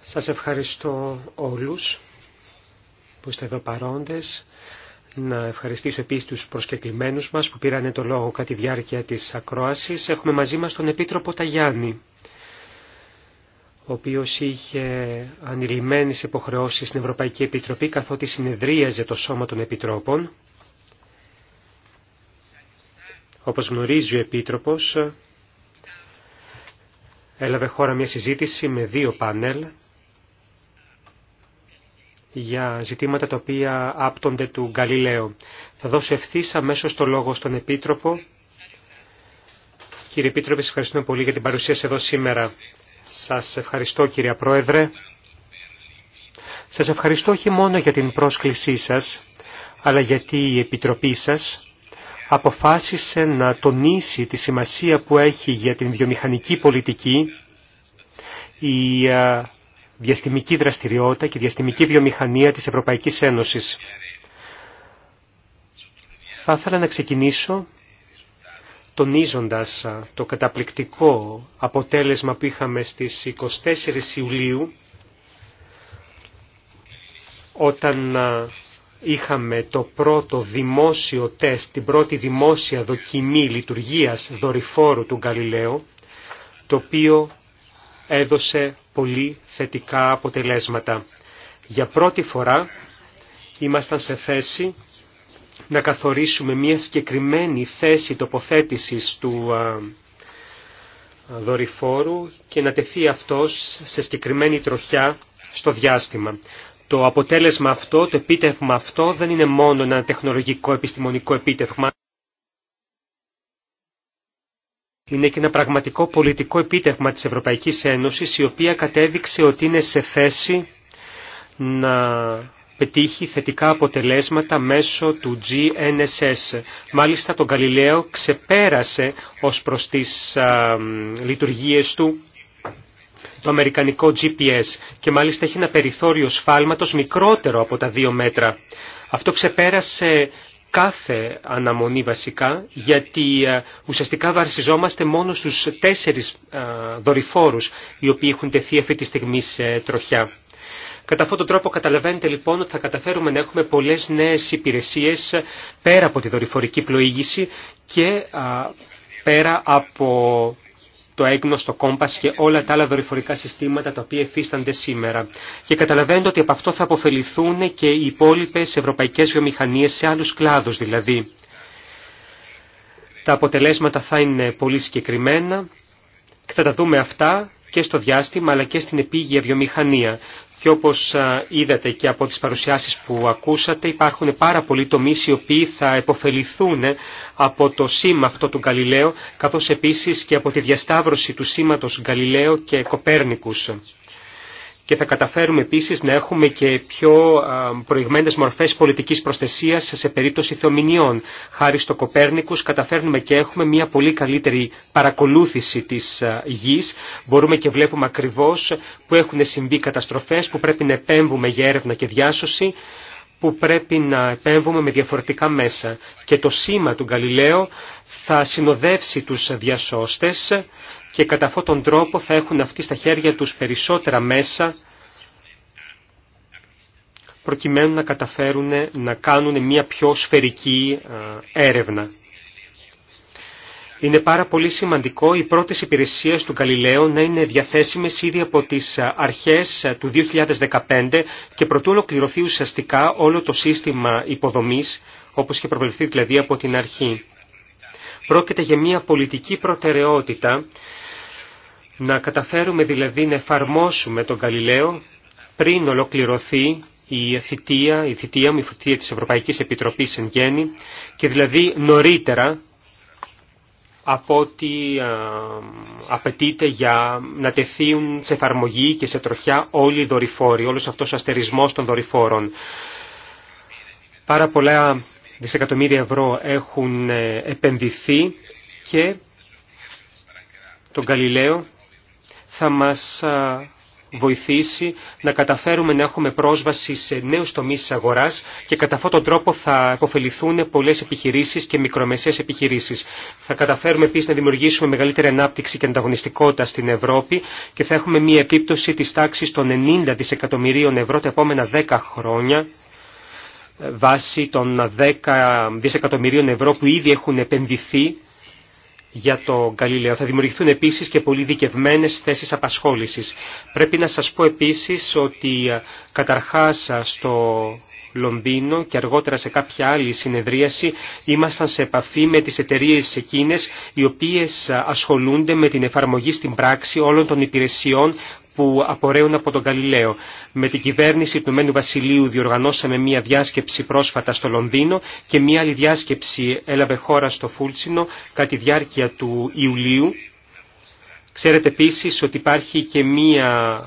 Σας ευχαριστώ όλους που είστε εδώ παρόντες. Να ευχαριστήσω επίσης τους προσκεκλημένους μας που πήραν το λόγο κατά τη διάρκεια της ακρόασης. Έχουμε μαζί μας τον Επίτροπο Ταγιάννη, ο οποίος είχε ανηλυμένες υποχρεώσεις στην Ευρωπαϊκή Επιτροπή καθότι συνεδρίαζε το Σώμα των Επιτρόπων. Όπως γνωρίζει ο Επίτροπος, έλαβε χώρα μια συζήτηση με δύο πάνελ για ζητήματα τα οποία άπτονται του Γκαλιλαίου. Θα δώσω ευθύ αμέσω το λόγο στον Επίτροπο. Κύριε Επίτροπε, σας ευχαριστούμε πολύ για την παρουσία σας εδώ σήμερα. Σας ευχαριστώ κύριε Πρόεδρε. Σας ευχαριστώ όχι μόνο για την πρόσκλησή σας, αλλά γιατί η Επιτροπή σας αποφάσισε να τονίσει τη σημασία που έχει για την βιομηχανική πολιτική η ε, διαστημική δραστηριότητα και η διαστημική βιομηχανία της Ευρωπαϊκής Ένωσης. Θα ήθελα να ξεκινήσω τονίζοντας ε, το καταπληκτικό αποτέλεσμα που είχαμε στις 24 Ιουλίου όταν ε, είχαμε το πρώτο δημόσιο τεστ, την πρώτη δημόσια δοκιμή λειτουργίας δορυφόρου του Γκαλιλαίου, το οποίο έδωσε πολύ θετικά αποτελέσματα. Για πρώτη φορά ήμασταν σε θέση να καθορίσουμε μια συγκεκριμένη θέση τοποθέτησης του δορυφόρου και να τεθεί αυτός σε συγκεκριμένη τροχιά στο διάστημα. Το αποτέλεσμα αυτό, το επίτευγμα αυτό δεν είναι μόνο ένα τεχνολογικό επιστημονικό επίτευγμα. Είναι και ένα πραγματικό πολιτικό επίτευγμα της Ευρωπαϊκής Ένωσης η οποία κατέδειξε ότι είναι σε θέση να πετύχει θετικά αποτελέσματα μέσω του GNSS. Μάλιστα τον Καλιλαίο ξεπέρασε ως προς τις α, λειτουργίες του το αμερικανικό GPS και μάλιστα έχει ένα περιθώριο σφάλματος μικρότερο από τα δύο μέτρα. Αυτό ξεπέρασε κάθε αναμονή βασικά, γιατί ε, ουσιαστικά βαρσιζόμαστε μόνο στους τέσσερις ε, δορυφόρους οι οποίοι έχουν τεθεί αυτή τη στιγμή σε τροχιά. Κατά αυτόν τον τρόπο καταλαβαίνετε λοιπόν ότι θα καταφέρουμε να έχουμε πολλές νέες υπηρεσίες πέρα από τη δορυφορική πλοήγηση και πέρα από το το κόμπας και όλα τα άλλα δορυφορικά συστήματα τα οποία εφίστανται σήμερα. Και καταλαβαίνετε ότι από αυτό θα αποφεληθούν και οι υπόλοιπε ευρωπαϊκές βιομηχανίες σε άλλους κλάδους δηλαδή. Τα αποτελέσματα θα είναι πολύ συγκεκριμένα και θα τα δούμε αυτά και στο διάστημα αλλά και στην επίγεια βιομηχανία. Και όπως είδατε και από τις παρουσιάσεις που ακούσατε, υπάρχουν πάρα πολλοί τομείς οι οποίοι θα επωφεληθούν ε, από το σήμα αυτό του Γκαλιλαίου καθώς επίσης και από τη διασταύρωση του σήματος Γκαλιλαίου και Κοπέρνικους και θα καταφέρουμε επίσης να έχουμε και πιο προηγμένες μορφές πολιτικής προστασίας σε περίπτωση θεομηνιών. Χάρη στο Κοπέρνικους καταφέρνουμε και έχουμε μια πολύ καλύτερη παρακολούθηση της γης. Μπορούμε και βλέπουμε ακριβώς που έχουν συμβεί καταστροφές, που πρέπει να επέμβουμε για έρευνα και διάσωση που πρέπει να επέμβουμε με διαφορετικά μέσα. Και το σήμα του Γαλιλαίου θα συνοδεύσει τους διασώστες και κατά αυτόν τον τρόπο θα έχουν αυτοί στα χέρια τους περισσότερα μέσα προκειμένου να καταφέρουν να κάνουν μια πιο σφαιρική ε, έρευνα. Είναι πάρα πολύ σημαντικό οι πρώτες υπηρεσίες του Γαλιλαίου να είναι διαθέσιμες ήδη από τις ε, αρχές ε, του 2015 και προτού ολοκληρωθεί ουσιαστικά όλο το σύστημα υποδομής, όπως και προβληθεί δηλαδή από την αρχή. Πρόκειται για μια πολιτική προτεραιότητα να καταφέρουμε δηλαδή να εφαρμόσουμε τον Γαλιλαίο πριν ολοκληρωθεί η θητεία, η θητεία μου, η θητεία της Ευρωπαϊκής Επιτροπής εν γέννη και δηλαδή νωρίτερα από ό,τι απαιτείται για να τεθείουν σε εφαρμογή και σε τροχιά όλοι οι δορυφόροι, όλος αυτός ο αστερισμός των δορυφόρων. Πάρα πολλά δισεκατομμύρια ευρώ έχουν ε, επενδυθεί και τον Καλλιλέο θα μας βοηθήσει να καταφέρουμε να έχουμε πρόσβαση σε νέους τομείς της αγοράς και κατά αυτόν τον τρόπο θα αποφεληθούν πολλές επιχειρήσεις και μικρομεσαίες επιχειρήσεις. Θα καταφέρουμε επίσης να δημιουργήσουμε μεγαλύτερη ανάπτυξη και ανταγωνιστικότητα στην Ευρώπη και θα έχουμε μία επίπτωση της τάξης των 90 δισεκατομμυρίων ευρώ τα επόμενα 10 χρόνια ε, βάσει των 10 δισεκατομμυρίων ευρώ που ήδη έχουν επενδυθεί για το Γαλιλαίο. Θα δημιουργηθούν επίσης και πολύ δικευμένες θέσεις απασχόλησης. Πρέπει να σας πω επίσης ότι ε, καταρχάς ε, στο Λονδίνο και αργότερα σε κάποια άλλη συνεδρίαση ήμασταν σε επαφή με τις εταιρείες εκείνες οι οποίες ε, ασχολούνται με την εφαρμογή στην πράξη όλων των υπηρεσιών που απορρέουν από τον Γαλιλαίο. Με την κυβέρνηση του Μένου Βασιλείου διοργανώσαμε μία διάσκεψη πρόσφατα στο Λονδίνο και μία άλλη διάσκεψη έλαβε χώρα στο Φούλτσινο κατά τη διάρκεια του Ιουλίου. Ξέρετε επίσης ότι υπάρχει και μία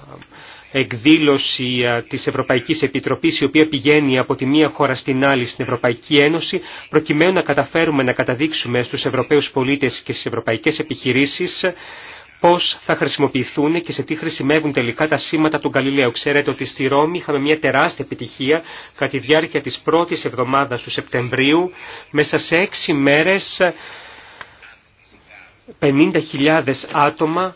εκδήλωση της Ευρωπαϊκής Επιτροπής η οποία πηγαίνει από τη μία χώρα στην άλλη στην Ευρωπαϊκή Ένωση προκειμένου να καταφέρουμε να καταδείξουμε στους Ευρωπαίους πολίτες και στις ευρωπαϊκές επιχειρήσεις πώς θα χρησιμοποιηθούν και σε τι χρησιμεύουν τελικά τα σήματα του Γαλιλαίου. Ξέρετε ότι στη Ρώμη είχαμε μια τεράστια επιτυχία κατά τη διάρκεια της πρώτης εβδομάδας του Σεπτεμβρίου. Μέσα σε έξι μέρες 50.000 άτομα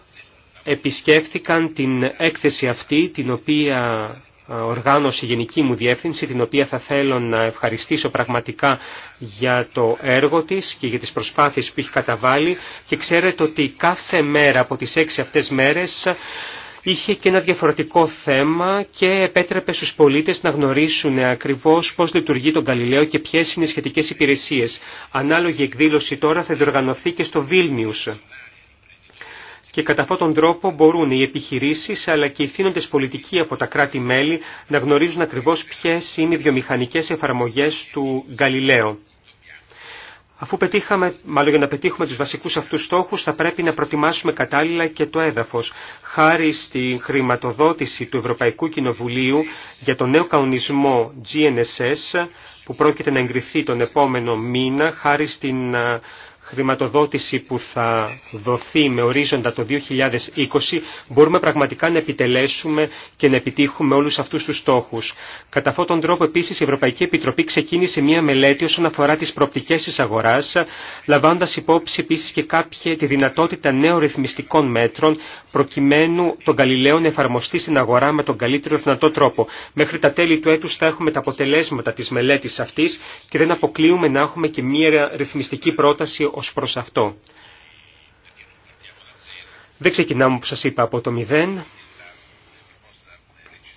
επισκέφθηκαν την έκθεση αυτή την οποία ε, Οργάνωση γενική μου διεύθυνση, την οποία θα θέλω να ευχαριστήσω πραγματικά για το έργο της και για τις προσπάθειες που έχει καταβάλει και ξέρετε ότι κάθε μέρα από τις έξι αυτές μέρες είχε και ένα διαφορετικό θέμα και επέτρεπε στους πολίτες να γνωρίσουν ακριβώς πώς λειτουργεί τον Καλλιλέο και ποιες είναι οι σχετικές υπηρεσίες. Ανάλογη εκδήλωση τώρα θα διοργανωθεί και στο Βίλνιους και κατά αυτόν τον τρόπο μπορούν οι επιχειρήσεις αλλά και οι θύνοντες πολιτικοί από τα κράτη-μέλη να γνωρίζουν ακριβώς ποιες είναι οι βιομηχανικές εφαρμογές του Γαλιλαίου. Αφού πετύχαμε, μάλλον για να πετύχουμε τους βασικούς αυτούς στόχους, θα πρέπει να προτιμάσουμε κατάλληλα και το έδαφος. Χάρη στη χρηματοδότηση του Ευρωπαϊκού Κοινοβουλίου για τον νέο καονισμό GNSS, που πρόκειται να εγκριθεί τον επόμενο μήνα, χάρη στην χρηματοδότηση που θα δοθεί με ορίζοντα το 2020 μπορούμε πραγματικά να επιτελέσουμε και να επιτύχουμε όλους αυτούς τους στόχους. Κατά αυτόν τον τρόπο επίσης η Ευρωπαϊκή Επιτροπή ξεκίνησε μία μελέτη όσον αφορά τις προπτικές της αγοράς, λαμβάνοντας υπόψη επίσης και κάποια τη δυνατότητα νέων ρυθμιστικών μέτρων προκειμένου τον Γαλιλαίο να εφαρμοστεί στην αγορά με τον καλύτερο δυνατό τρόπο. Μέχρι τα τέλη του έτους θα έχουμε τα αποτελέσματα της μελέτης αυτής και δεν αποκλείουμε να έχουμε και μία ρυθμιστική πρόταση ως προς αυτό. Δεν ξεκινάμε, σας είπα, από το μηδέν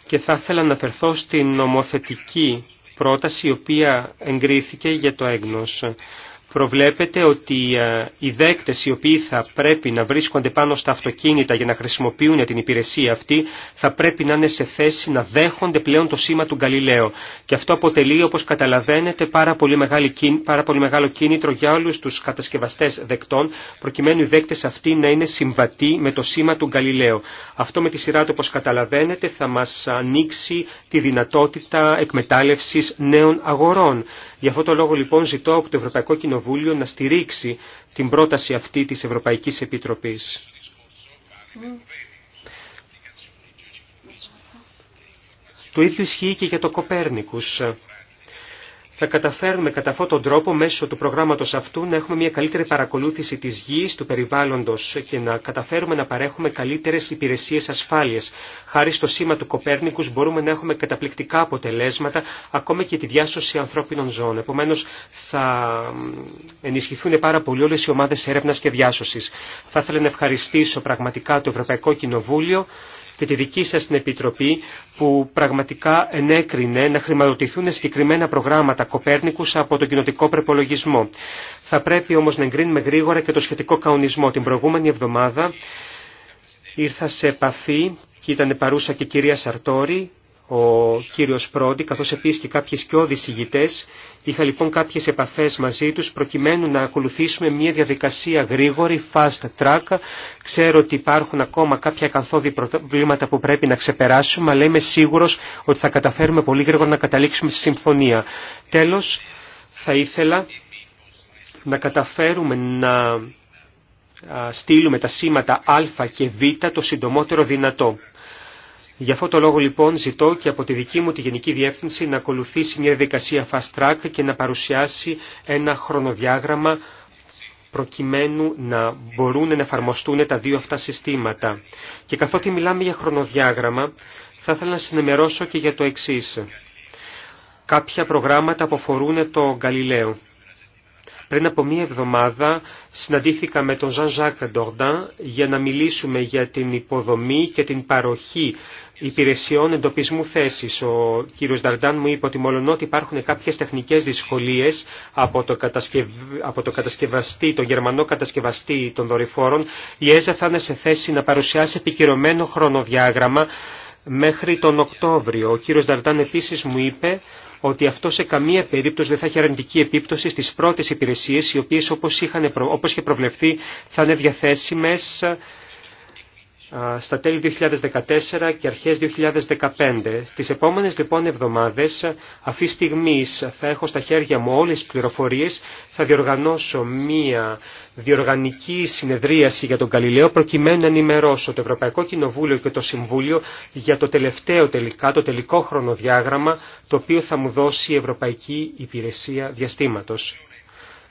και θα ήθελα να αναφερθώ στην νομοθετική πρόταση η οποία εγκρίθηκε για το έγνος. Προβλέπετε ότι ε, οι δέκτες οι οποίοι θα πρέπει να βρίσκονται πάνω στα αυτοκίνητα για να χρησιμοποιούν την υπηρεσία αυτή θα πρέπει να είναι σε θέση να δέχονται πλέον το σήμα του Γκαλιλαίου. Και αυτό αποτελεί όπως καταλαβαίνετε πάρα πολύ, μεγάλη, πάρα πολύ μεγάλο κίνητρο για όλους τους κατασκευαστές δεκτών προκειμένου οι δέκτες αυτοί να είναι συμβατοί με το σήμα του Γκαλιλαίου. Αυτό με τη σειρά του όπως καταλαβαίνετε θα μας ανοίξει τη δυνατότητα εκμετάλλευσης νέων αγορών. Γι' αυτό το λόγο λοιπόν ζητώ από το Ευρωπαϊκό Κοινοβούλιο Κοινοβούλιο να στηρίξει την πρόταση αυτή της Ευρωπαϊκής Επιτροπής. Το ίδιο ισχύει και για το Κοπέρνικους θα καταφέρουμε κατά αυτόν τον τρόπο μέσω του προγράμματος αυτού να έχουμε μια καλύτερη παρακολούθηση της γης, του περιβάλλοντος και να καταφέρουμε να παρέχουμε καλύτερες υπηρεσίες ασφάλειας. Χάρη στο σήμα του Κοπέρνικους μπορούμε να έχουμε καταπληκτικά αποτελέσματα ακόμα και τη διάσωση ανθρώπινων ζώων. Επομένως θα ενισχυθούν πάρα πολύ όλες οι ομάδες έρευνας και διάσωσης. Θα ήθελα να ευχαριστήσω πραγματικά το Ευρωπαϊκό Κοινοβούλιο και τη δική σας την Επιτροπή που πραγματικά ενέκρινε να χρηματοδοτηθούν συγκεκριμένα προγράμματα Κοπέρνικους από τον κοινοτικό προπολογισμό. Θα πρέπει όμως να εγκρίνουμε γρήγορα και το σχετικό καονισμό. Την προηγούμενη εβδομάδα ήρθα σε επαφή και ήταν παρούσα και η κυρία Σαρτόρη ο κύριος Πρόντι, καθώς επίσης και κάποιες σκιώδεις ηγητές. Είχα λοιπόν κάποιες επαφές μαζί τους προκειμένου να ακολουθήσουμε μια διαδικασία γρήγορη, fast track. Ξέρω ότι υπάρχουν ακόμα κάποια καθόδη προβλήματα που πρέπει να ξεπεράσουμε, αλλά είμαι σίγουρος ότι θα καταφέρουμε πολύ γρήγορα να καταλήξουμε στη συμφωνία. Τέλος, θα ήθελα να καταφέρουμε να στείλουμε τα σήματα α και β το συντομότερο δυνατό. Γι' αυτό το λόγο λοιπόν ζητώ και από τη δική μου τη Γενική Διεύθυνση να ακολουθήσει μια διαδικασία fast track και να παρουσιάσει ένα χρονοδιάγραμμα προκειμένου να μπορούν να εφαρμοστούν τα δύο αυτά συστήματα. Και καθότι μιλάμε για χρονοδιάγραμμα, θα ήθελα να συνεμερώσω και για το εξή. Κάποια προγράμματα αποφορούν το Γκαλιλαίο. Πριν από μία εβδομάδα συναντήθηκα με τον Ζαν Ζάκ για να μιλήσουμε για την υποδομή και την παροχή υπηρεσιών εντοπισμού θέσης. Ο κύριος Νταρντάν μου είπε ότι ότι υπάρχουν κάποιες τεχνικές δυσκολίες από το, κατασκευ... το κατασκευαστή, τον γερμανό κατασκευαστή των δορυφόρων, η ΕΖΑ θα είναι σε θέση να παρουσιάσει επικυρωμένο χρονοδιάγραμμα μέχρι τον Οκτώβριο. Ο κύριος Νταρντάν επίσης μου είπε ότι αυτό σε καμία περίπτωση δεν θα έχει αρνητική επίπτωση στις πρώτες υπηρεσίες, οι οποίες όπως, είχαν, όπως είχε προβλεφθεί θα είναι διαθέσιμες στα τέλη 2014 και αρχές 2015. στις επόμενες λοιπόν εβδομάδες, αυτή στιγμή θα έχω στα χέρια μου όλες τις πληροφορίες, θα διοργανώσω μία διοργανική συνεδρίαση για τον Καλλιλέο προκειμένου να ενημερώσω το Ευρωπαϊκό Κοινοβούλιο και το Συμβούλιο για το τελευταίο τελικά, το τελικό χρονοδιάγραμμα το οποίο θα μου δώσει η Ευρωπαϊκή Υπηρεσία Διαστήματος.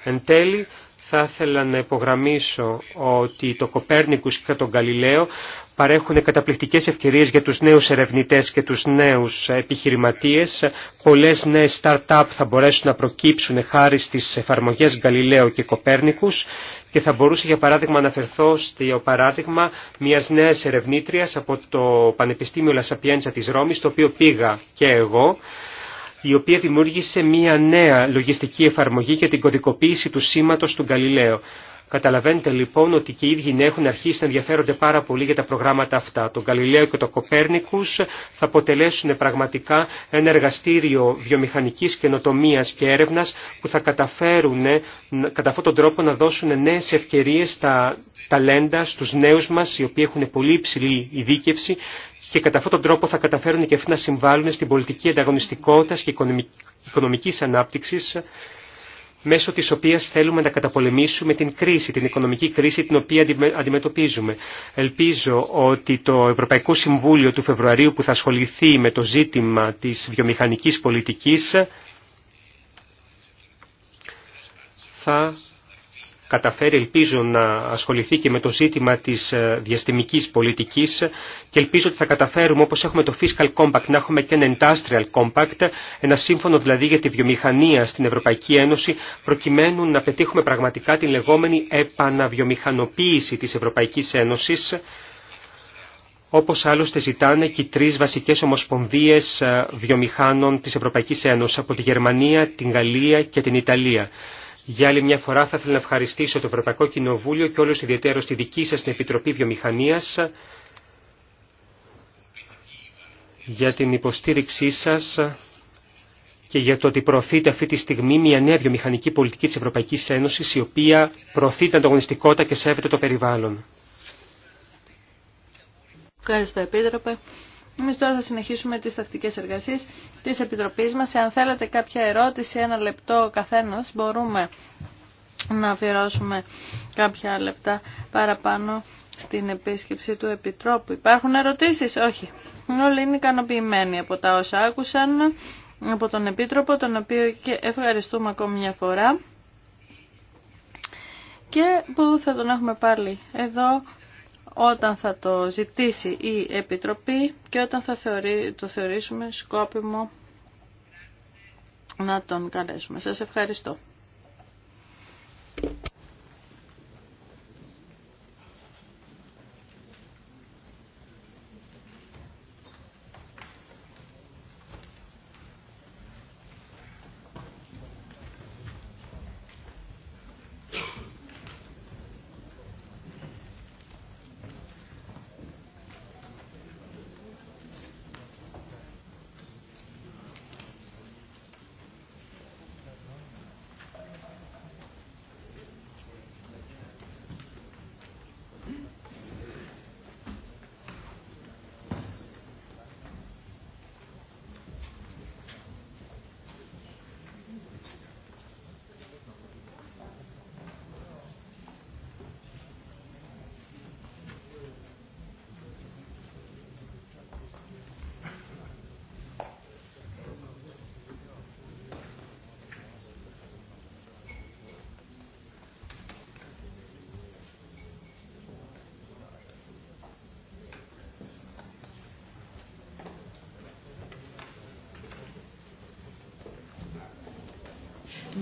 Εν τέλει, θα ήθελα να υπογραμμίσω ότι το Κοπέρνικους και τον Γαλιλαίο παρέχουν καταπληκτικές ευκαιρίες για τους νέους ερευνητές και τους νέους επιχειρηματίες. Πολλές νέες start-up θα μπορέσουν να προκύψουν χάρη στις εφαρμογές Γαλιλαίου και Κοπέρνικους και θα μπορούσε για παράδειγμα να αναφερθώ στο παράδειγμα μιας νέας ερευνήτριας από το Πανεπιστήμιο Λασαπιέντσα της Ρώμης, το οποίο πήγα και εγώ η οποία δημιούργησε μία νέα λογιστική εφαρμογή για την κωδικοποίηση του σήματος του Γκαλιλαίου. Καταλαβαίνετε λοιπόν ότι και οι ίδιοι έχουν αρχίσει να ενδιαφέρονται πάρα πολύ για τα προγράμματα αυτά. Το Γαλιλαίο και το Κοπέρνικους θα αποτελέσουν πραγματικά ένα εργαστήριο βιομηχανικής καινοτομίας και έρευνας που θα καταφέρουν κατά αυτόν τον τρόπο να δώσουν νέες ευκαιρίες στα ταλέντα, στους νέους μας οι οποίοι έχουν πολύ υψηλή ειδίκευση και κατά αυτόν τον τρόπο θα καταφέρουν και αυτοί να συμβάλλουν στην πολιτική ανταγωνιστικότητα και οικονομική ανάπτυξη μέσω της οποίας θέλουμε να καταπολεμήσουμε την κρίση, την οικονομική κρίση την οποία αντιμετωπίζουμε. Ελπίζω ότι το Ευρωπαϊκό Συμβούλιο του Φεβρουαρίου που θα ασχοληθεί με το ζήτημα της βιομηχανικής πολιτικής θα καταφέρει ελπίζω να ασχοληθεί και με το ζήτημα της ε, διαστημικής πολιτικής και ελπίζω ότι θα καταφέρουμε όπως έχουμε το Fiscal Compact να έχουμε και ένα Industrial Compact, ένα σύμφωνο δηλαδή για τη βιομηχανία στην Ευρωπαϊκή Ένωση προκειμένου να πετύχουμε πραγματικά την λεγόμενη επαναβιομηχανοποίηση της Ευρωπαϊκής Ένωσης όπως άλλωστε ζητάνε και οι τρεις βασικές ομοσπονδίες ε, βιομηχάνων της Ευρωπαϊκής Ένωσης από τη Γερμανία, την Γαλλία και την Ιταλία. Για άλλη μια φορά θα ήθελα να ευχαριστήσω το Ευρωπαϊκό Κοινοβούλιο και όλους ιδιαίτερο τη δική σας την Επιτροπή Βιομηχανίας για την υποστήριξή σας και για το ότι προωθείται αυτή τη στιγμή μια νέα βιομηχανική πολιτική της Ευρωπαϊκής Ένωσης η οποία προωθεί την ανταγωνιστικότητα και σέβεται το περιβάλλον. Ευχαριστώ Επίτροπε. Εμείς τώρα θα συνεχίσουμε τις τακτικές εργασίες της Επιτροπής μας. Αν θέλετε κάποια ερώτηση, ένα λεπτό ο καθένας, μπορούμε να αφιερώσουμε κάποια λεπτά παραπάνω στην επίσκεψη του Επιτρόπου. Υπάρχουν ερωτήσεις? Όχι. Όλοι είναι ικανοποιημένοι από τα όσα άκουσαν από τον Επίτροπο, τον οποίο και ευχαριστούμε ακόμη μια φορά και που θα τον έχουμε πάλι εδώ όταν θα το ζητήσει η Επιτροπή και όταν θα θεωρεί, το θεωρήσουμε σκόπιμο να τον καλέσουμε. Σας ευχαριστώ.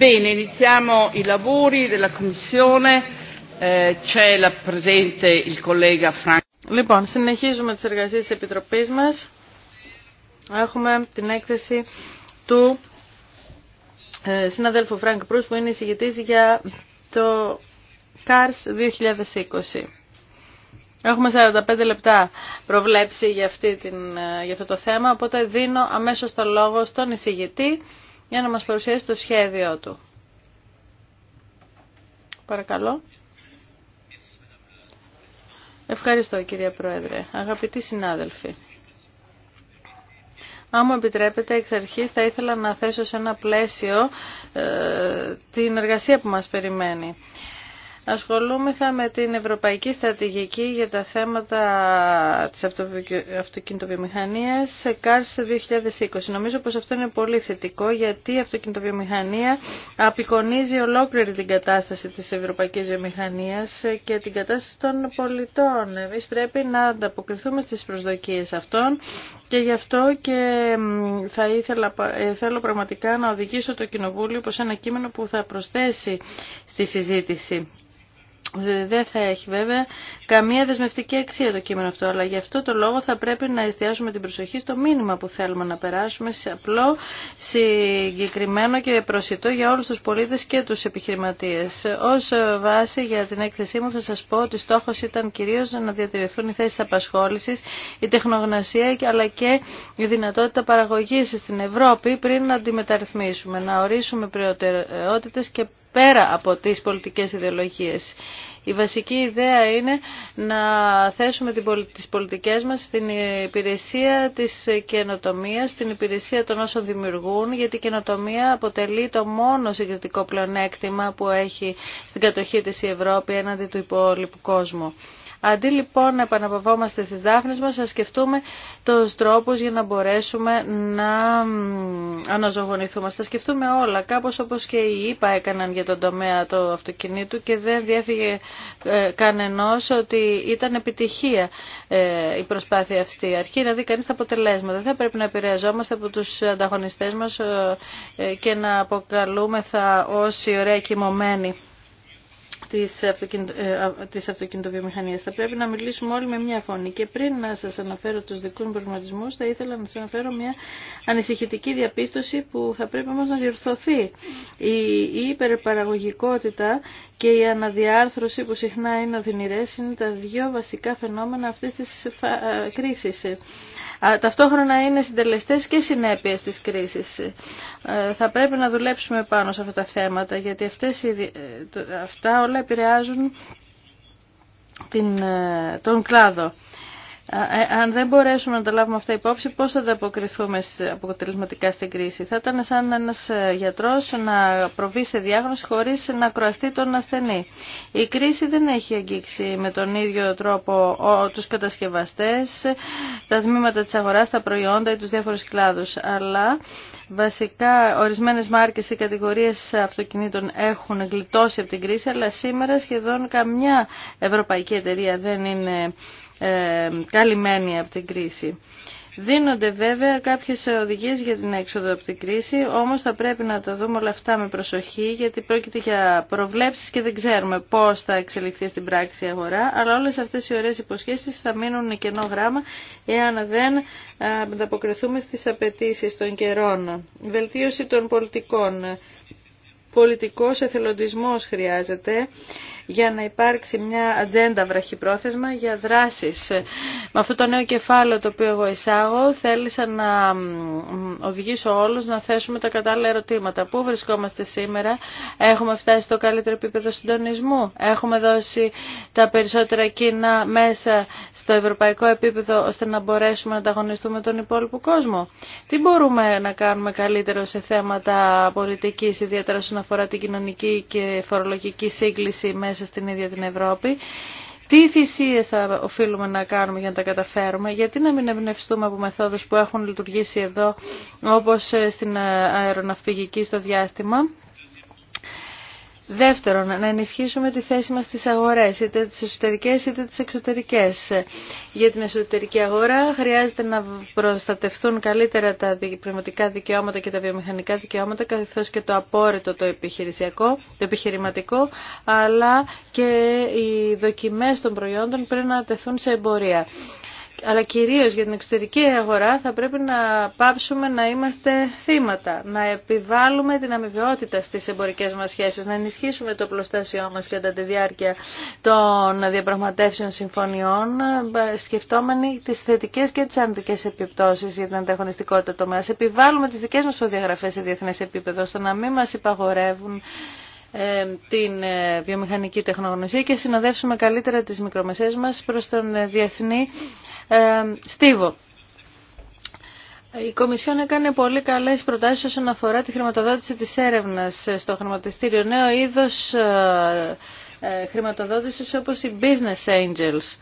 Bene, iniziamo i lavori della Commissione. Eh, c'è la presente il collega Λοιπόν, συνεχίζουμε τις εργασίες της Επιτροπής μας. Έχουμε την έκθεση του ε, συναδέλφου Φρανκ Προύς που είναι εισηγητής για το CARS 2020. Έχουμε 45 λεπτά προβλέψει για, αυτή την, ε, για αυτό το θέμα, οπότε δίνω αμέσως το λόγο στον εισηγητή για να μας παρουσιάσει το σχέδιο του. Παρακαλώ. Ευχαριστώ κυρία Πρόεδρε. Αγαπητοί συνάδελφοι. Αν μου επιτρέπετε, εξ αρχής θα ήθελα να θέσω σε ένα πλαίσιο ε, την εργασία που μας περιμένει ασχολούμεθα με την Ευρωπαϊκή Στρατηγική για τα θέματα της αυτοκινητοβιομηχανίας σε CARS 2020. Νομίζω πως αυτό είναι πολύ θετικό γιατί η αυτοκινητοβιομηχανία απεικονίζει ολόκληρη την κατάσταση της Ευρωπαϊκής Βιομηχανίας και την κατάσταση των πολιτών. Εμείς πρέπει να ανταποκριθούμε στις προσδοκίες αυτών και γι' αυτό και θα ήθελα, ε, θέλω πραγματικά να οδηγήσω το Κοινοβούλιο προς ένα κείμενο που θα προσθέσει στη συζήτηση δεν θα έχει βέβαια καμία δεσμευτική αξία το κείμενο αυτό, αλλά γι' αυτό το λόγο θα πρέπει να εστιάσουμε την προσοχή στο μήνυμα που θέλουμε να περάσουμε σε απλό, συγκεκριμένο και προσιτό για όλους τους πολίτες και τους επιχειρηματίες. Ως βάση για την έκθεσή μου θα σας πω ότι στόχος ήταν κυρίως να διατηρηθούν οι θέσεις απασχόλησης, η τεχνογνωσία αλλά και η δυνατότητα παραγωγής στην Ευρώπη πριν να αντιμεταρρυθμίσουμε, να ορίσουμε προτεραιότητες και πέρα από τις πολιτικές ιδεολογίες. Η βασική ιδέα είναι να θέσουμε τις πολιτικές μας στην υπηρεσία της καινοτομία, στην υπηρεσία των όσων δημιουργούν, γιατί η καινοτομία αποτελεί το μόνο συγκριτικό πλεονέκτημα που έχει στην κατοχή της η Ευρώπη έναντι του υπόλοιπου κόσμου. Αντί λοιπόν να επαναπαυόμαστε στις δάφνες μας, να σκεφτούμε τους τρόπους για να μπορέσουμε να αναζωογονηθούμε. Θα σκεφτούμε όλα, κάπως όπως και οι ΙΠΑ έκαναν για τον τομέα το αυτοκινήτου και δεν διέφυγε ε, κανενός ότι ήταν επιτυχία ε, η προσπάθεια αυτή. Αρχή να δει κανείς τα αποτελέσματα. Δεν θα πρέπει να επηρεαζόμαστε από τους ανταγωνιστές μας ε, ε, και να αποκαλούμεθα όσοι ωραία κοιμωμένοι της, αυτοκινητο, ε, αυτοκινητοβιομηχανίας. Θα πρέπει να μιλήσουμε όλοι με μια φωνή. Και πριν να σας αναφέρω τους δικούς μου προβληματισμούς, θα ήθελα να σας αναφέρω μια ανησυχητική διαπίστωση που θα πρέπει όμως να διορθωθεί. Η, η υπερπαραγωγικότητα και η αναδιάρθρωση που συχνά είναι οδυνηρές είναι τα δύο βασικά φαινόμενα αυτής της ε, κρίσης ταυτόχρονα είναι συντελεστές και συνέπειες της κρίσης. Ε, θα πρέπει να δουλέψουμε πάνω σε αυτά τα θέματα, γιατί αυτές, ε, αυτά όλα επηρεάζουν την, ε, τον κλάδο. Ε, αν δεν μπορέσουμε να τα λάβουμε αυτά υπόψη, πώ θα αποκριθούμε αποτελεσματικά στην κρίση. Θα ήταν σαν ένα ε, γιατρό να προβεί σε διάγνωση χωρί να κροαστεί τον ασθενή. Η κρίση δεν έχει αγγίξει με τον ίδιο τρόπο τους κατασκευαστέ, τα τμήματα τη αγορά, τα προϊόντα ή του διάφορου κλάδου. Αλλά βασικά ορισμένες μάρκες ή κατηγορίε αυτοκινήτων έχουν γλιτώσει από την κρίση, αλλά σήμερα σχεδόν καμιά ευρωπαϊκή εταιρεία δεν είναι καλυμμένοι από την κρίση. Δίνονται βέβαια κάποιες οδηγίες για την έξοδο από την κρίση, όμως θα πρέπει να τα δούμε όλα αυτά με προσοχή, γιατί πρόκειται για προβλέψεις και δεν ξέρουμε πώς θα εξελιχθεί στην πράξη η αγορά, αλλά όλες αυτές οι ωραίες υποσχέσεις θα μείνουν κενό γράμμα, εάν δεν ανταποκριθούμε στις απαιτήσει των καιρών. Βελτίωση των πολιτικών. Πολιτικός εθελοντισμός χρειάζεται για να υπάρξει μια ατζέντα βραχυπρόθεσμα για δράσεις. Με αυτό το νέο κεφάλαιο το οποίο εγώ εισάγω θέλησα να οδηγήσω όλους να θέσουμε τα κατάλληλα ερωτήματα. Πού βρισκόμαστε σήμερα, έχουμε φτάσει στο καλύτερο επίπεδο συντονισμού, έχουμε δώσει τα περισσότερα κίνα μέσα στο ευρωπαϊκό επίπεδο ώστε να μπορέσουμε να ανταγωνιστούμε τον υπόλοιπο κόσμο. Τι μπορούμε να κάνουμε καλύτερο σε θέματα πολιτικής, ιδιαίτερα όσον αφορά την κοινωνική και φορολογική σύγκληση μέσα στην ίδια την Ευρώπη. Τι θυσίες θα οφείλουμε να κάνουμε για να τα καταφέρουμε, γιατί να μην εμπνευστούμε από μεθόδους που έχουν λειτουργήσει εδώ, όπως στην αεροναυπηγική στο διάστημα Δεύτερον, να ενισχύσουμε τη θέση μας στις αγορές, είτε τις εσωτερικές είτε τις εξωτερικές. Για την εσωτερική αγορά χρειάζεται να προστατευτούν καλύτερα τα πνευματικά δικαιώματα και τα βιομηχανικά δικαιώματα, καθώς και το απόρριτο το επιχειρησιακό, το επιχειρηματικό, αλλά και οι δοκιμές των προϊόντων πριν να τεθούν σε εμπορία αλλά κυρίως για την εξωτερική αγορά θα πρέπει να πάψουμε να είμαστε θύματα, να επιβάλλουμε την αμοιβαιότητα στις εμπορικές μας σχέσεις, να ενισχύσουμε το πλωστάσιό μας κατά τη διάρκεια των διαπραγματεύσεων συμφωνιών, σκεφτόμενοι τις θετικές και τις αρνητικές επιπτώσεις για την ανταγωνιστικότητα τομέα. Επιβάλλουμε τις δικές μας προδιαγραφές σε διεθνές επίπεδο, ώστε να μην μας υπαγορεύουν ε, την ε, βιομηχανική τεχνογνωσία και συνοδεύσουμε καλύτερα τις μικρομεσαίες μας προς τον ε, διεθνή στίβο. Η Κομισιόν έκανε πολύ καλές προτάσεις όσον αφορά τη χρηματοδότηση της έρευνας στο χρηματιστήριο νέο είδος χρηματοδότησης όπως οι Business Angels.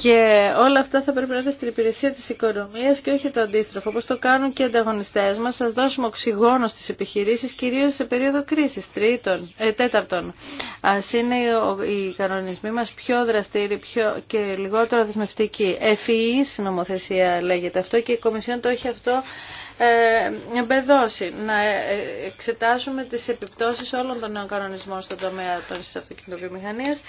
Και όλα αυτά θα πρέπει να είναι στην υπηρεσία της οικονομίας και όχι το αντίστροφο, όπως το κάνουν και οι ανταγωνιστές μας. Σας δώσουμε οξυγόνο στις επιχειρήσεις, κυρίως σε περίοδο κρίσης. Τρίτον, ε, τέταρτον, ας είναι οι κανονισμοί μας πιο δραστήριοι πιο και λιγότερο δεσμευτικοί. Εφηή νομοθεσία λέγεται αυτό και η Κομισιόν το έχει αυτό ε, εμπεδώσει, να ε, εξετάσουμε τις επιπτώσεις όλων των νέων κανονισμών στον τομέα της αυτοκινητοβιομηχανίας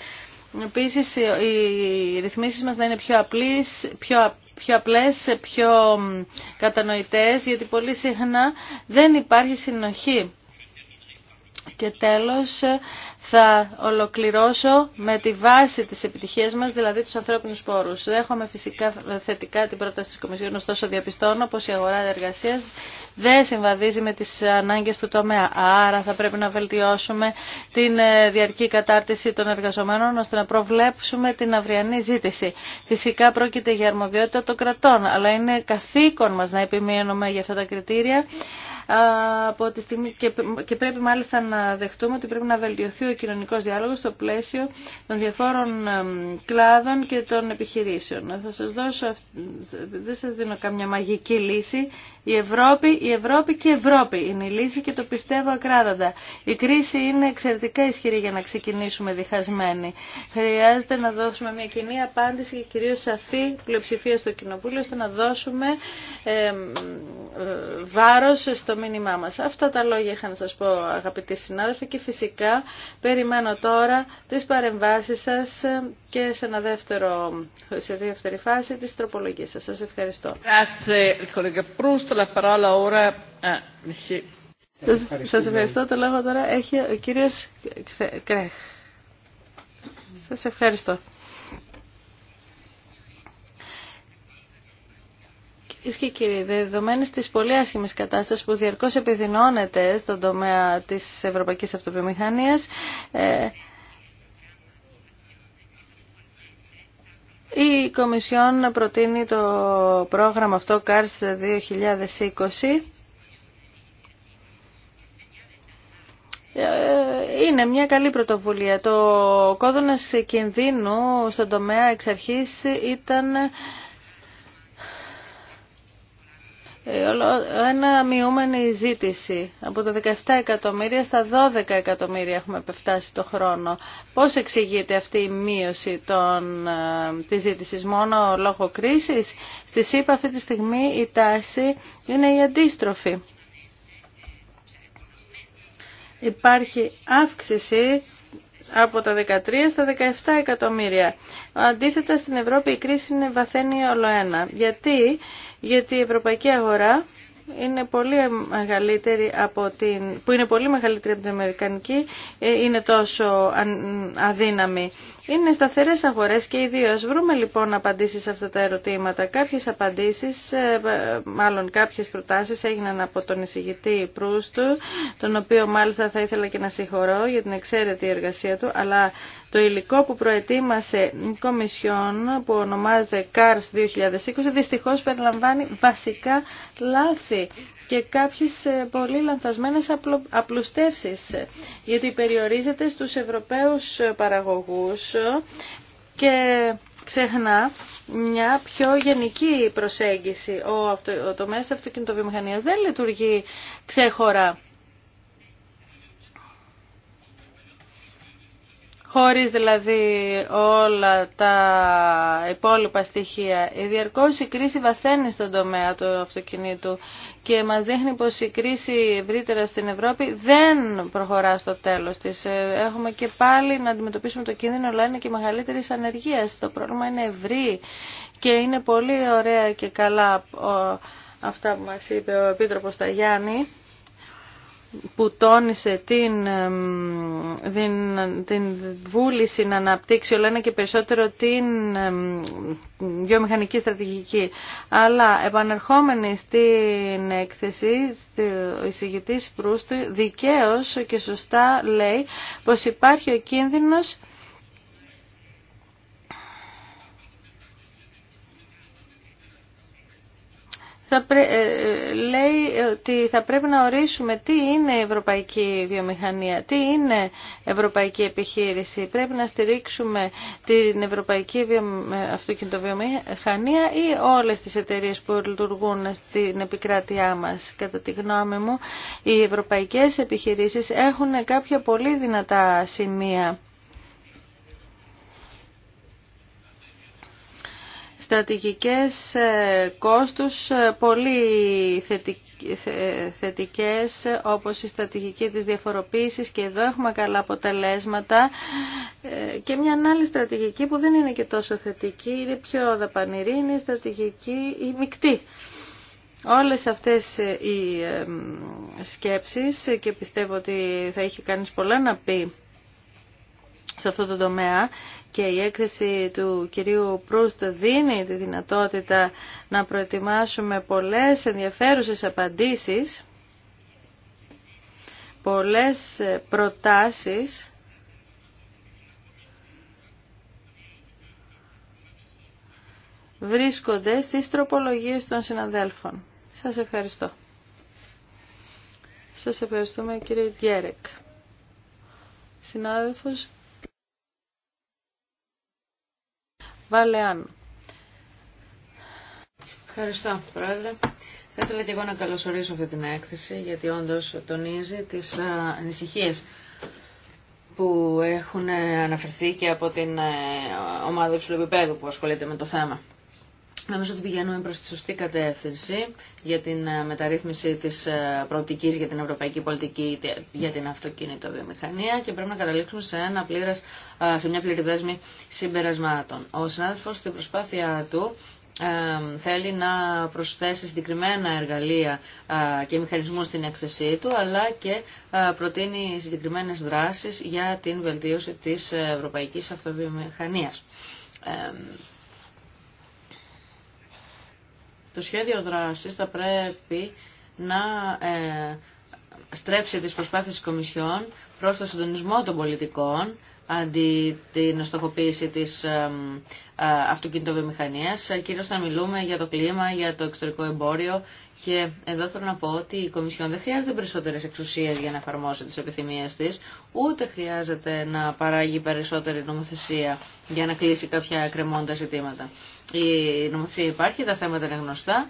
Επίσης, οι ρυθμίσεις μας να είναι πιο, απλής, πιο, πιο απλές, πιο κατανοητές, γιατί πολύ συχνά δεν υπάρχει συνοχή και τέλος θα ολοκληρώσω με τη βάση της επιτυχίας μας, δηλαδή τους ανθρώπινους πόρους. Δέχομαι φυσικά θετικά την πρόταση της Κομισιόν, ωστόσο διαπιστώνω πως η αγορά εργασίας δεν συμβαδίζει με τις ανάγκες του τομέα. Άρα θα πρέπει να βελτιώσουμε την ε, διαρκή κατάρτιση των εργαζομένων ώστε να προβλέψουμε την αυριανή ζήτηση. Φυσικά πρόκειται για αρμοδιότητα των κρατών, αλλά είναι καθήκον μας να επιμείνουμε για αυτά τα κριτήρια από τη και πρέπει μάλιστα να δεχτούμε ότι πρέπει να βελτιωθεί ο κοινωνικός διάλογος στο πλαίσιο των διαφόρων κλάδων και των επιχειρήσεων. Θα σας δώσω, δεν σας δίνω καμιά μαγική λύση. Η Ευρώπη, η Ευρώπη και η Ευρώπη είναι η λύση και το πιστεύω ακράδαντα. Η κρίση είναι εξαιρετικά ισχυρή για να ξεκινήσουμε διχασμένοι. Χρειάζεται να δώσουμε μια κοινή απάντηση και κυρίως σαφή πλειοψηφία στο Κοινοβούλιο ώστε να δώσουμε ε, ε, μήνυμά μας. Αυτά τα λόγια είχα να σας πω αγαπητοί συνάδελφοι και φυσικά περιμένω τώρα τις παρεμβάσεις σας και σε, ένα δεύτερο, σε δεύτερη φάση της τροπολογίας σας. Σας ευχαριστώ. Eh, σας, σας ευχαριστώ. Το λόγο τώρα έχει ο κύριος Κρέχ. Σας ευχαριστώ. Ισχύει κύριε, δεδομένε τη πολύ άσχημη κατάσταση που διαρκώ επιδεινώνεται στον τομέα τη ευρωπαϊκή αυτοβιομηχανία, ε, η Κομισιόν προτείνει το πρόγραμμα αυτό CARS 2020 ε, είναι μια καλή πρωτοβουλία. Το κόδωνας κινδύνου στον τομέα εξ αρχής ήταν ε, ένα μειούμενη ζήτηση. Από τα 17 εκατομμύρια στα 12 εκατομμύρια έχουμε επεφτάσει το χρόνο. Πώς εξηγείται αυτή η μείωση των, ε, της ζήτησης μόνο λόγω κρίσης. Στη ΣΥΠΑ αυτή τη στιγμή η τάση είναι η αντίστροφη. Υπάρχει αύξηση από τα 13 στα 17 εκατομμύρια. Αντίθετα στην Ευρώπη η κρίση είναι βαθαίνει όλο ένα. Γιατί γιατί η ευρωπαϊκή αγορά είναι πολύ μεγαλύτερη από την, που είναι πολύ μεγαλύτερη από την Αμερικανική, ε, είναι τόσο αδύναμη. Είναι σταθερέ αγορές και οι δύο. βρούμε λοιπόν απαντήσεις σε αυτά τα ερωτήματα. Κάποιες απαντήσεις, ε, ε, μάλλον κάποιες προτάσεις έγιναν από τον εισηγητή Προύστου, τον οποίο μάλιστα θα ήθελα και να συγχωρώ για την εξαίρετη εργασία του, αλλά το υλικό που προετοίμασε η Κομισιόν, που ονομάζεται CARS 2020, δυστυχώς περιλαμβάνει βασικά λάθη και κάποιες ε, πολύ λανθασμένες απλουστεύσεις ε, γιατί περιορίζεται στους Ευρωπαίους ε, παραγωγούς και ξεχνά μια πιο γενική προσέγγιση. Ο, αυτο, τομέας αυτοκινητοβιομηχανίας δεν λειτουργεί ξέχωρα. χωρίς δηλαδή όλα τα υπόλοιπα στοιχεία. Η διαρκώς η κρίση βαθαίνει στον τομέα του αυτοκινήτου και μας δείχνει πως η κρίση ευρύτερα στην Ευρώπη δεν προχωρά στο τέλος της. Ε, έχουμε και πάλι να αντιμετωπίσουμε το κίνδυνο, αλλά είναι και μεγαλύτερη ανεργία. Το πρόβλημα είναι ευρύ και είναι πολύ ωραία και καλά αυτά που μας είπε ο Επίτροπος Ταγιάννη που τόνισε την, την, την βούληση να αναπτύξει όλο ένα και περισσότερο την βιομηχανική στρατηγική. Αλλά επανερχόμενη στην έκθεση, ο εισηγητής Προύστου δικαίως και σωστά λέει πως υπάρχει ο κίνδυνος θα ε, ε, λέει ότι θα πρέπει να ορίσουμε τι είναι η ευρωπαϊκή βιομηχανία, τι είναι ευρωπαϊκή επιχείρηση. Πρέπει να στηρίξουμε την ευρωπαϊκή ε, αυτοκινητοβιομηχανία ή όλες τις εταιρείες που λειτουργούν στην επικράτειά μας. Κατά τη γνώμη μου, οι ευρωπαϊκές επιχειρήσεις έχουν κάποια πολύ δυνατά σημεία στρατηγικές ε, κόστους ε, πολύ θετικές θετικές όπως η στρατηγική της διαφοροποίησης και εδώ έχουμε καλά αποτελέσματα ε, και μια άλλη στρατηγική που δεν είναι και τόσο θετική, είναι πιο δαπανηρή, είναι η στρατηγική η μεικτή. Όλες αυτές οι σκέψεις και πιστεύω ότι θα είχε κανείς πολλά να πει σε αυτό το τομέα και η έκθεση του κυρίου Προύστ δίνει τη δυνατότητα να προετοιμάσουμε πολλές ενδιαφέρουσες απαντήσεις, πολλές προτάσεις βρίσκονται στις τροπολογίες των συναδέλφων. Σας ευχαριστώ. Σας ευχαριστούμε κύριε Γκέρεκ. Συνάδελφος Βαλεάν. Ευχαριστώ, Πρόεδρε. Θα ήθελα και εγώ να καλωσορίσω αυτή την έκθεση, γιατί όντως τονίζει τις ε, ανησυχίε που έχουν αναφερθεί και από την ε, ομάδα υψηλού επίπεδου που ασχολείται με το θέμα. Νομίζω ότι πηγαίνουμε προς τη σωστή κατεύθυνση για την ε, μεταρρύθμιση της ε, προοπτικής για την ευρωπαϊκή πολιτική για την αυτοκίνητο βιομηχανία και πρέπει να καταλήξουμε σε, ένα πλήρες, ε, σε μια πλήρη δέσμη συμπερασμάτων. Ο συνάδελφος στην προσπάθειά του θέλει να προσθέσει συγκεκριμένα εργαλεία και μηχανισμού στην έκθεσή του, αλλά και προτείνει συγκεκριμένες δράσεις για την βελτίωση της ευρωπαϊκής αυτοβιομηχανίας. Το σχέδιο δράσης θα πρέπει να ε, στρέψει τις προσπάθειες της Κομισιόν προς το συντονισμό των πολιτικών αντί την στοχοποίηση της ε, ε, αυτοκινητοβιομηχανίας, κυρίως θα μιλούμε για το κλίμα, για το εξωτερικό εμπόριο, και εδώ θέλω να πω ότι η Κομισιόν δεν χρειάζεται περισσότερες εξουσίες για να εφαρμόσει τις επιθυμίες της, ούτε χρειάζεται να παράγει περισσότερη νομοθεσία για να κλείσει κάποια κρεμόντα ζητήματα. Η νομοθεσία υπάρχει, τα θέματα είναι γνωστά.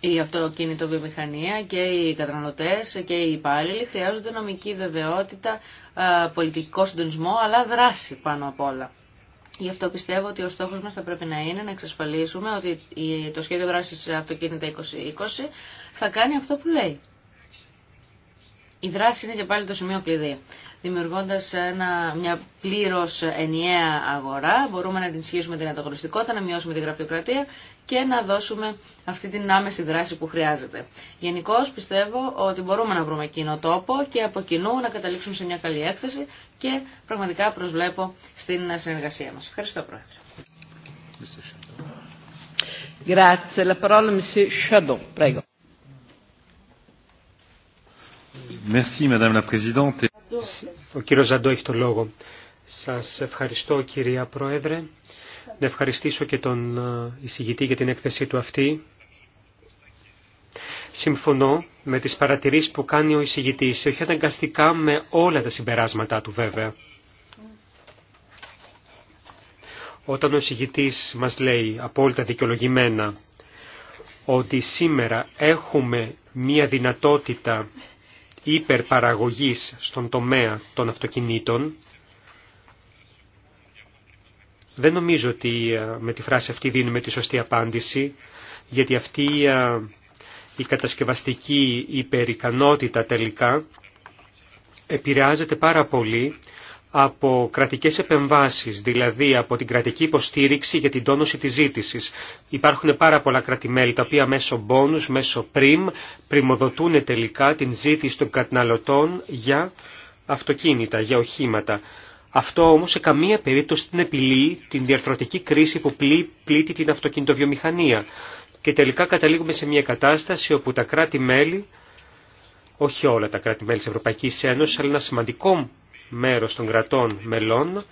Η αυτοκίνητο βιομηχανία και οι καταναλωτές και οι υπάλληλοι χρειάζονται νομική βεβαιότητα, πολιτικό συντονισμό, αλλά δράση πάνω απ' όλα. Γι' αυτό πιστεύω ότι ο στόχος μας θα πρέπει να είναι να εξασφαλίσουμε ότι το σχέδιο δράσης αυτοκίνητα 2020 θα κάνει αυτό που λέει. Η δράση είναι και πάλι το σημείο κλειδί δημιουργώντας μια πλήρως ενιαία αγορά, μπορούμε να ενισχύσουμε την ανταγωνιστικότητα, να μειώσουμε την γραφειοκρατία και να δώσουμε αυτή την άμεση δράση που χρειάζεται. Γενικώ πιστεύω ότι μπορούμε να βρούμε κοινό τόπο και από κοινού να καταλήξουμε σε μια καλή έκθεση και πραγματικά προσβλέπω στην συνεργασία μας. Ευχαριστώ Πρόεδρε. Ο κύριος Ζαντό έχει το λόγο. Σας ευχαριστώ κυρία Πρόεδρε. Να ευχαριστήσω και τον ε, εισηγητή για την έκθεσή του αυτή. Συμφωνώ με τις παρατηρήσεις που κάνει ο εισηγητής, όχι αναγκαστικά με όλα τα συμπεράσματά του βέβαια. Όταν ο εισηγητής μας λέει απόλυτα δικαιολογημένα ότι σήμερα έχουμε μία δυνατότητα υπερπαραγωγής στον τομέα των αυτοκινήτων, δεν νομίζω ότι ε, με τη φράση αυτή δίνουμε τη σωστή απάντηση, γιατί αυτή ε, η κατασκευαστική υπερικανότητα τελικά επηρεάζεται πάρα πολύ από κρατικές επεμβάσεις, δηλαδή από την κρατική υποστήριξη για την τόνωση της ζήτησης. Υπάρχουν πάρα πολλά κρατημέλη τα οποία μέσω bonus, μέσω πριμ, πριμοδοτούν τελικά την ζήτηση των καταναλωτών για αυτοκίνητα, για οχήματα. Αυτό όμως σε καμία περίπτωση την επιλύει την διαρθρωτική κρίση που πλήττει την αυτοκινητοβιομηχανία. Και τελικά καταλήγουμε σε μια κατάσταση όπου τα κράτη-μέλη όχι όλα τα κράτη-μέλη της Ευρωπαϊκής Ένωσης, αλλά ένα σημαντικό μέρος των κρατών μελών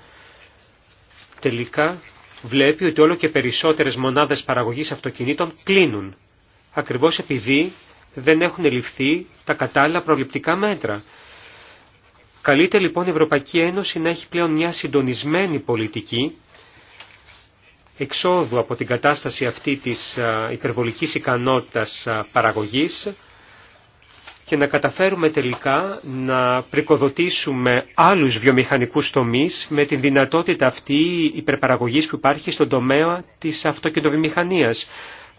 τελικά βλέπει ότι όλο και περισσότερες μονάδες παραγωγής αυτοκινήτων κλείνουν, ακριβώς επειδή δεν έχουν ληφθεί τα κατάλληλα προληπτικά μέτρα. Καλείται λοιπόν η Ευρωπαϊκή Ένωση να έχει πλέον μια συντονισμένη πολιτική εξόδου από την κατάσταση αυτή της υπερβολικής ικανότητας παραγωγής και να καταφέρουμε τελικά να πρικοδοτήσουμε άλλους βιομηχανικούς τομείς με την δυνατότητα αυτή υπερπαραγωγής που υπάρχει στον τομέα της αυτοκινητοβιομηχανίας.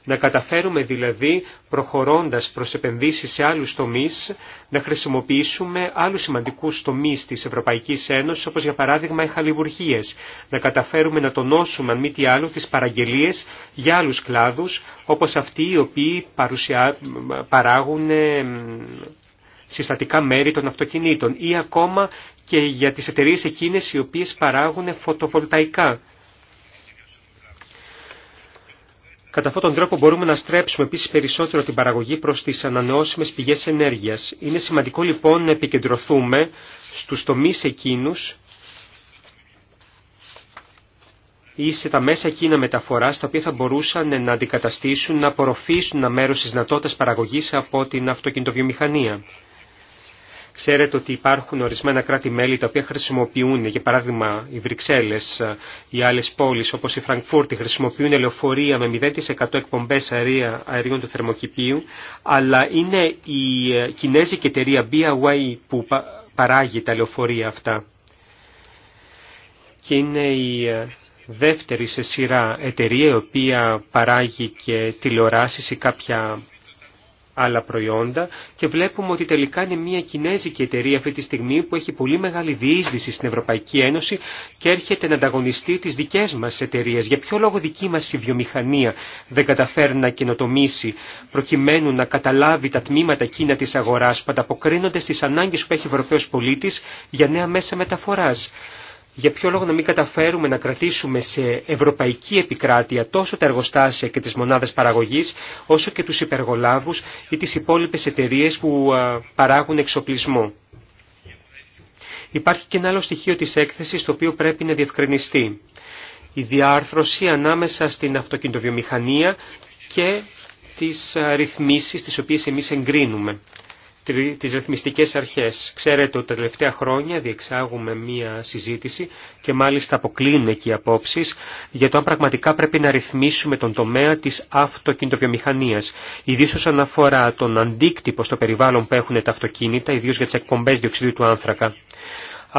Να καταφέρουμε δηλαδή, προχωρώντας προς επενδύσεις σε άλλους τομείς, να χρησιμοποιήσουμε άλλους σημαντικούς τομείς της Ευρωπαϊκής Ένωσης, όπως για παράδειγμα οι χαλιβουργίες. Να καταφέρουμε να τονώσουμε, αν μη τι άλλο, τις παραγγελίες για άλλους κλάδους, όπως αυτοί οι οποίοι παράγουν συστατικά μέρη των αυτοκινήτων ή ακόμα και για τις εταιρείες εκείνες οι οποίες παράγουν φωτοβολταϊκά Κατά αυτόν τον τρόπο μπορούμε να στρέψουμε επίση περισσότερο την παραγωγή προς τις ανανεώσιμες πηγές ενέργειας. Είναι σημαντικό λοιπόν να επικεντρωθούμε στους τομείς εκείνους ή σε τα μέσα εκείνα μεταφορά τα οποία θα μπορούσαν να αντικαταστήσουν, να απορροφήσουν ένα μέρο τη δυνατότητα παραγωγή από την αυτοκινητοβιομηχανία. Ξέρετε ότι υπάρχουν ορισμένα κράτη-μέλη τα οποία χρησιμοποιούν, για παράδειγμα οι Βρυξέλλες ή ε, άλλες πόλεις όπως η Φραγκφούρτη χρησιμοποιούν λεωφορεία με 0% εκπομπές αερίων του θερμοκηπίου, αλλά είναι η ε, κινέζικη εταιρεία BYD που παράγει τα λεωφορεία αυτά. Και είναι η ε, δεύτερη σε σειρά εταιρεία η οποία παράγει και τηλεοράσεις ή κάποια άλλα προϊόντα και βλέπουμε ότι τελικά είναι μια κινέζικη εταιρεία αυτή τη στιγμή που έχει πολύ μεγάλη διείσδυση στην Ευρωπαϊκή Ένωση και έρχεται να ανταγωνιστεί τις δικές μας εταιρείες. Για ποιο λόγο δική μας η βιομηχανία δεν καταφέρνει να καινοτομήσει προκειμένου να καταλάβει τα τμήματα εκείνα της αγοράς που ανταποκρίνονται ανάγκες που έχει ο Ευρωπαίος πολίτης για νέα μέσα μεταφοράς για ποιο λόγο να μην καταφέρουμε να κρατήσουμε σε ευρωπαϊκή επικράτεια τόσο τα εργοστάσια και τις μονάδες παραγωγής, όσο και τους υπεργολάβους ή τις υπόλοιπες εταιρείες που παράγουν εξοπλισμό. Υπάρχει και ένα άλλο στοιχείο της έκθεσης το οποίο πρέπει να διευκρινιστεί. Η διάρθρωση ανάμεσα στην αυτοκινητοβιομηχανία και τις ρυθμίσεις τις οποίες εμείς εγκρίνουμε τις ρυθμιστικές αρχές. Ξέρετε ότι τα τελευταία χρόνια διεξάγουμε μία συζήτηση και μάλιστα αποκλίνουν εκεί απόψεις για το αν πραγματικά πρέπει να ρυθμίσουμε τον τομέα της αυτοκινητοβιομηχανίας. Ιδίως όσον αφορά τον αντίκτυπο στο περιβάλλον που έχουν τα αυτοκίνητα, ιδίως για τις εκπομπές διοξιδίου του άνθρακα.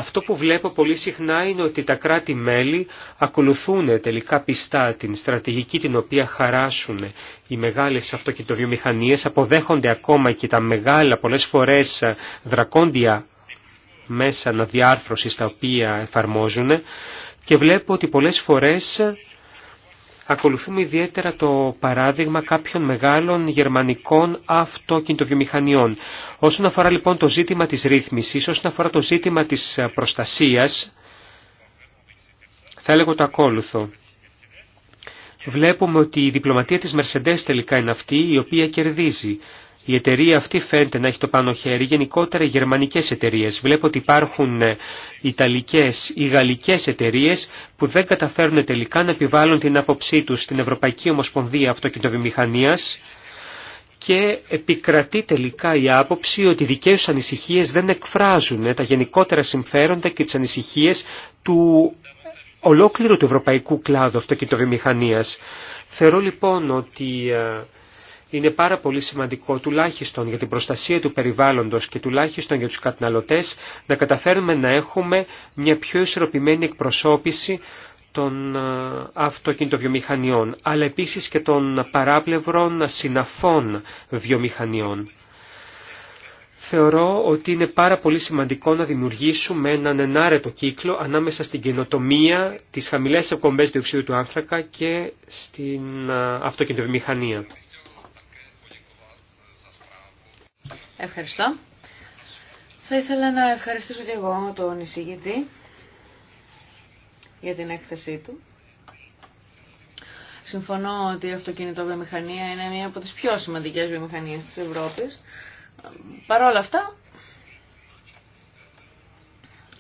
Αυτό που βλέπω πολύ συχνά είναι ότι τα κράτη-μέλη ακολουθούν τελικά πιστά την στρατηγική την οποία χαράσουν οι μεγάλες αυτοκινητοβιομηχανίες, αποδέχονται ακόμα και τα μεγάλα πολλές φορές ε, δρακόντια μέσα αναδιάρθρωσης τα οποία εφαρμόζουν και βλέπω ότι πολλές φορές ακολουθούμε ιδιαίτερα το παράδειγμα κάποιων μεγάλων γερμανικών αυτοκινητοβιομηχανιών. Όσον αφορά λοιπόν το ζήτημα της ρύθμισης, όσον αφορά το ζήτημα της προστασίας, θα έλεγα το ακόλουθο. Βλέπουμε ότι η διπλωματία της Mercedes τελικά είναι αυτή η οποία κερδίζει. Η εταιρεία αυτή φαίνεται να έχει το πάνω χέρι. Γενικότερα οι γερμανικές εταιρείες. Βλέπω ότι υπάρχουν ε, ιταλικές ή γαλλικές εταιρείες που δεν καταφέρνουν τελικά να επιβάλλουν την άποψή τους στην Ευρωπαϊκή Ομοσπονδία Αυτοκινητοβιομηχανίας και επικρατεί τελικά η άποψη ότι οι δικές τους ανησυχίες δεν εκφράζουν ε, τα γενικότερα συμφέροντα και τις ανησυχίες του ολόκληρου του ευρωπαϊκού κλάδου αυτοκινητοβιομηχανίας. Θεωρώ λοιπόν ότι ε, είναι πάρα πολύ σημαντικό τουλάχιστον για την προστασία του περιβάλλοντος και τουλάχιστον για τους καταναλωτές να καταφέρουμε να έχουμε μια πιο ισορροπημένη εκπροσώπηση των ε, αυτοκινητοβιομηχανιών, αλλά επίσης και των παράπλευρων συναφών βιομηχανιών. Θεωρώ ότι είναι πάρα πολύ σημαντικό να δημιουργήσουμε έναν ενάρετο κύκλο ανάμεσα στην καινοτομία, τις χαμηλές εκπομπές διοξείδου του άνθρακα και στην ε, αυτοκινητοβιομηχανία. Ευχαριστώ. Θα ήθελα να ευχαριστήσω και εγώ τον εισηγητή για την έκθεσή του. Συμφωνώ ότι η βιομηχανία είναι μία από τις πιο σημαντικές βιομηχανίες της Ευρώπης. Παρ' όλα αυτά,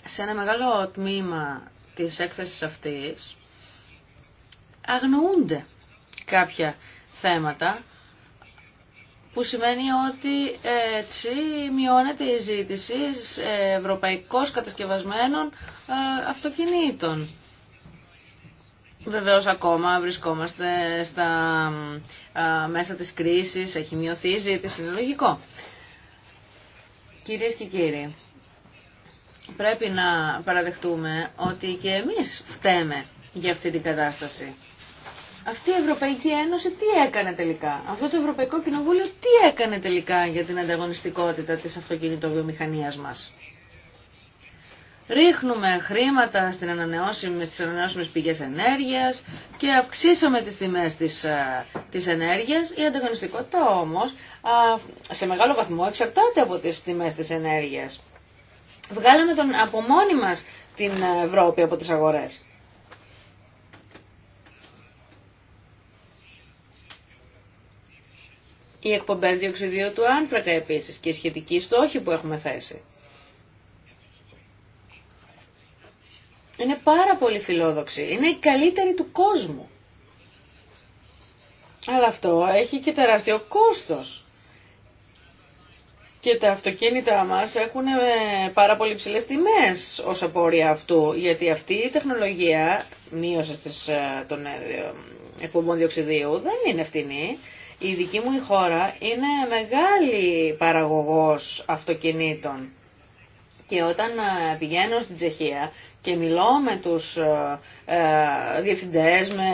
σε ένα μεγάλο τμήμα της έκθεσης αυτής αγνοούνται κάποια θέματα που σημαίνει ότι ε, έτσι μειώνεται η ζήτηση ε, ευρωπαϊκώς κατασκευασμένων ε, αυτοκινήτων. Βεβαίως ακόμα βρισκόμαστε στα μέσα της κρίσης, έχει μειωθεί η ζήτηση, είναι λογικό. Κυρίες και κύριοι, πρέπει να παραδεχτούμε ότι και εμείς φταίμε για αυτή την κατάσταση αυτή η Ευρωπαϊκή Ένωση τι έκανε τελικά. Αυτό το Ευρωπαϊκό Κοινοβούλιο τι έκανε τελικά για την ανταγωνιστικότητα της αυτοκινητοβιομηχανίας μας. Ρίχνουμε χρήματα στην ανανεώσιμη, στις ανανεώσιμες πηγές ενέργειας και αυξήσαμε τις τιμές της, ε, της ενέργειας. Η ανταγωνιστικότητα όμως σε μεγάλο βαθμό εξαρτάται από τις τιμές της ενέργειας. Βγάλαμε τον, από μόνοι μας την Ευρώπη από τις αγορές. οι εκπομπές διοξιδίου του άνθρακα επίσης και οι σχετικοί στόχοι που έχουμε θέσει. Είναι πάρα πολύ φιλόδοξη. Είναι η καλύτερη του κόσμου. Αλλά αυτό έχει και τεράστιο κόστος. Και τα αυτοκίνητα μας έχουν ε, πάρα πολύ ψηλές τιμές ως απόρρια αυτού, γιατί αυτή η τεχνολογία μείωση ε, των ε, εκπομπών διοξιδίου δεν είναι φτηνή. Η δική μου χώρα είναι μεγάλη παραγωγός αυτοκινήτων. Και όταν ε, πηγαίνω στην Τσεχία και μιλώ με τους ε, ε, διευθυντές, με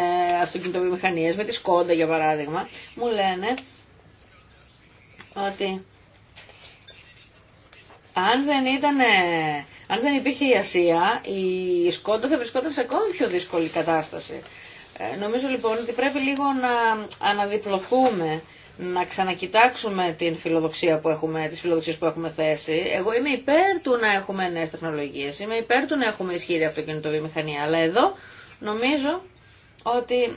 αυτοκινητοβιομηχανίες, με τη Σκόντα για παράδειγμα, μου λένε ότι αν δεν, ήταν, αν δεν υπήρχε η Ασία, η Σκόντα θα βρισκόταν σε ακόμη πιο δύσκολη κατάσταση. Ε, νομίζω λοιπόν ότι πρέπει λίγο να αναδιπλωθούμε, να ξανακοιτάξουμε την φιλοδοξία που έχουμε, τις φιλοδοξίες που έχουμε θέσει. Εγώ είμαι υπέρ του να έχουμε νέες τεχνολογίες, είμαι υπέρ του να έχουμε ισχύρια αυτοκινητοβιομηχανία, αλλά εδώ νομίζω ότι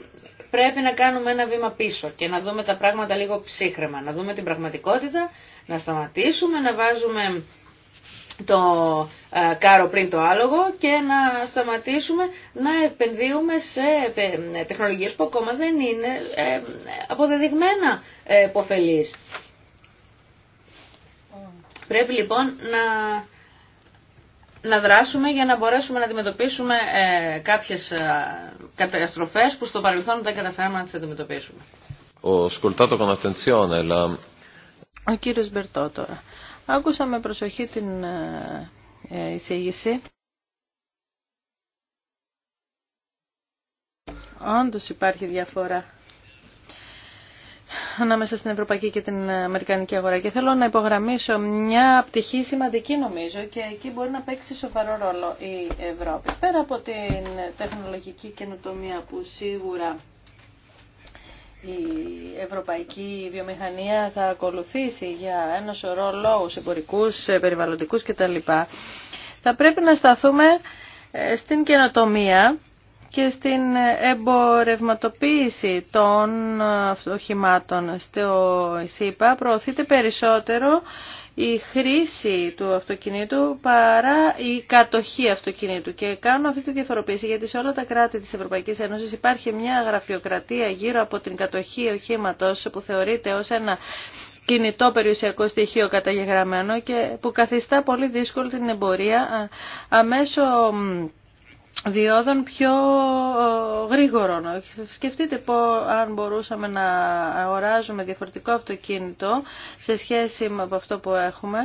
πρέπει να κάνουμε ένα βήμα πίσω και να δούμε τα πράγματα λίγο ψύχρεμα, να δούμε την πραγματικότητα, να σταματήσουμε να βάζουμε το ε, κάρο πριν το άλογο και να σταματήσουμε να επενδύουμε σε ε, ε, τεχνολογίες που ακόμα δεν είναι αποδεδειγμένα υποφελείς. Πρέπει λοιπόν να, να δράσουμε για να μπορέσουμε να αντιμετωπίσουμε ε, κάποιες καταστροφές που στο παρελθόν δεν καταφέραμε να τις αντιμετωπίσουμε. Ο, Ο Μπερτό τώρα. Άκουσα με προσοχή την ε, ε, εισήγηση. Όντως υπάρχει διαφορά ανάμεσα στην ευρωπαϊκή και την αμερικανική αγορά. Και θέλω να υπογραμμίσω μια πτυχή σημαντική νομίζω και εκεί μπορεί να παίξει σοβαρό ρόλο η Ευρώπη. Πέρα από την τεχνολογική καινοτομία που σίγουρα η ευρωπαϊκή βιομηχανία θα ακολουθήσει για ένα σωρό λόγους εμπορικούς, περιβαλλοντικούς κτλ. Θα πρέπει να σταθούμε ε, στην καινοτομία και στην εμπορευματοποίηση των ε, αυτοχήμάτων στο ΣΥΠΑ προωθείται περισσότερο η χρήση του αυτοκινήτου παρά η κατοχή αυτοκινήτου. Και κάνω αυτή τη διαφοροποίηση γιατί σε όλα τα κράτη της Ευρωπαϊκής Ένωσης υπάρχει μια γραφειοκρατία γύρω από την κατοχή οχήματος που θεωρείται ως ένα κινητό περιουσιακό στοιχείο καταγεγραμμένο και που καθιστά πολύ δύσκολη την εμπορία αμέσω διόδων πιο ε, γρήγορων. Σκεφτείτε πω αν μπορούσαμε να αγοράζουμε διαφορετικό αυτοκίνητο σε σχέση με αυτό που έχουμε,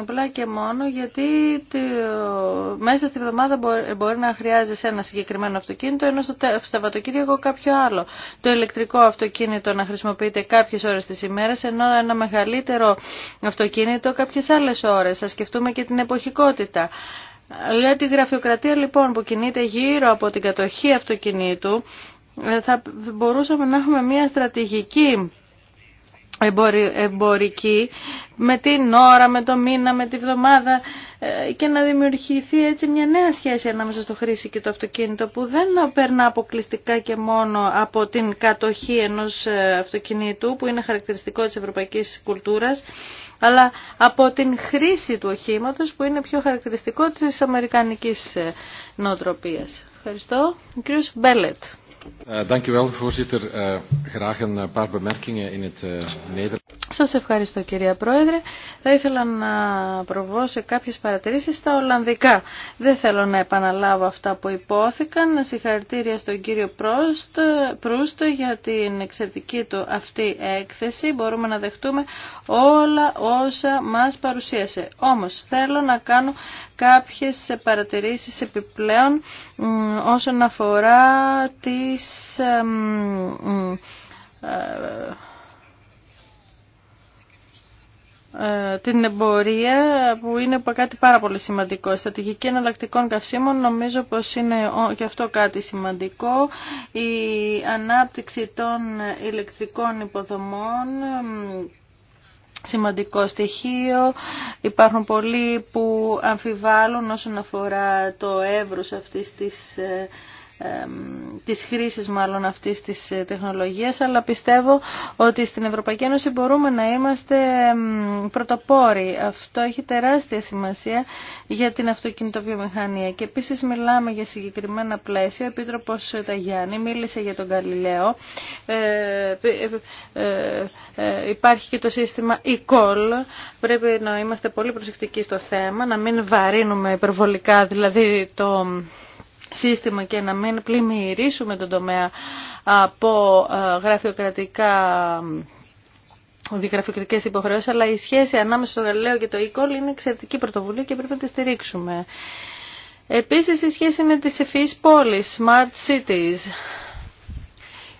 απλά και μόνο γιατί μέσα στη βδομάδα μπορεί, να χρειάζεσαι ένα συγκεκριμένο αυτοκίνητο, ενώ στο Σαββατοκύριακο κάποιο άλλο. Το ηλεκτρικό αυτοκίνητο να χρησιμοποιείται κάποιες ώρες της ημέρας, ενώ ένα μεγαλύτερο αυτοκίνητο κάποιες άλλες ώρες. Θα σκεφτούμε και την εποχικότητα. Λέω η γραφειοκρατία λοιπόν που κινείται γύρω από την κατοχή αυτοκινήτου ε, θα μπορούσαμε να έχουμε μια στρατηγική εμπορική με την ώρα, με το μήνα, με τη βδομάδα ε, και να δημιουργηθεί έτσι μια νέα σχέση ανάμεσα στο χρήση και το αυτοκίνητο που δεν περνά αποκλειστικά και μόνο από την κατοχή ενός ε, αυτοκινήτου που είναι χαρακτηριστικό της ευρωπαϊκής κουλτούρας αλλά από την χρήση του οχήματος που είναι πιο χαρακτηριστικό της αμερικανικής ε, νοοτροπίας. Ευχαριστώ. κύριος Μπέλετ. Dank u wel, voorzitter. graag een paar bemerkingen in het Nederlands. Σας ευχαριστώ κυρία Πρόεδρε. Θα ήθελα να προβώ σε κάποιες παρατηρήσεις στα Ολλανδικά. Δεν θέλω να επαναλάβω αυτά που υπόθηκαν. Συγχαρητήρια στον κύριο Προύστ, Προύστ για την εξαιρετική του αυτή έκθεση. Μπορούμε να δεχτούμε όλα όσα μας παρουσίασε. Όμως θέλω να κάνω κάποιες παρατηρήσεις επιπλέον όσον αφορά τις ε, ε, την εμπορία που είναι κάτι πάρα πολύ σημαντικό. Στρατηγική εναλλακτικών καυσίμων νομίζω πως είναι και αυτό κάτι σημαντικό. Η ανάπτυξη των ηλεκτρικών υποδομών σημαντικό στοιχείο. Υπάρχουν πολλοί που αμφιβάλλουν όσον αφορά το εύρος αυτής της ε, της χρήσης μάλλον αυτής της ε, τεχνολογίας αλλά πιστεύω ότι στην Ευρωπαϊκή Ένωση μπορούμε να είμαστε πρωτοπόροι. Αυτό έχει τεράστια σημασία για την αυτοκινητοβιομηχανία και επίσης μιλάμε για συγκεκριμένα πλαίσια. Ο Επίτροπος Ταγιάννη μίλησε για τον Γαλιλαίο. Ε, ε, υπάρχει και το σύστημα e-call. Πρέπει να είμαστε πολύ προσεκτικοί στο θέμα, να μην βαρύνουμε υπερβολικά δηλαδή το σύστημα και να μην πλημμυρίσουμε τον τομέα από ε, γραφειοκρατικά υποχρεώσεις αλλά η σχέση ανάμεσα στο Γαλλαίο και το e είναι εξαιρετική πρωτοβουλία και πρέπει να τη στηρίξουμε. Επίσης η σχέση με τις ευφυείς πόλεις, smart cities.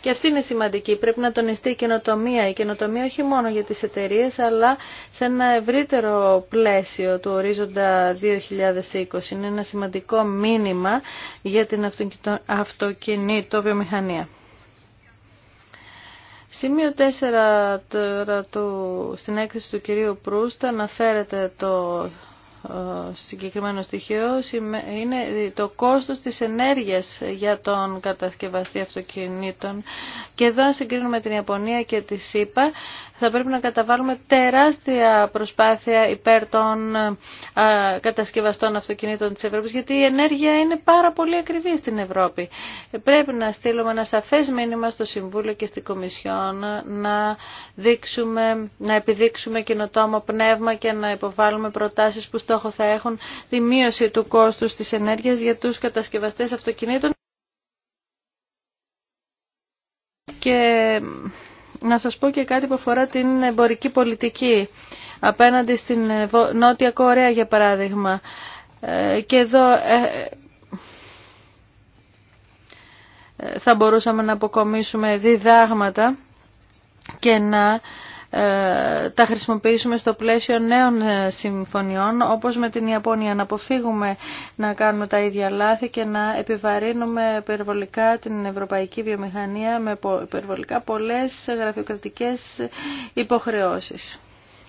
Και αυτή είναι σημαντική. Πρέπει να τονιστεί η καινοτομία. Η καινοτομία όχι μόνο για τις εταιρείε, αλλά σε ένα ευρύτερο πλαίσιο του ορίζοντα 2020. Είναι ένα σημαντικό μήνυμα για την αυτοκινητό βιομηχανία. Σημείο 4 τώρα στην έκθεση του κυρίου Προύστα αναφέρεται το συγκεκριμένο στοιχείο είναι το κόστος της ενέργειας για τον κατασκευαστή αυτοκινήτων. Και εδώ συγκρίνουμε την Ιαπωνία και τη ΣΥΠΑ θα πρέπει να καταβάλουμε τεράστια προσπάθεια υπέρ των κατασκευαστών αυτοκινήτων της Ευρώπης, γιατί η ενέργεια είναι πάρα πολύ ακριβή στην Ευρώπη. Πρέπει να στείλουμε ένα σαφές μήνυμα στο Συμβούλιο και στην Κομισιόν να, δείξουμε, να επιδείξουμε καινοτόμο πνεύμα και να υποβάλουμε προτάσεις που στόχο θα έχουν τη μείωση του κόστους της ενέργειας για τους κατασκευαστές αυτοκινήτων. Και να σας πω και κάτι που αφορά την εμπορική πολιτική απέναντι στην Νότια Κορέα για παράδειγμα. Ε, και εδώ ε, ε, θα μπορούσαμε να αποκομίσουμε διδάγματα και να ε, τα χρησιμοποιήσουμε στο πλαίσιο νέων ε, συμφωνιών όπως με την Ιαπωνία να αποφύγουμε να κάνουμε τα ίδια λάθη και να επιβαρύνουμε υπερβολικά την ευρωπαϊκή βιομηχανία με υπερβολικά πολλές γραφειοκρατικές υποχρεώσεις.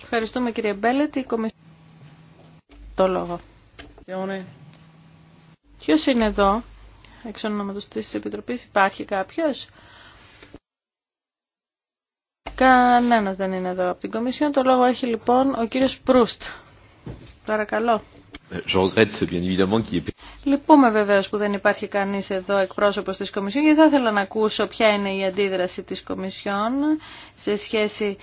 Ευχαριστούμε κύριε Μπέλετ. Το λόγο. Ποιος είναι εδώ, εξ ονόματος της Επιτροπής, υπάρχει κάποιος. Κανένας δεν είναι εδώ από την Κομισιόν. Το λόγο έχει λοιπόν ο κύριος Προύστ. Παρακαλώ. Λυπούμε βεβαίω που δεν υπάρχει κανεί εδώ εκπρόσωπο τη Κομισιόν και θα ήθελα να ακούσω ποια είναι η αντίδραση τη Κομισιόν σε σχέση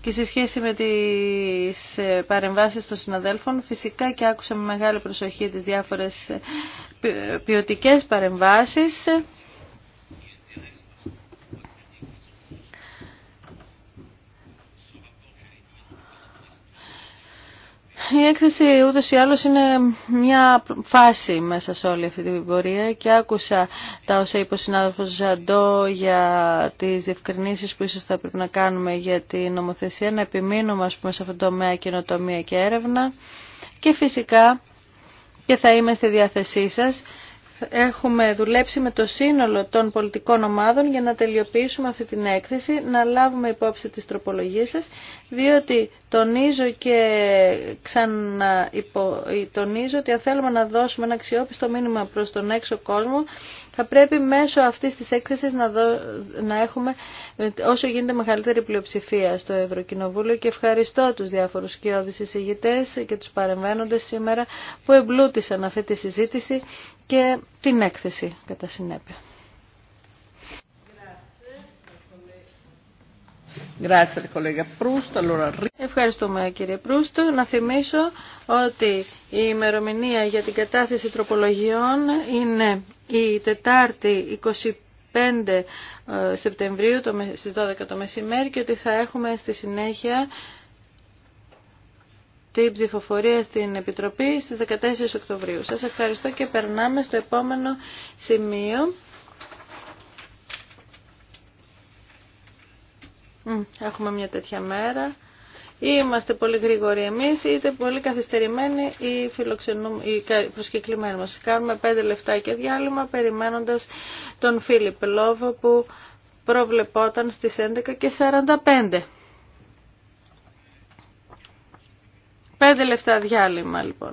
και σε σχέση με τις ε, παρεμβάσεις των συναδέλφων, φυσικά και άκουσα με μεγάλη προσοχή τις διάφορες ε, ε, ποιοτικές παρεμβάσεις. η έκθεση ούτως ή άλλως είναι μια φάση μέσα σε όλη αυτή την πορεία και άκουσα τα όσα είπε ο συνάδελφος Ζαντό για τις διευκρινήσεις που ίσως θα πρέπει να κάνουμε για την νομοθεσία, να επιμείνουμε ας πούμε σε αυτό το τομέα καινοτομία και έρευνα και φυσικά και θα είμαι στη διάθεσή σας έχουμε δουλέψει με το σύνολο των πολιτικών ομάδων για να τελειοποιήσουμε αυτή την έκθεση, να λάβουμε υπόψη τις τροπολογίες σας, διότι τονίζω και ξανα, τονίζω ότι θέλουμε να δώσουμε ένα αξιόπιστο μήνυμα προς τον έξω κόσμο, θα πρέπει μέσω αυτής της έκθεσης να, να έχουμε όσο γίνεται μεγαλύτερη πλειοψηφία στο Ευρωκοινοβούλιο και ευχαριστώ τους διάφορους σκιώδει εισηγητές και τους παρεμβαίνοντες σήμερα που εμπλούτησαν αυτή τη συζήτηση και την έκθεση κατά συνέπεια. Ευχαριστούμε κύριε Προύστο. Να θυμίσω ότι η ημερομηνία για την κατάθεση τροπολογιών είναι η Τετάρτη 25 ε, Σεπτεμβρίου στις 12 το μεσημέρι και ότι θα έχουμε στη συνέχεια την ψηφοφορία στην Επιτροπή στις 14 Οκτωβρίου. Σας ευχαριστώ και περνάμε στο επόμενο σημείο. Έχουμε μια τέτοια μέρα. Ή Είμαστε πολύ γρήγοροι εμείς, είτε πολύ καθυστερημένοι ή, ή προσκεκλημένοι μας. Κάνουμε λεφτά και διάλειμμα περιμένοντας τον Φίλιπ Λόβο που προβλεπόταν στις 11 και 45. πέντε λεφτά διάλειμμα λοιπόν.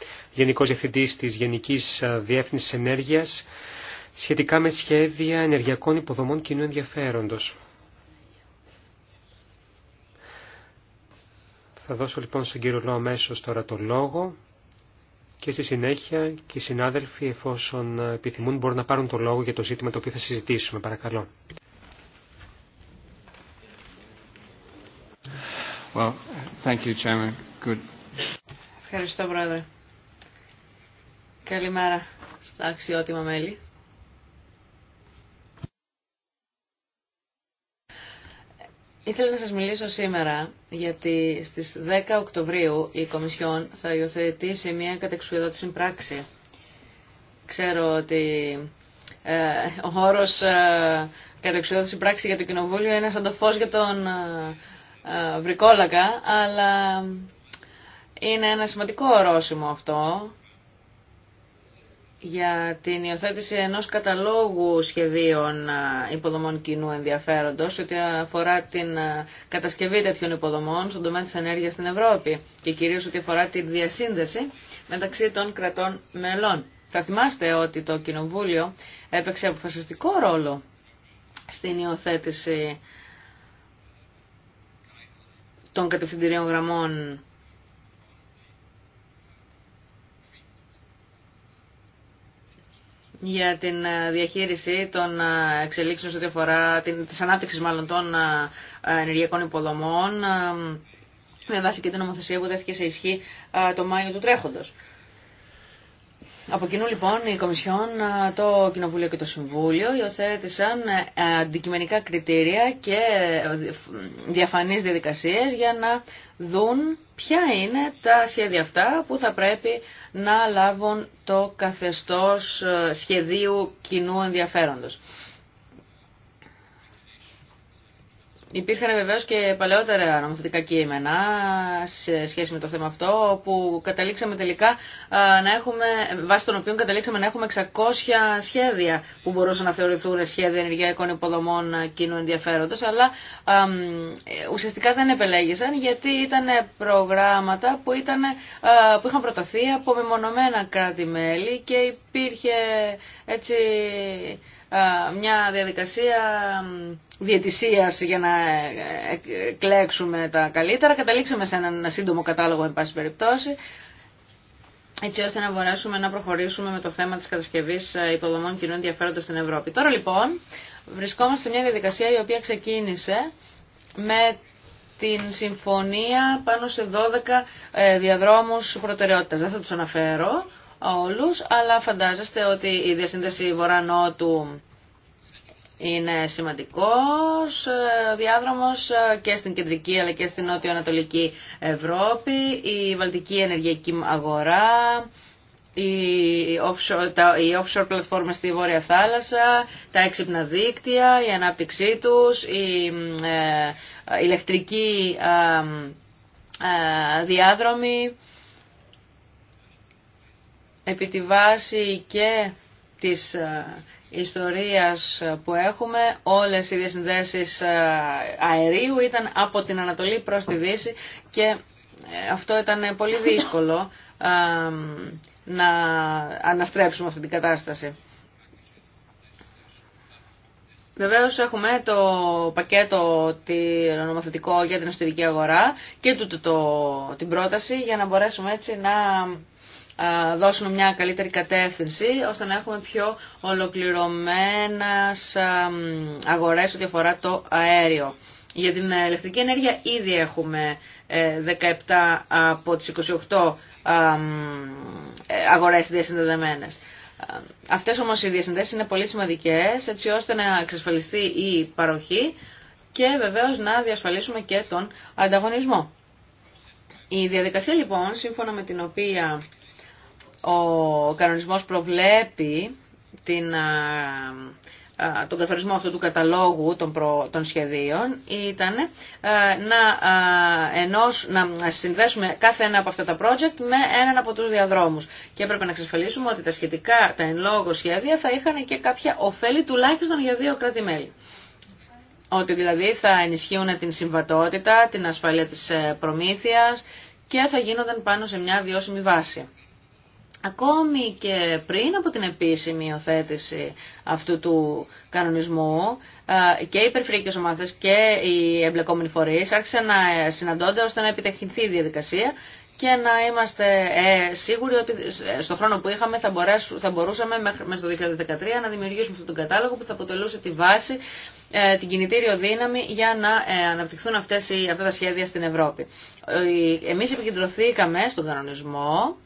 Γενικός Διευθυντής της Γενικής ε, Διεύθυνσης Ενέργειας, σχετικά με σχέδια ενεργειακών υποδομών κοινού ενδιαφέροντος. Θα δώσω λοιπόν στον κύριο Λό αμέσως τώρα το λόγο και στη συνέχεια και οι συνάδελφοι εφόσον ε, επιθυμούν μπορούν να πάρουν το λόγο για το ζήτημα το οποίο θα συζητήσουμε. Παρακαλώ. Well, thank you, Chairman. Good. Ευχαριστώ, Πρόεδρε. Καλημέρα στα αξιότιμα μέλη. Ήθελα να σας μιλήσω σήμερα γιατί στις 10 Οκτωβρίου η Κομισιόν θα υιοθετήσει μια κατεξουδότηση πράξη. Ξέρω ότι ε, ο όρος ε, κατεξουδότηση πράξη για το Κοινοβούλιο είναι σαν το φως για τον ε, ε βρικόλακα, αλλά είναι ένα σημαντικό ορόσημο αυτό για την υιοθέτηση ενός καταλόγου σχεδίων υποδομών κοινού ενδιαφέροντος ότι αφορά την κατασκευή τέτοιων υποδομών στον τομέα της ενέργειας στην Ευρώπη και κυρίως ότι αφορά τη διασύνδεση μεταξύ των κρατών μελών. Θα θυμάστε ότι το Κοινοβούλιο έπαιξε αποφασιστικό ρόλο στην υιοθέτηση των κατευθυντηρίων γραμμών για την ε, διαχείριση των ε, εξελίξεων σε ό,τι αφορά της ανάπτυξης μάλλον των ε, ενεργειακών υποδομών με βάση και την νομοθεσία που δέθηκε σε ισχύ το Μάιο του τρέχοντος. Από κοινού λοιπόν η Κομισιόν, το Κοινοβούλιο και το Συμβούλιο υιοθέτησαν ε, αντικειμενικά κριτήρια και ε, διαφανείς διαδικασίες για να δουν ποια είναι τα σχέδια αυτά που θα πρέπει να λάβουν το καθεστώς ε, σχεδίου κοινού ενδιαφέροντος. Υπήρχαν βεβαίω και παλαιότερα νομοθετικά κείμενα σε σχέση με το θέμα αυτό, όπου καταλήξαμε τελικά να έχουμε, βάσει των οποίων καταλήξαμε να έχουμε 600 σχέδια που μπορούσαν να θεωρηθούν σχέδια ενεργειακών υποδομών κοινού ενδιαφέροντο, αλλά ουσιαστικά δεν επελέγησαν γιατί ήταν προγράμματα που, ήταν, που είχαν προταθεί από μεμονωμένα κράτη-μέλη και υπήρχε έτσι ε, μια διαδικασία διαιτησίας για να ε, ε, κλέξουμε τα καλύτερα. Καταλήξαμε σε έναν σύντομο κατάλογο, εν πάση περιπτώσει, έτσι ώστε να μπορέσουμε να προχωρήσουμε με το θέμα της κατασκευής υποδομών κοινών ενδιαφέροντος στην Ευρώπη. Τώρα λοιπόν βρισκόμαστε σε μια διαδικασία η οποία ξεκίνησε με την συμφωνία πάνω σε 12 διαδρόμους προτεραιότητας. Δεν θα τους αναφέρω όλους, αλλά φαντάζεστε ότι η διασύνδεση βορρά-νότου είναι σημαντικός ε, διάδρομος ε, και στην κεντρική αλλά και στην νότιο-ανατολική Ευρώπη, η βαλτική ενεργειακή αγορά, οι offshore, πλατφόρμες στη Βόρεια Θάλασσα, τα έξυπνα δίκτυα, η ανάπτυξή τους, η ε, ηλεκτρική διάδρομη επί τη βάση και της ε, ιστορίας που έχουμε, όλες οι διασυνδέσεις ε, αερίου ήταν από την Ανατολή προς τη Δύση και ε, αυτό ήταν πολύ δύσκολο να αναστρέψουμε αυτή την κατάσταση. Βεβαίω έχουμε το πακέτο τη νομοθετικό για την εσωτερική αγορά και την πρόταση για να μπορέσουμε έτσι να δώσουν μια καλύτερη κατεύθυνση ώστε να έχουμε πιο ολοκληρωμένες αγορές ό,τι αφορά το αέριο. Για την ηλεκτρική ενέργεια ήδη έχουμε 17 ε, από τις 28 ε, αγορές διασυνδεδεμένες. Αυτές όμως οι διασυνδέσεις είναι πολύ σημαντικές έτσι ώστε να εξασφαλιστεί η παροχή και βεβαίως να διασφαλίσουμε και τον ανταγωνισμό. Η διαδικασία λοιπόν σύμφωνα με την οποία ο κανονισμός προβλέπει την, τον καθορισμό αυτού του καταλόγου των, των σχεδίων ήταν να, ενός, να συνδέσουμε κάθε ένα από αυτά τα project με έναν από τους διαδρόμους. Και έπρεπε να εξασφαλίσουμε ότι τα σχετικά, τα εν λόγω σχέδια θα είχαν και κάποια ωφέλη τουλάχιστον για δύο κράτη-μέλη. Ότι δηλαδή θα ενισχύουν την συμβατότητα, την ασφαλεία της ε, προμήθειας και θα γίνονταν πάνω σε μια βιώσιμη βάση. Ακόμη και πριν από την επίσημη υιοθέτηση αυτού του κανονισμού ε, και οι περιφερειακές ομάδες και οι εμπλεκόμενοι φορείς άρχισαν να συναντώνται ώστε να επιτεχνηθεί η διαδικασία και να είμαστε ε, σίγουροι ότι ε, στον χρόνο που είχαμε θα, μπορέσου, θα μπορούσαμε μέσα στο 2013 να δημιουργήσουμε αυτόν τον κατάλογο που θα αποτελούσε τη βάση, την κινητήριο δύναμη για να αναπτυχθούν αυτές, αυτά τα σχέδια στην Ευρώπη. Εμείς επικεντρωθήκαμε στον κανονισμό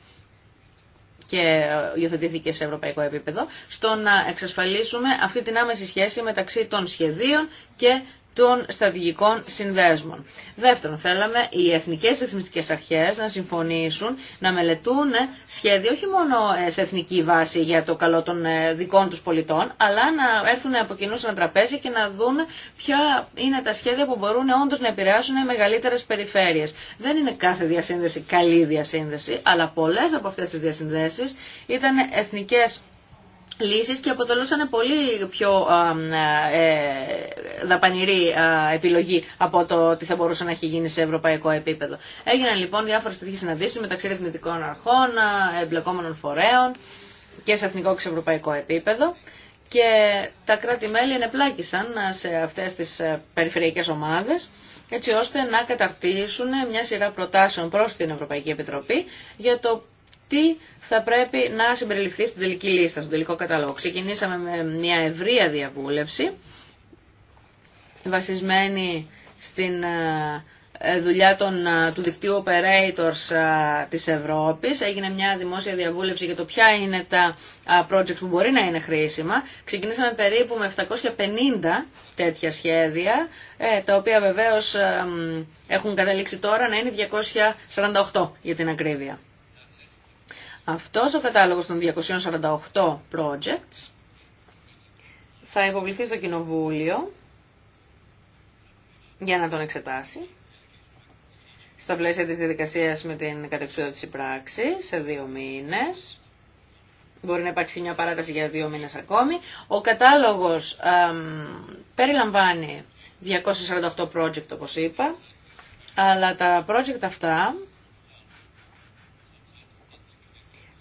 και ε, υιοθετήθηκε σε ευρωπαϊκό επίπεδο, στο να εξασφαλίσουμε αυτή την άμεση σχέση μεταξύ των σχεδίων και των στρατηγικών συνδέσμων. Δεύτερον, θέλαμε οι εθνικές ρυθμιστικέ αρχές να συμφωνήσουν, να μελετούν σχέδια όχι μόνο ε, σε εθνική βάση για το καλό των ε, δικών του πολιτών, αλλά να έρθουν από κοινού σε ένα τραπέζι και να δουν ποια είναι τα σχέδια που μπορούν όντω να επηρεάσουν μεγαλύτερες περιφέρειες. Δεν είναι κάθε διασύνδεση καλή διασύνδεση, αλλά πολλέ από αυτέ τι διασυνδέσει ήταν εθνικέ λύσεις και αποτελούσαν πολύ πιο ε, ε, δαπανηρή επιλογή από το ότι θα μπορούσε να έχει γίνει σε ευρωπαϊκό επίπεδο. Έγιναν λοιπόν διάφορες τέτοιες συναντήσεις μεταξύ ρυθμιτικών αρχών, εμπλεκόμενων φορέων και σε εθνικό και σε ευρωπαϊκό επίπεδο και τα κράτη-μέλη ενεπλάκησαν σε αυτές τις περιφερειακές ομάδες έτσι ώστε να καταρτήσουν μια σειρά προτάσεων προς την Ευρωπαϊκή Επιτροπή για το τι θα πρέπει να συμπεριληφθεί στην τελική λίστα, στον τελικό καταλόγο. Ξεκινήσαμε με μια ευρεία διαβούλευση, βασισμένη στην ε, ε, δουλειά των, ε, του δικτύου operators της Ευρώπης. Έγινε μια δημόσια διαβούλευση για το ποια είναι τα projects που μπορεί να είναι χρήσιμα. Ξεκινήσαμε περίπου με 750 τέτοια σχέδια, τα οποία βεβαίως έχουν καταλήξει τώρα να είναι 248 για την ακρίβεια. Αυτός ο κατάλογος των 248 projects θα υποβληθεί στο Κοινοβούλιο για να τον εξετάσει στα πλαίσια της διαδικασίας με την της πράξη σε δύο μήνες. Μπορεί να υπάρξει μια παράταση για δύο μήνες ακόμη. Ο κατάλογος περιλαμβάνει 248 project όπως είπα, αλλά τα project αυτά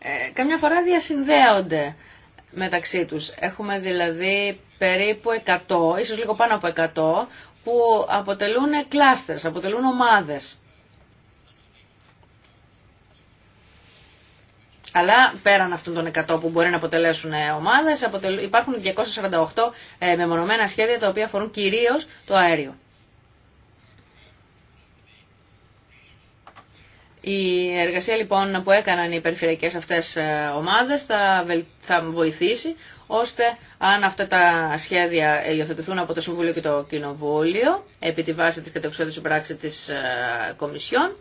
Ε, καμιά φορά διασυνδέονται μεταξύ τους. Έχουμε δηλαδή περίπου 100, ίσως λίγο πάνω από 100, που αποτελούν κλάστερς, αποτελούν ομάδες. Αλλά πέραν αυτών των 100 που μπορεί να αποτελέσουν ε, ομάδες, υπάρχουν 248 ε, μεμονωμένα σχέδια τα οποία αφορούν κυρίως το αέριο. Η εργασία λοιπόν που έκαναν οι περιφερειακές αυτές ε, ομάδες θα, βοηθήσει ώστε αν αυτά τα σχέδια υιοθετηθούν από το Συμβούλιο και το Κοινοβούλιο επί τη βάση της κατεξόδησης πράξη της ε, Κομισιόν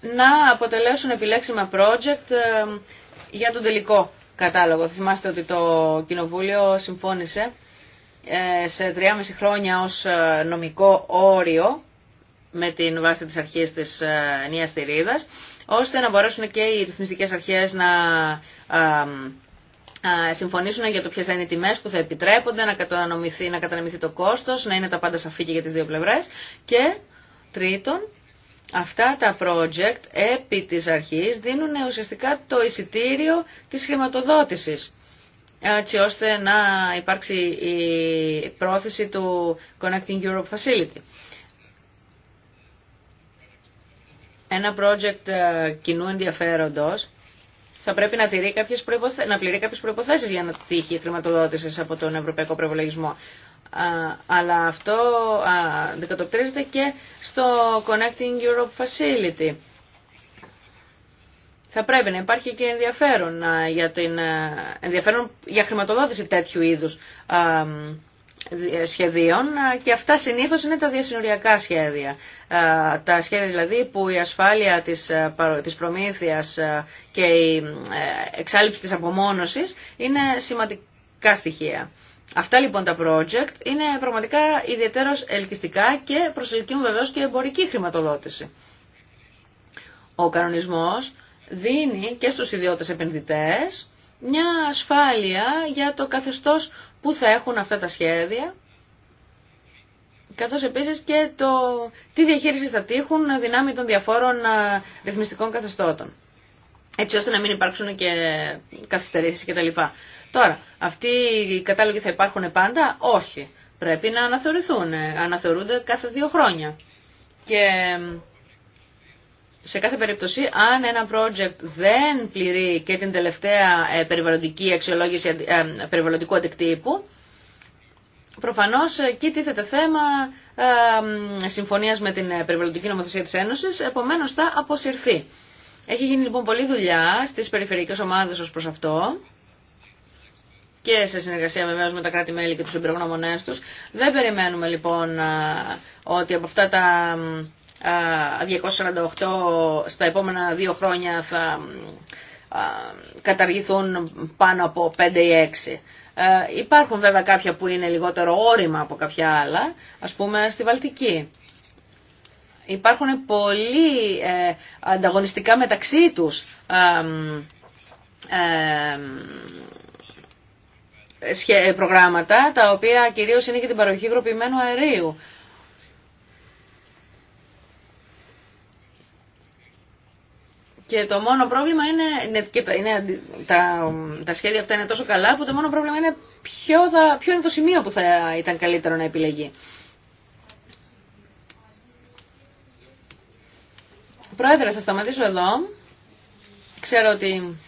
να αποτελέσουν επιλέξιμα project ε, για τον τελικό κατάλογο. Θυμάστε ότι το Κοινοβούλιο συμφώνησε σε 3,5 χρόνια ως νομικό όριο με την βάση της αρχής της ε, νίας τηρίδας, ώστε να μπορέσουν και οι ρυθμιστικές αρχές να ε, ε, συμφωνήσουν για το ποιες θα είναι οι τιμέ που θα επιτρέπονται, να κατανομηθεί, να κατανομηθεί το κόστος, να είναι τα πάντα σαφή και για τις δύο πλευρές. Και τρίτον, αυτά τα project επί της αρχής δίνουν ουσιαστικά το εισιτήριο της χρηματοδότησης έτσι ώστε να υπάρξει η πρόθεση του Connecting Europe Facility. ένα project ε, κοινού ενδιαφέροντος θα πρέπει να, τηρεί κάποιες προϋποθε... να πληρεί κάποιες προϋποθέσεις για να τύχει χρηματοδότηση από τον Ευρωπαϊκό Προπολογισμό. αλλά αυτό αντικατοπτρίζεται και στο Connecting Europe Facility. Θα πρέπει να υπάρχει και ενδιαφέρον για, την, ε, ενδιαφέρον για χρηματοδότηση τέτοιου είδους ε, σχεδίων ε, και αυτά συνήθως είναι τα διασυνοριακά σχέδια. Ε, τα σχέδια δηλαδή που η ασφάλεια της, προμήθειας και η εξάλληψη της απομόνωσης είναι σημαντικά στοιχεία. Αυτά λοιπόν τα project είναι πραγματικά ιδιαίτερως ελκυστικά και προσελκύουν βεβαίως και εμπορική χρηματοδότηση. Ο κανονισμός δίνει και στους ιδιώτες επενδυτές μια ασφάλεια για το καθεστώς που θα έχουν αυτά τα σχέδια, καθώς επίσης και το τι διαχείριση θα τύχουν δυνάμει των διαφόρων ε, ρυθμιστικών καθεστώτων, έτσι ώστε να μην υπάρξουν και καθυστερήσεις κτλ. Τώρα, αυτοί οι κατάλογοι θα υπάρχουν πάντα, όχι. Πρέπει να αναθεωρηθούν, ε, αναθεωρούνται κάθε δύο χρόνια. Και σε κάθε περίπτωση, αν ένα project δεν πληρεί και την τελευταία ε, περιβαλλοντική αξιολόγηση ε, ε, περιβαλλοντικού αντικτύπου, προφανώς εκεί τίθεται θέμα συμφωνίας με την περιβαλλοντική νομοθεσία της Ένωσης, επομένως θα αποσυρθεί. Έχει γίνει λοιπόν πολλή δουλειά στις περιφερειακές ομάδες ως προς αυτό και σε συνεργασία βεβαίω με τα κράτη-μέλη και τους εμπειρογνωμονές τους. Δεν περιμένουμε λοιπόν ότι από αυτά τα 248 στα επόμενα δύο χρόνια θα καταργηθούν πάνω από 5 ή 6. Ε, υπάρχουν βέβαια κάποια που είναι λιγότερο όρημα από κάποια άλλα, ας πούμε στη Βαλτική. Υπάρχουν πολύ ε, ανταγωνιστικά μεταξύ τους ε, προγράμματα, τα οποία κυρίως είναι και την παροχή γροπημένου αερίου. Και το μόνο πρόβλημα είναι, είναι τα, τα σχέδια αυτά είναι τόσο καλά που το μόνο πρόβλημα είναι ποιο, θα, ποιο είναι το σημείο που θα ήταν καλύτερο να επιλεγεί. Πρόεδρε, θα σταματήσω εδώ. Ξέρω ότι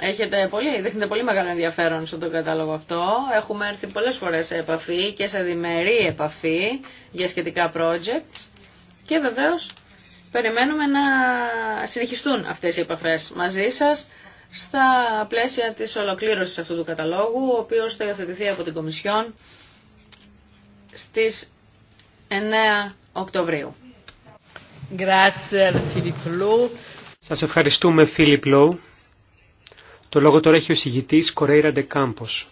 έχετε πολύ, δείχνετε πολύ μεγάλο ενδιαφέρον στον κατάλογο αυτό. Έχουμε έρθει πολλές φορές σε επαφή και σε διμερή επαφή για σχετικά projects. Και βεβαίως περιμένουμε να συνεχιστούν αυτές οι επαφές μαζί σας στα πλαίσια της ολοκλήρωσης αυτού του καταλόγου, ο οποίος θα υιοθετηθεί από την Κομισιόν στις 9 Οκτωβρίου. Σας ευχαριστούμε Φίλιπ Λόου. Το λόγο τώρα έχει ο συγητής Κορέιρα Ντεκάμπος.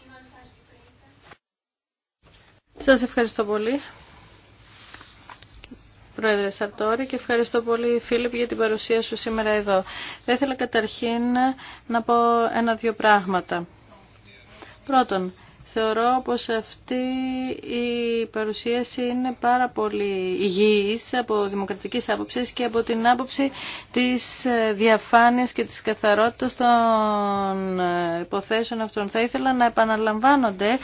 Σας ευχαριστώ πολύ. Πρόεδρε Σαρτόρη και ευχαριστώ πολύ Φίλιπ για την παρουσία σου σήμερα εδώ. Θα ήθελα καταρχήν να πω ένα-δύο πράγματα. Πρώτον, θεωρώ πως αυτή η παρουσίαση είναι πάρα πολύ υγιής από δημοκρατικής άποψης και από την άποψη της διαφάνειας και της καθαρότητας των υποθέσεων αυτών. Θα ήθελα να επαναλαμβάνονται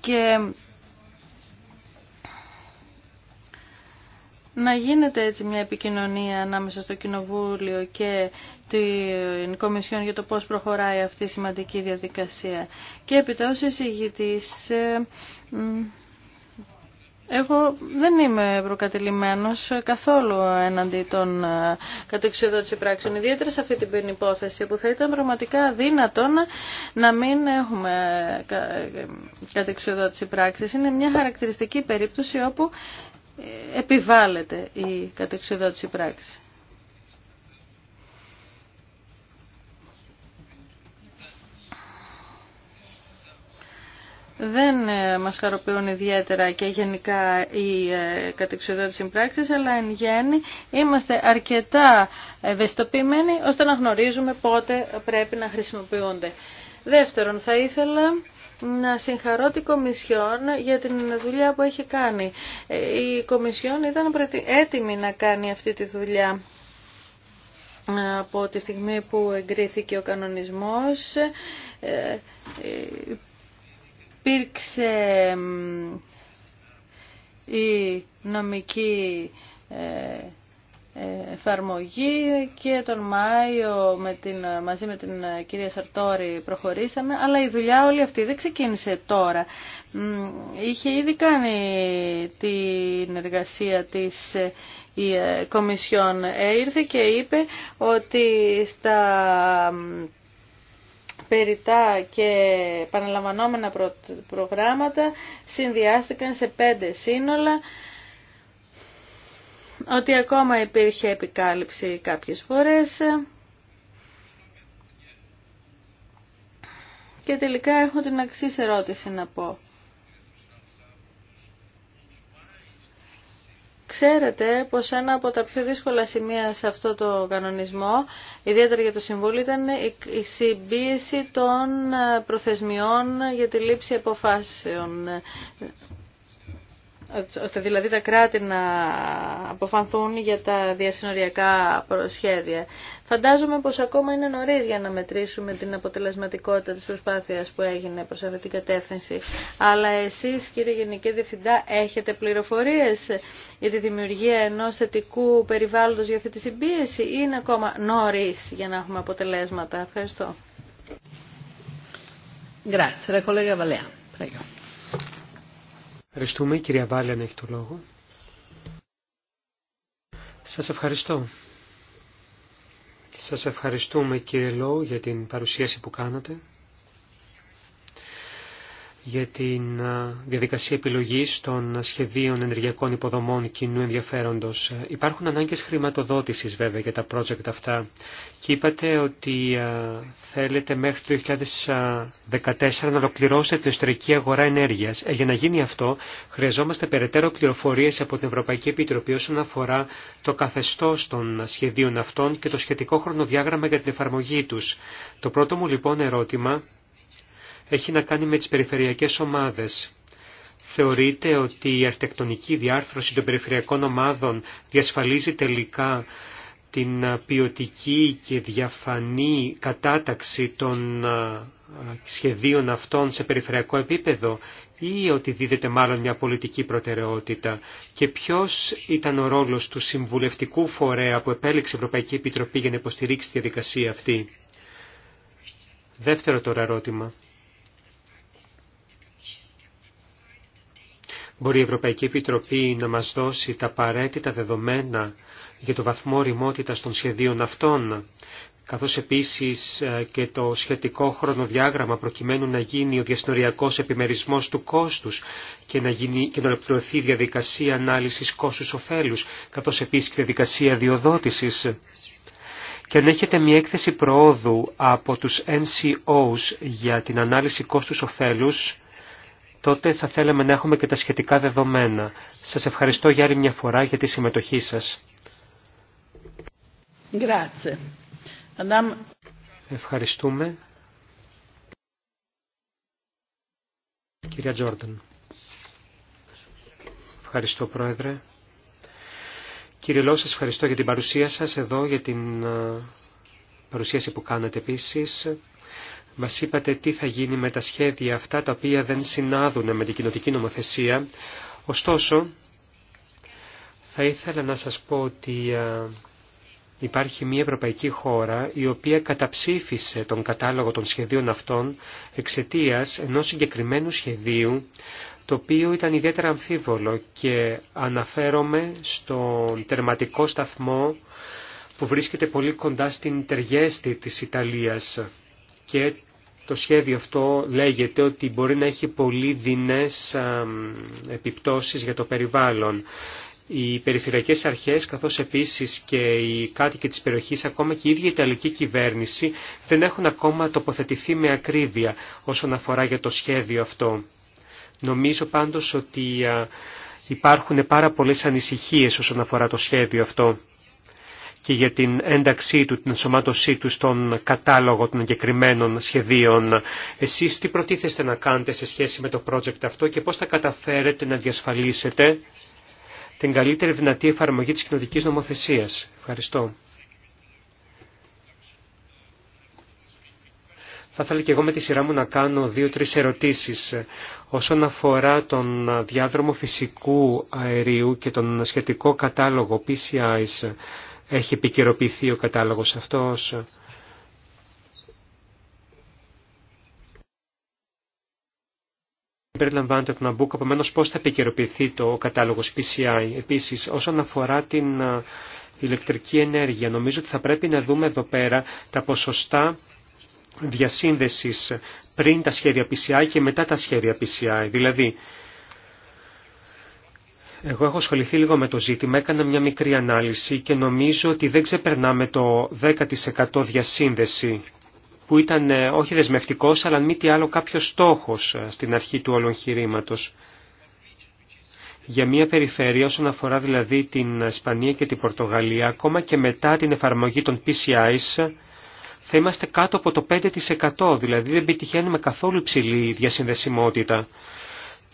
και να γίνεται έτσι μια επικοινωνία ανάμεσα στο Κοινοβούλιο και την Κομισιόν για το πώς προχωράει αυτή η σημαντική διαδικασία. Και επιτός εισηγητής, ε, εγώ δεν είμαι προκατελημένος καθόλου έναντι των ε, κατεξοδότηση πράξεων, ιδιαίτερα σε αυτή την υπόθεση που θα ήταν πραγματικά δυνατόν να μην έχουμε ε, κατεξοδότηση πράξης. Είναι μια χαρακτηριστική περίπτωση όπου επιβάλλεται η κατεξοδότηση πράξη. Δεν ε, μας χαροποιούν ιδιαίτερα και γενικά οι ε, κατεξοδότητες συμπράξεις, αλλά εν γέννη είμαστε αρκετά ευαισθητοποιημένοι ώστε να γνωρίζουμε πότε πρέπει να χρησιμοποιούνται. Δεύτερον, θα ήθελα να συγχαρώ την Κομισιόν για την δουλειά που έχει κάνει. Ε, η Κομισιόν ήταν έτοιμη να κάνει αυτή τη δουλειά ε, από τη στιγμή που εγκρίθηκε ο κανονισμός. Ε, υπήρξε η νομική εφαρμογή και τον Μάιο με την, μαζί με την ε, κυρία Σαρτόρη προχωρήσαμε, αλλά η δουλειά όλη αυτή δεν ξεκίνησε τώρα. Είχε ήδη κάνει την εργασία της ε, η ε, Κομισιόν. Ήρθε και είπε ότι στα περιτά και επαναλαμβανόμενα προγράμματα συνδυάστηκαν σε πέντε σύνολα ότι ακόμα υπήρχε επικάλυψη κάποιες φορές και τελικά έχω την αξής ερώτηση να πω. Ξέρετε πως ένα από τα πιο δύσκολα σημεία σε αυτό το κανονισμό, ιδιαίτερα για το Συμβούλιο, ήταν η συμπίεση των προθεσμιών για τη λήψη αποφάσεων ώστε δηλαδή τα κράτη να αποφανθούν για τα διασυνοριακά προσχέδια. Φαντάζομαι πως ακόμα είναι νωρίς για να μετρήσουμε την αποτελεσματικότητα της προσπάθειας που έγινε προς αυτή την κατεύθυνση. Αλλά εσείς κύριε Γενική Διευθυντά έχετε πληροφορίες για τη δημιουργία ενός θετικού περιβάλλοντος για αυτή τη συμπίεση ή είναι ακόμα νωρίς για να έχουμε αποτελέσματα. Ευχαριστώ. Grazie, la Ευχαριστούμε. Η κυρία Βάλιαν έχει το λόγο. Σας ευχαριστώ. Σας ευχαριστούμε κύριε Λόου για την παρουσίαση που κάνατε για την ε, διαδικασία επιλογής των σχεδίων ενεργειακών υποδομών κοινού ενδιαφέροντος. Ε, υπάρχουν ανάγκες χρηματοδότησης βέβαια για τα project αυτά και είπατε ότι ε, θέλετε μέχρι το 2014 να ολοκληρώσετε την ιστορική αγορά ενέργειας. Για να γίνει αυτό χρειαζόμαστε περαιτέρω πληροφορίες από την Ευρωπαϊκή Επιτροπή όσον αφορά το καθεστώς των σχεδίων αυτών και το σχετικό χρονοδιάγραμμα για την εφαρμογή τους. Το πρώτο μου λοιπόν ερώτημα έχει να κάνει με τις περιφερειακές ομάδες. Θεωρείτε ότι η αρχιτεκτονική διάρθρωση των περιφερειακών ομάδων διασφαλίζει τελικά την ποιοτική και διαφανή κατάταξη των σχεδίων αυτών σε περιφερειακό επίπεδο ή ότι δίδεται μάλλον μια πολιτική προτεραιότητα και ποιος ήταν ο ρόλος του συμβουλευτικού φορέα που επέλεξε η Ευρωπαϊκή Επιτροπή για να υποστηρίξει τη διαδικασία αυτή. Δεύτερο τώρα ερώτημα. Μπορεί η Ευρωπαϊκή Επιτροπή να μας δώσει τα απαραίτητα δεδομένα για το βαθμό ρημότητας των σχεδίων αυτών, καθώς επίσης ε, και το σχετικό χρονοδιάγραμμα προκειμένου να γίνει ο διασυνοριακός επιμερισμός του κόστους και να, γίνει, και να ολοκληρωθεί η διαδικασία ανάλυσης κόστους-οφέλους, καθώς επίσης και η διαδικασία διοδότησης. Και αν έχετε μια έκθεση προόδου από τους NCOs για την ανάλυση κόστους-οφέλους, τότε θα θέλαμε να έχουμε και τα σχετικά δεδομένα. Σας ευχαριστώ για άλλη μια φορά για τη συμμετοχή σας. Ευχαριστούμε. Κυρία Τζόρνταν. Ευχαριστώ Πρόεδρε. Κύριε Λό, σας ευχαριστώ για την παρουσία σας εδώ, για την ε, παρουσίαση που κάνετε επίσης. Μα είπατε τι θα γίνει με τα σχέδια αυτά τα οποία δεν συνάδουν με την κοινοτική νομοθεσία. Ωστόσο, θα ήθελα να σας πω ότι υπάρχει μια ευρωπαϊκή χώρα η οποία καταψήφισε τον κατάλογο των σχεδίων αυτών εξαιτίας ενός συγκεκριμένου σχεδίου το οποίο ήταν ιδιαίτερα αμφίβολο και αναφέρομαι στον τερματικό σταθμό που βρίσκεται πολύ κοντά στην Τεργέστη της Ιταλίας και το σχέδιο αυτό λέγεται ότι μπορεί να έχει πολύ δεινές επιπτώσεις για το περιβάλλον. Οι περιφερειακές αρχές, καθώς επίσης και οι κάτοικοι της περιοχής, ακόμα και η ίδια η Ιταλική κυβέρνηση, δεν έχουν ακόμα τοποθετηθεί με ακρίβεια όσον αφορά για το σχέδιο αυτό. Νομίζω πάντως ότι υπάρχουν πάρα πολλές ανησυχίες όσον αφορά το σχέδιο αυτό και για την ένταξή του, την ενσωμάτωσή του στον κατάλογο των εγκεκριμένων σχεδίων. Εσείς τι προτίθεστε να κάνετε σε σχέση με το project αυτό και πώς θα καταφέρετε να διασφαλίσετε την καλύτερη δυνατή εφαρμογή της κοινωτικής νομοθεσίας. Ευχαριστώ. Θα ήθελα και εγώ με τη σειρά μου να κάνω δύο-τρεις ερωτήσεις όσον αφορά τον διάδρομο φυσικού αερίου και τον σχετικό κατάλογο PCIs. Έχει επικαιροποιηθεί ο κατάλογος αυτός. Περιλαμβάνεται από τον Αμπούκ, πώς πώ θα επικαιροποιηθεί το κατάλογος PCI. Επίσης, όσον αφορά την ηλεκτρική ενέργεια, νομίζω ότι θα πρέπει να δούμε εδώ πέρα τα ποσοστά διασύνδεσης πριν τα σχέδια PCI και μετά τα σχέδια PCI. Δηλαδή, εγώ έχω ασχοληθεί λίγο με το ζήτημα, έκανα μια μικρή ανάλυση και νομίζω ότι δεν ξεπερνάμε το 10% διασύνδεση που ήταν ε, όχι δεσμευτικός αλλά μη τι άλλο κάποιος στόχος ε, στην αρχή του όλου Για μια περιφέρεια όσον αφορά δηλαδή την Ισπανία και την Πορτογαλία, ακόμα και μετά την εφαρμογή των PCIs, θα είμαστε κάτω από το 5%, δηλαδή δεν πετυχαίνουμε καθόλου υψηλή διασυνδεσιμότητα.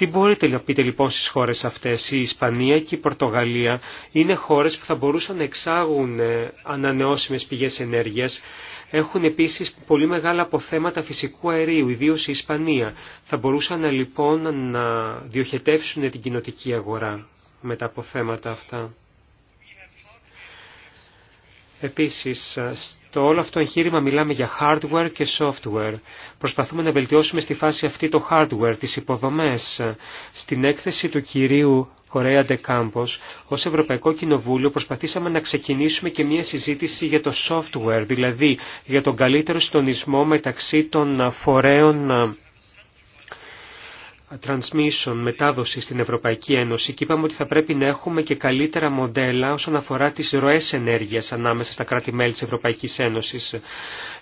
Τι μπορείτε να πείτε λοιπόν στις χώρες αυτές, η Ισπανία και η Πορτογαλία είναι χώρες που θα μπορούσαν να εξάγουν ε, ανανεώσιμες πηγές ενέργειας, έχουν επίσης πολύ μεγάλα αποθέματα φυσικού αερίου, ιδίως η Ισπανία. Θα μπορούσαν ε, λοιπόν να διοχετεύσουν την κοινοτική αγορά με τα αποθέματα αυτά. Επίσης, στο όλο αυτό εγχείρημα μιλάμε για hardware και software. Προσπαθούμε να βελτιώσουμε στη φάση αυτή το hardware, τις υποδομές. Στην έκθεση του κυρίου Κορέα Ντεκάμπος, ως Ευρωπαϊκό Κοινοβούλιο προσπαθήσαμε να ξεκινήσουμε και μια συζήτηση για το software, δηλαδή για τον καλύτερο συντονισμό μεταξύ των φορέων transmission, μετάδοση στην Ευρωπαϊκή Ένωση και είπαμε ότι θα πρέπει να έχουμε και καλύτερα μοντέλα όσον αφορά τις ροές ενέργειας ανάμεσα στα κράτη-μέλη της Ευρωπαϊκής Ένωσης.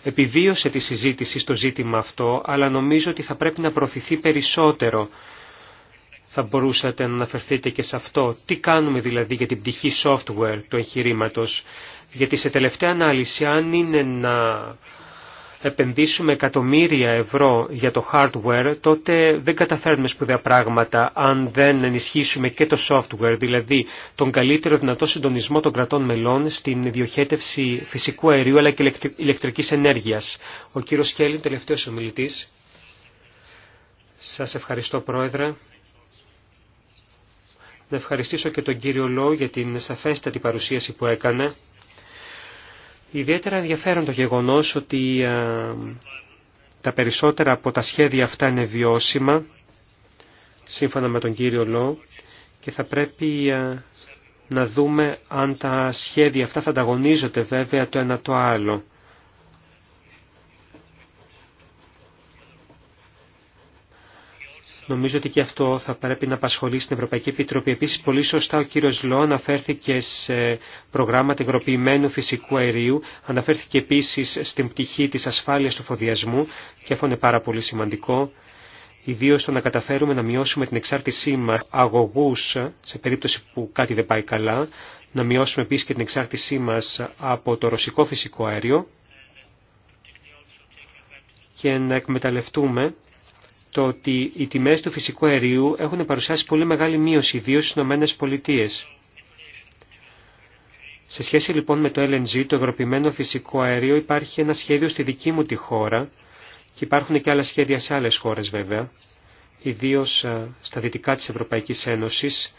Επιβίωσε τη συζήτηση στο ζήτημα αυτό, αλλά νομίζω ότι θα πρέπει να προωθηθεί περισσότερο. Θα μπορούσατε να αναφερθείτε και σε αυτό. Τι κάνουμε δηλαδή για την πτυχή software του εγχειρήματο. Γιατί σε τελευταία ανάλυση, αν είναι να επενδύσουμε εκατομμύρια ευρώ για το hardware, τότε δεν καταφέρνουμε σπουδαία πράγματα αν δεν ενισχύσουμε και το software, δηλαδή τον καλύτερο δυνατό συντονισμό των κρατών μελών στην διοχέτευση φυσικού αερίου αλλά και ηλεκτρικής ενέργειας. Ο κύριος Σκέλιν, τελευταίος ομιλητής. Σας ευχαριστώ Πρόεδρε. Να ευχαριστήσω και τον κύριο Λό για την σαφέστατη παρουσίαση που έκανε. Ιδιαίτερα ενδιαφέρον το γεγονός ότι ε, τα περισσότερα από τα σχέδια αυτά είναι βιώσιμα, σύμφωνα με τον κύριο Λό, και θα πρέπει ε, να δούμε αν τα σχέδια αυτά θα ανταγωνίζονται βέβαια το ένα το άλλο. Νομίζω ότι και αυτό θα πρέπει να απασχολεί στην Ευρωπαϊκή Επιτροπή. Επίση, πολύ σωστά ο κύριο Λό αναφέρθηκε σε προγράμματα υγροποιημένου φυσικού αερίου, αναφέρθηκε επίση στην πτυχή τη ασφάλεια του φοδιασμού και αυτό είναι πάρα πολύ σημαντικό. Ιδίω το να καταφέρουμε να μειώσουμε την εξάρτησή μα αγωγού σε περίπτωση που κάτι δεν πάει καλά, να μειώσουμε επίση και την εξάρτησή μα από το ρωσικό φυσικό αέριο και να εκμεταλλευτούμε το ότι οι τιμές του φυσικού αερίου έχουν παρουσιάσει πολύ μεγάλη μείωση, ιδίως στις Ηνωμένες Πολιτείες. Σε σχέση λοιπόν με το LNG, το ευρωπημένο φυσικό αέριο, υπάρχει ένα σχέδιο στη δική μου τη χώρα και υπάρχουν και άλλα σχέδια σε άλλες χώρες βέβαια, ιδίως ε, στα δυτικά της Ευρωπαϊκής Ένωσης.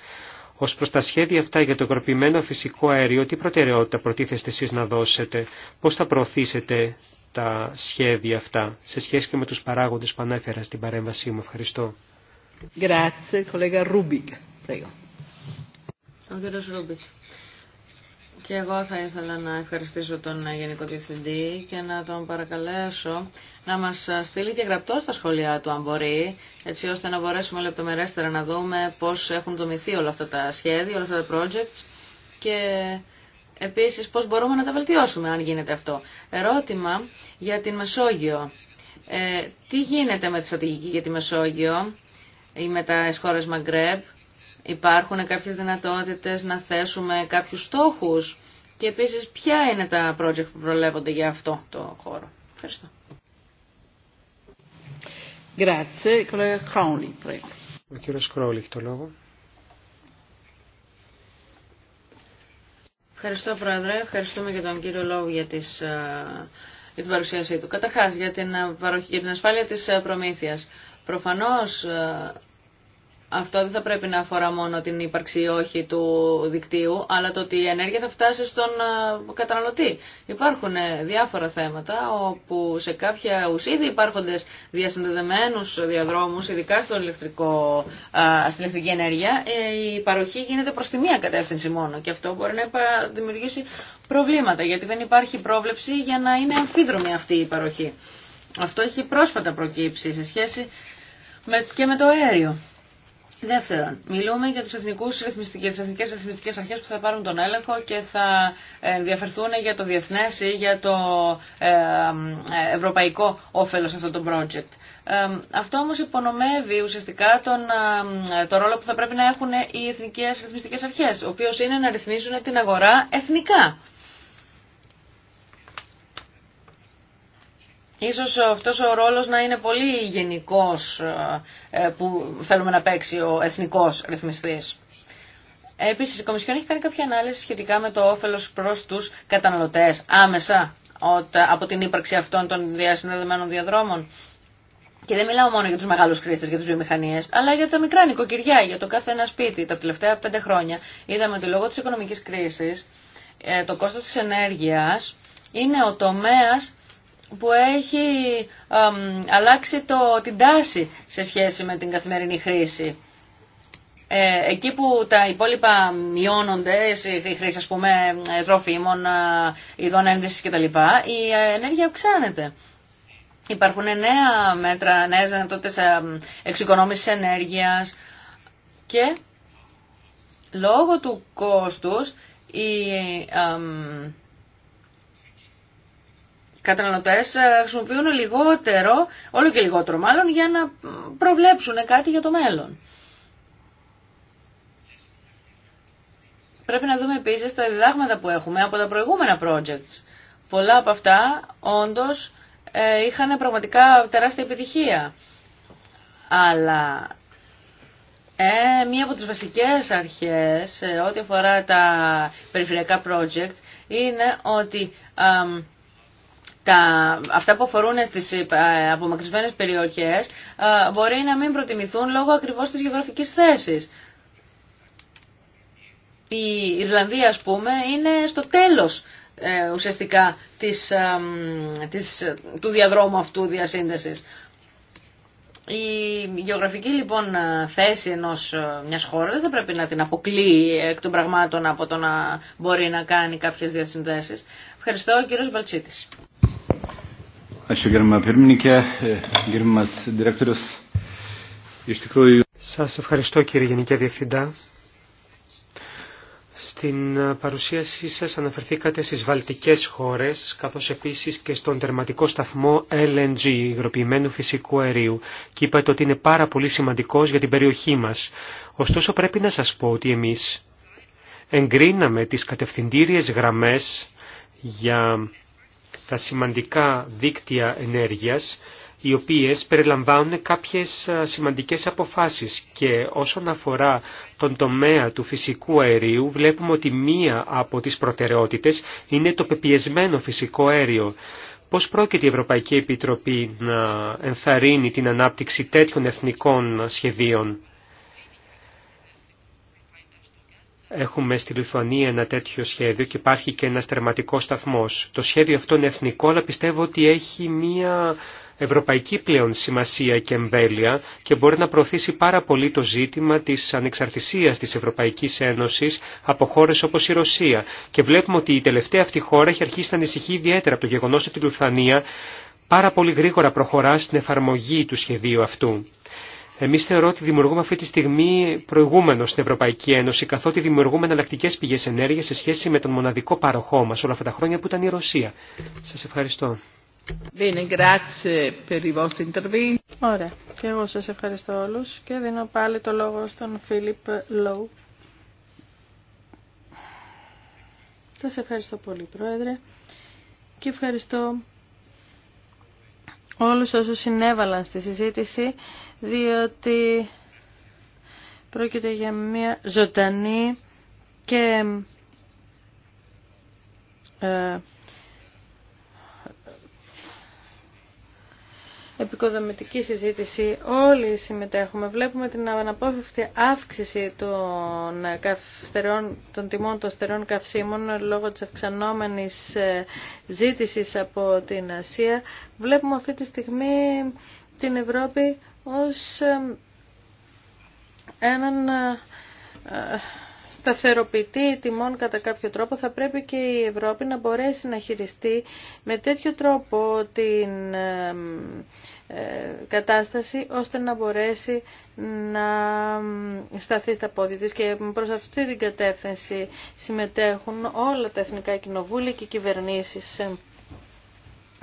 Ως προς τα σχέδια αυτά για το ευρωπημένο φυσικό αέριο, τι προτεραιότητα προτίθεστε εσείς να δώσετε, πώς θα προωθήσετε τα σχέδια αυτά σε σχέση και με τους παράγοντες που ανέφερα στην παρέμβασή μου. Ευχαριστώ. Ο κύριος Ρούμπικ. Και εγώ θα ήθελα να ευχαριστήσω τον Γενικό Διευθυντή και να τον παρακαλέσω να μας στείλει και γραπτό στα σχόλιά του αν μπορεί, έτσι ώστε να μπορέσουμε λεπτομερέστερα να δούμε πώς έχουν δομηθεί όλα αυτά τα σχέδια, όλα αυτά τα projects και Επίσης, πώς μπορούμε να τα βελτιώσουμε, αν γίνεται αυτό. Ερώτημα για την Μεσόγειο. Ε, τι γίνεται με τη στρατηγική για τη Μεσόγειο ή με τα χώρες Μαγκρέμπ. Υπάρχουν κάποιες δυνατότητες να θέσουμε κάποιους στόχους και επίσης ποια είναι τα project που προλέπονται για αυτό το χώρο. Ευχαριστώ. Grazie, Ο κύριος Κρόλη έχει το λόγο. Ευχαριστώ, Πρόεδρε. Ευχαριστούμε και τον κύριο λόγο για τις ε, για την παρουσίασή του. Καταρχάς, για την, ε, για την ασφάλεια της ε, προμήθειας. Προφανώς αυτό δεν θα πρέπει να αφορά μόνο την ύπαρξη ή όχι του δικτύου, αλλά το ότι η ενέργεια θα φτάσει στον ε, καταναλωτή. Υπάρχουν ε, διάφορα θέματα όπου σε κάποια ουσίδη υπάρχοντες διασυνδεδεμένους διαδρόμους, ειδικά στο ηλεκτρικό, ε, στην ηλεκτρική ενέργεια, η παροχή υπαρχοντες διασυνδεδεμένου διαδρόμου, ειδικα στο ηλεκτρικο στην ηλεκτρικη ενεργεια η παροχη γινεται προ τη μία κατεύθυνση μόνο και αυτό μπορεί να δημιουργήσει προβλήματα, γιατί δεν υπάρχει πρόβλεψη για να είναι αμφίδρομη αυτή η παροχή. Αυτό έχει πρόσφατα προκύψει σε σχέση και με το αέριο. Δεύτερον, μιλούμε για, τους εθνικούς, για τις εθνικές ρυθμιστικές αρχές που θα πάρουν τον έλεγχο και θα ε, ενδιαφερθούν για το διεθνές ή για το ε, ε, ευρωπαϊκό όφελος αυτό το project. Αυτό όμως υπονομεύει ουσιαστικά τον, το ρόλο που θα πρέπει να έχουν οι εθνικές ρυθμιστικές αρχές, ο οποίος είναι να ρυθμίζουν την αγορά εθνικά. Ίσως αυτός ο ρόλος να είναι πολύ γενικός ε, ε, που θέλουμε να παίξει ο εθνικός ρυθμιστής. Επίσης, η Κομισιόν έχει κάνει κάποια ανάλυση σχετικά με το όφελος προς τους καταναλωτές άμεσα από την ύπαρξη αυτών των διασυνδεδεμένων διαδρόμων. Και δεν μιλάω μόνο για του μεγάλου χρήστε, για τι βιομηχανίε, αλλά για τα μικρά νοικοκυριά, για το κάθε ένα σπίτι. Τα τελευταία πέντε χρόνια είδαμε ότι λόγω τη οικονομική κρίση ε, το κόστο τη ενέργεια είναι ο τομέα που έχει αλλάξει το, την τάση σε σχέση με την καθημερινή χρήση. Ε, εκεί που τα υπόλοιπα μειώνονται, η χρήση ας πούμε τροφίμων, ε, ειδών ένδυσης κτλ, η ε, ενέργεια αυξάνεται. Υπάρχουν νέα μέτρα, νέες δυνατότητες εξοικονόμησης ενέργειας και λόγω του κόστους η Καταναλωτέ ε, χρησιμοποιούν λιγότερο, όλο και λιγότερο μάλλον, για να προβλέψουν κάτι για το μέλλον. Πρέπει να δούμε επίση τα διδάγματα που έχουμε από τα προηγούμενα projects. Πολλά από αυτά όντως ε, είχαν πραγματικά τεράστια επιτυχία. Αλλά ε, μία από τις βασικές αρχές ό,τι αφορά τα περιφερειακά project είναι ότι τα, αυτά που αφορούν στις ε, απομακρυσμένες περιοχές ε, μπορεί να μην προτιμηθούν λόγω ακριβώς της γεωγραφικής θέσης. Η Ιρλανδία, ας πούμε, είναι στο τέλος ε, ουσιαστικά της, της, του διαδρόμου αυτού διασύνδεσης. Η γεωγραφική λοιπόν θέση ενός, μιας χώρας δεν θα πρέπει να την αποκλείει εκ των πραγμάτων από το να μπορεί να κάνει κάποιες διασυνδέσεις. Ευχαριστώ ο κύριος Μπαλτσίτης. E, σας ευχαριστώ κύριε Γενική Διευθυντά. Στην ε, παρουσίασή σας αναφερθήκατε στις βαλτικές χώρες, καθώς επίσης και στον τερματικό σταθμό LNG, υγροποιημένου φυσικού αερίου, και είπατε ότι είναι πάρα πολύ σημαντικός για την περιοχή μας. Ωστόσο πρέπει να σας πω ότι εμείς εγκρίναμε τις κατευθυντήριες γραμμές για τα σημαντικά δίκτυα ενέργειας, οι οποίες περιλαμβάνουν κάποιες σημαντικές αποφάσεις και όσον αφορά τον τομέα του φυσικού αερίου βλέπουμε ότι μία από τις προτεραιότητες είναι το πεπιεσμένο φυσικό αέριο. Πώς πρόκειται η Ευρωπαϊκή Επιτροπή να ενθαρρύνει την ανάπτυξη τέτοιων εθνικών σχεδίων. Έχουμε στη Λιθουανία ένα τέτοιο σχέδιο και υπάρχει και ένας τερματικός σταθμός. Το σχέδιο αυτό είναι εθνικό, αλλά πιστεύω ότι έχει μία ευρωπαϊκή πλέον σημασία και εμβέλεια και μπορεί να προωθήσει πάρα πολύ το ζήτημα της ανεξαρτησίας της Ευρωπαϊκής Ένωσης από χώρες όπως η Ρωσία. Και βλέπουμε ότι η τελευταία αυτή χώρα έχει αρχίσει να ανησυχεί ιδιαίτερα από το γεγονός ότι η Λουθανία πάρα πολύ γρήγορα προχωρά στην εφαρμογή του σχεδίου αυτού. Εμείς θεωρώ ότι δημιουργούμε αυτή τη στιγμή προηγούμενο στην Ευρωπαϊκή Ένωση, καθότι δημιουργούμε εναλλακτικέ πηγές ενέργειας σε σχέση με τον μοναδικό παροχό μας όλα αυτά τα χρόνια που ήταν η Ρωσία. Σας ευχαριστώ. Ωραία. Και εγώ σας ευχαριστώ όλους και δίνω πάλι το λόγο στον Φίλιπ Λόου. Σας ευχαριστώ πολύ, Πρόεδρε. Και ευχαριστώ όλους όσους συνέβαλαν στη συζήτηση, διότι πρόκειται για μια ζωντανή και ε, επικοδομητική συζήτηση όλοι συμμετέχουμε. Βλέπουμε την αναπόφευκτη αύξηση των, καυστερών, των τιμών των στερεών καυσίμων λόγω της αυξανόμενης ε, ζήτησης από την Ασία. Βλέπουμε αυτή τη στιγμή την Ευρώπη ως ε, έναν ε, σταθεροποιητή τιμών κατά κάποιο τρόπο θα πρέπει και η Ευρώπη να μπορέσει να χειριστεί με τέτοιο τρόπο την ε, κατάσταση ώστε να μπορέσει να σταθεί στα πόδια της και προς αυτή την κατεύθυνση συμμετέχουν όλα τα εθνικά κοινοβούλια και κυβερνήσεις.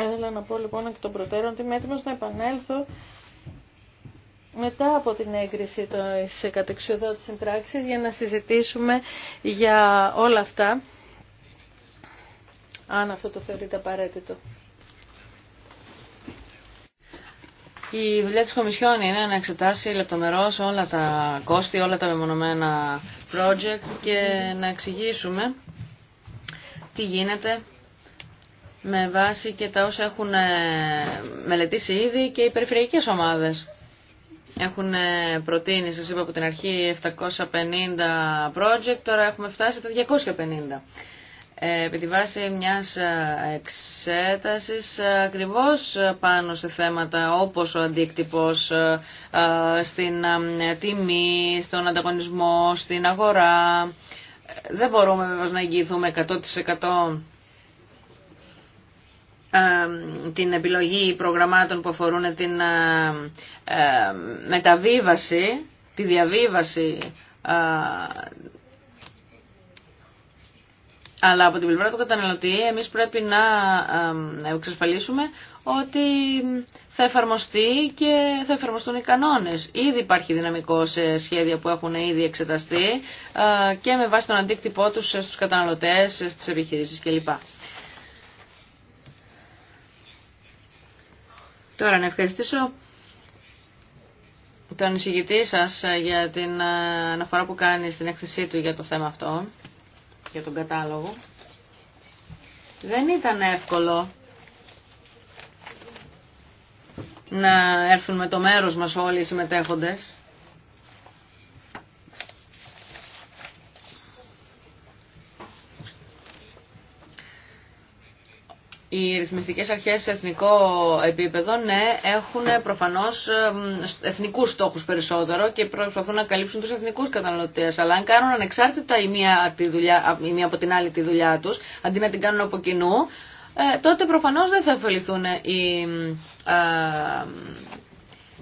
Ήθελα να πω λοιπόν και τον προτέρων ότι είμαι έτοιμος να επανέλθω μετά από την έγκριση της κατεξοδότησης πράξης για να συζητήσουμε για όλα αυτά, αν αυτό το θεωρείται απαραίτητο. Η δουλειά της Κομισιόν είναι να εξετάσει λεπτομερώς όλα τα κόστη, όλα τα μεμονωμένα project και να εξηγήσουμε τι γίνεται με βάση και τα όσα έχουν ε, μελετήσει ήδη και οι περιφερειακές ομάδες. Έχουν ε, προτείνει, σας είπα από την αρχή, 750 project, τώρα έχουμε φτάσει τα 250 ε, επί τη βάση μιας ε, εξέτασης ακριβώς πάνω σε θέματα όπως ο αντίκτυπος στην τιμή, στον ανταγωνισμό, στην αγορά. Δεν μπορούμε βέβαια να εγγυηθούμε 100% την επιλογή προγραμμάτων που αφορούν την ε, ε, μεταβίβαση, τη διαβίβαση ε, αλλά από την πλευρά του καταναλωτή εμείς πρέπει να εξασφαλίσουμε ότι θα εφαρμοστεί και θα εφαρμοστούν οι κανόνες. Ήδη υπάρχει δυναμικό σε σχέδια που έχουν ήδη εξεταστεί και με βάση τον αντίκτυπό τους στους καταναλωτές, στις επιχειρήσεις κλπ. Τώρα να ευχαριστήσω τον εισηγητή σας ε, για την ε, αναφορά που κάνει στην έκθεσή του για το θέμα αυτό, για τον κατάλογο. Δεν ήταν εύκολο να έρθουν με το μέρος μας όλοι οι συμμετέχοντες. οι ρυθμιστικές αρχές σε εθνικό επίπεδο, ναι, έχουν προφανώς εθνικούς στόχους περισσότερο και προσπαθούν να καλύψουν τους εθνικούς καταναλωτές. Αλλά αν κάνουν ανεξάρτητα η μία, η μία από την άλλη τη δουλειά τους, αντί να την κάνουν από κοινού, ε, τότε προφανώς δεν θα ωφεληθούν οι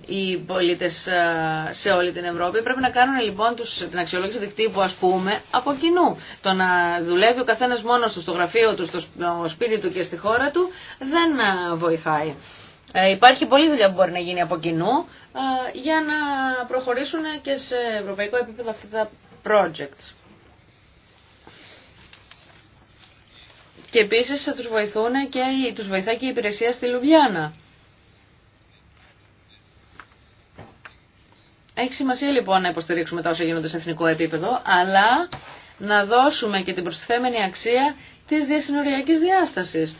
οι πολίτες ε, σε όλη την Ευρώπη. Πρέπει να κάνουν λοιπόν τους, την αξιολόγηση που α πούμε από κοινού. Το να δουλεύει ο καθένας μόνο του στο γραφείο του, στο σπίτι του και στη χώρα του δεν ε, βοηθάει. Ε, υπάρχει πολλή δουλειά που μπορεί να γίνει από κοινού για να προχωρήσουν και σε ευρωπαϊκό επίπεδο αυτά τα projects. Και επίσης τους, βοηθούν και, τους βοηθάει και η υπηρεσία στη Λουβιάνα Έχει σημασία λοιπόν να υποστηρίξουμε τα όσα γίνονται σε εθνικό επίπεδο, αλλά να δώσουμε και την προστιθέμενη αξία της διασυνοριακής διάστασης.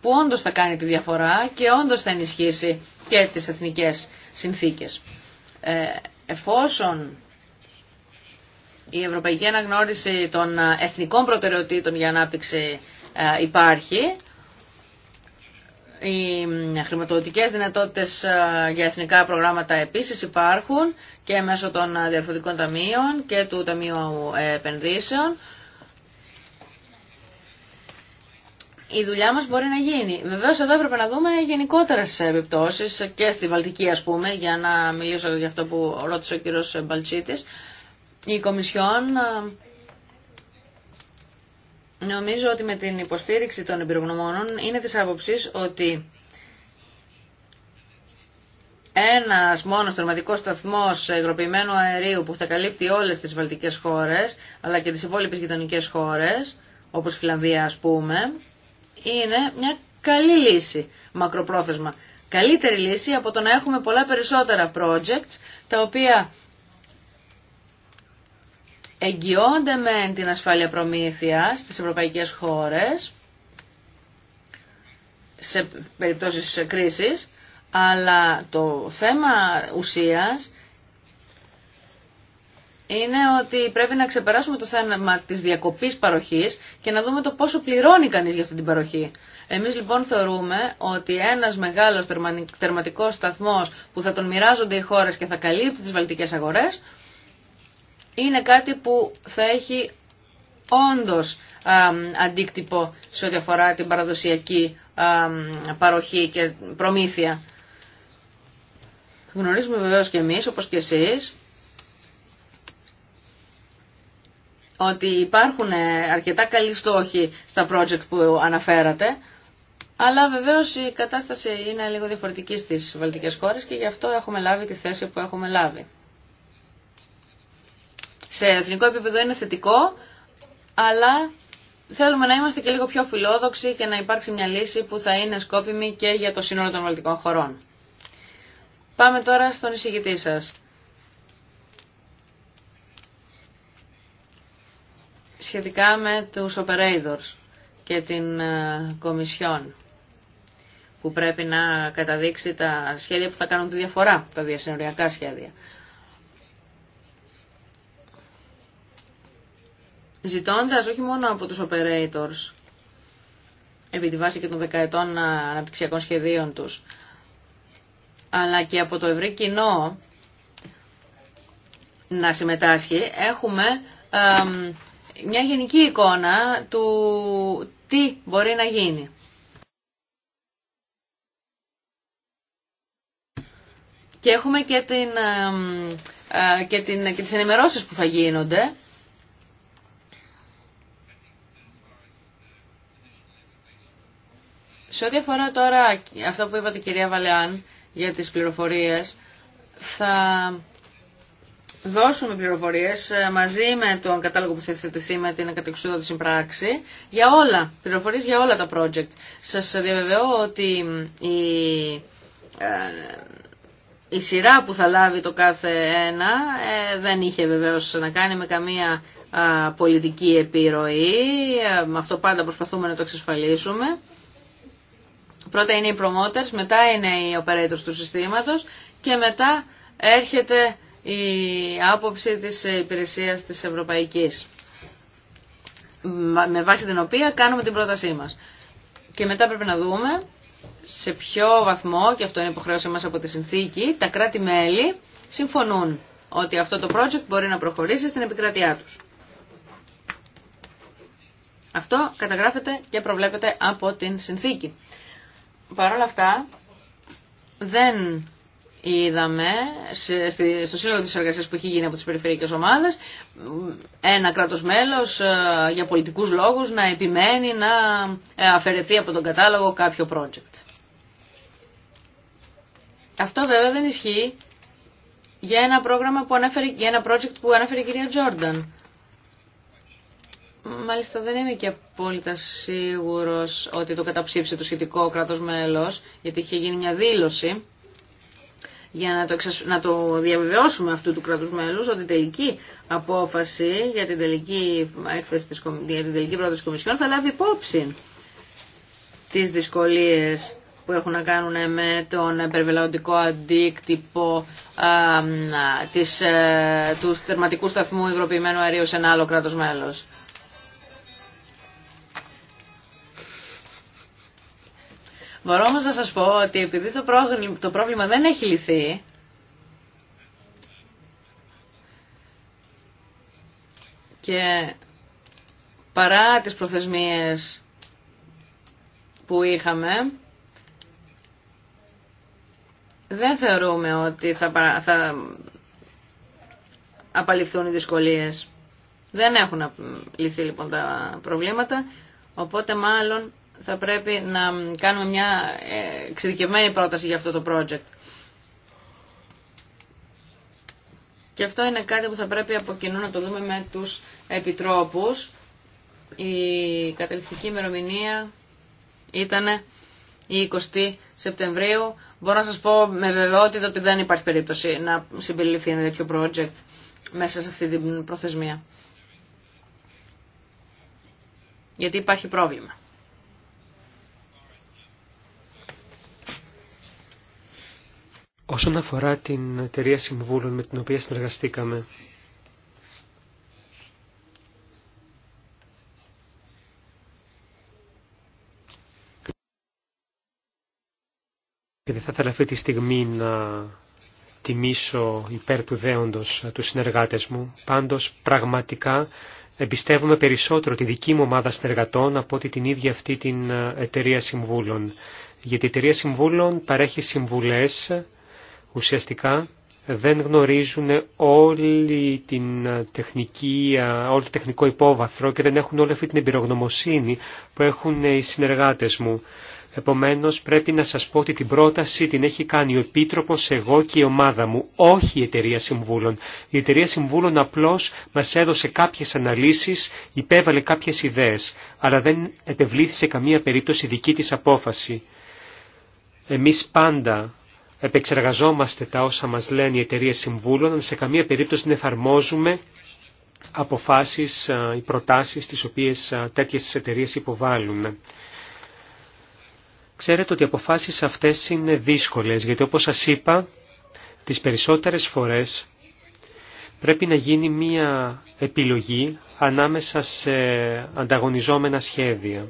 Που όντως θα κάνει τη διαφορά και όντως θα ενισχύσει και τις εθνικές συνθήκες. Ε, εφόσον η ευρωπαϊκή αναγνώριση των εθνικών προτεραιοτήτων για ανάπτυξη ε, υπάρχει, οι χρηματοδοτικές δυνατότητες ε, για εθνικά προγράμματα επίσης υπάρχουν και μέσω των διαρθρωτικών ταμείων και του Ταμείου ε, Επενδύσεων. η δουλειά μας μπορεί να γίνει. Βεβαίως εδώ έπρεπε να δούμε γενικότερες επιπτώσεις και στη Βαλτική ας πούμε, για να μιλήσω για αυτό που ρώτησε ο κύριος Μπαλτσίτης. Η Κομισιόν ε, Νομίζω ότι με την υποστήριξη των εμπειρογνωμόνων είναι της άποψης ότι ένας μόνος θερματικός σταθμός υγροποιημένου αερίου που θα καλύπτει όλες τις βαλτικές χώρες, αλλά και τις υπόλοιπες γειτονικέ χώρες, όπως Φιλανδία ας πούμε, είναι μια καλή λύση μακροπρόθεσμα. Καλύτερη λύση από το να έχουμε πολλά περισσότερα projects, τα οποία εγγυώνται με την ασφάλεια προμήθεια στις ευρωπαϊκές χώρες σε περιπτώσεις κρίσης, αλλά το θέμα ουσίας είναι ότι πρέπει να ξεπεράσουμε το θέμα της διακοπής παροχής και να δούμε το πόσο πληρώνει κανείς για αυτή την παροχή. Εμείς λοιπόν θεωρούμε ότι ένας μεγάλος θερματικός σταθμός που θα τον μοιράζονται οι χώρες και θα καλύπτει τις βαλτικές αγορές είναι κάτι που θα έχει όντως αντίκτυπο σε ό,τι αφορά την παραδοσιακή παροχή και προμήθεια. Γνωρίζουμε βεβαίως και εμείς, όπως και εσείς, ότι υπάρχουν αρκετά καλοί στόχοι στα project που αναφέρατε, αλλά βεβαίως η κατάσταση είναι λίγο διαφορετική στις βαλτικές χώρες και γι' αυτό έχουμε λάβει τη θέση που έχουμε λάβει σε εθνικό επίπεδο είναι θετικό, αλλά θέλουμε να είμαστε και λίγο πιο φιλόδοξοι και να υπάρξει μια λύση που θα είναι σκόπιμη και για το σύνολο των βαλτικών χωρών. Πάμε τώρα στον εισηγητή σας. Σχετικά με τους operators και την ε, κομισιόν που πρέπει να καταδείξει τα σχέδια που θα κάνουν τη διαφορά, τα διασυνοριακά σχέδια. ζητώντας όχι μόνο από τους operators, επί τη βάση και των δεκαετών αναπτυξιακών σχεδίων τους, αλλά και από το ευρύ κοινό να συμμετάσχει, έχουμε μια γενική εικόνα του τι μπορεί να γίνει. Και έχουμε και, την, ε, και, την, και τις ενημερώσεις που θα γίνονται Σε ό,τι αφορά τώρα αυτό που είπατε κυρία Βαλεάν για τις πληροφορίες, θα δώσουμε πληροφορίες ε, μαζί με τον κατάλογο που θα θετηθεί με την κατεξοδότηση πράξη για όλα, πληροφορίες για όλα τα project. Σας διαβεβαιώ ότι η, ε, η σειρά που θα λάβει το κάθε ένα ε, δεν είχε βεβαίως να κάνει με καμία πολιτική επιρροή. Με αυτό πάντα προσπαθούμε να το εξασφαλίσουμε. Πρώτα είναι οι promoters, μετά είναι οι operators του συστήματος και μετά έρχεται η άποψη της υπηρεσίας της Ευρωπαϊκής με βάση την οποία κάνουμε την πρότασή μας. Και μετά πρέπει να δούμε σε ποιο βαθμό, και αυτό είναι υποχρέωση μας από τη συνθήκη, τα κράτη-μέλη συμφωνούν ότι αυτό το project μπορεί να προχωρήσει στην επικρατειά τους. Αυτό καταγράφεται και προβλέπεται από την συνθήκη. Παρ' όλα αυτά, δεν είδαμε στο σύνολο της εργασίας που έχει γίνει από τις περιφερειακές ομάδες ένα κράτος μέλος ε, για πολιτικούς λόγους να επιμένει να ε, αφαιρεθεί από τον κατάλογο κάποιο project. Αυτό βέβαια δεν ισχύει για ένα, πρόγραμμα που ανέφερε, για ένα project που ανέφερε η κυρία Τζόρνταν. Μάλιστα δεν είμαι και απόλυτα σίγουρος ότι το καταψήφισε το σχετικό κράτος μέλος, γιατί είχε γίνει μια δήλωση για να το, εξασ... διαβεβαιώσουμε αυτού του κράτους μέλους ότι η τελική απόφαση για την τελική, έκθεση της... για την τελική πρόταση της Κομισιόν θα λάβει υπόψη τις δυσκολίες που έχουν να κάνουν με τον περιβαλλοντικό αντίκτυπο ε, του τερματικού σταθμού υγροποιημένου αερίου σε ένα άλλο κράτος μέλος. Μπορώ όμως να σας πω ότι επειδή το πρόβλημα, δεν έχει λυθεί, και παρά τις προθεσμίες που είχαμε, δεν θεωρούμε ότι θα, θα απαλληφθούν οι δυσκολίες. Δεν έχουν λυθεί λοιπόν τα προβλήματα, οπότε μάλλον θα πρέπει να κάνουμε μια ε, εξειδικευμένη πρόταση για αυτό το project. Και αυτό είναι κάτι που θα πρέπει από κοινού να το δούμε με τους επιτρόπους. Η καταληκτική ημερομηνία ήταν η 20 Σεπτεμβρίου. Μπορώ να σας πω με βεβαιότητα ότι δεν υπάρχει περίπτωση να συμπεριληφθεί ένα τέτοιο project μέσα σε αυτή την προθεσμία. Γιατί υπάρχει πρόβλημα. Όσον αφορά την εταιρεία συμβούλων με την οποία συνεργαστήκαμε, και δεν θα ήθελα αυτή τη στιγμή να τιμήσω υπέρ του δέοντος του συνεργάτες μου, πάντως πραγματικά εμπιστεύομαι περισσότερο τη δική μου ομάδα συνεργατών από ότι την ίδια αυτή την ε, εταιρεία συμβούλων. Γιατί η εταιρεία συμβούλων παρέχει συμβουλές ουσιαστικά δεν γνωρίζουν όλη την τεχνική, όλο το τεχνικό υπόβαθρο και δεν έχουν όλη αυτή την εμπειρογνωμοσύνη που έχουν οι συνεργάτες μου. Επομένως πρέπει να σας πω ότι την πρόταση την έχει κάνει ο Επίτροπος, εγώ και η ομάδα μου, όχι η Εταιρεία Συμβούλων. Η Εταιρεία Συμβούλων απλώς μας έδωσε κάποιες αναλύσεις, υπέβαλε κάποιες ιδέες, αλλά δεν επευλήθησε καμία περίπτωση δική της απόφαση. Εμείς πάντα επεξεργαζόμαστε τα όσα μας λένε οι εταιρείε συμβούλων, αν σε καμία περίπτωση δεν εφαρμόζουμε αποφάσεις ή προτάσεις τις οποίες τέτοιες εταιρείε υποβάλλουν. Ξέρετε ότι οι αποφάσεις αυτές είναι δύσκολες, γιατί όπως σας είπα, τις περισσότερες φορές πρέπει να γίνει μία επιλογή ανάμεσα σε ανταγωνιζόμενα σχέδια.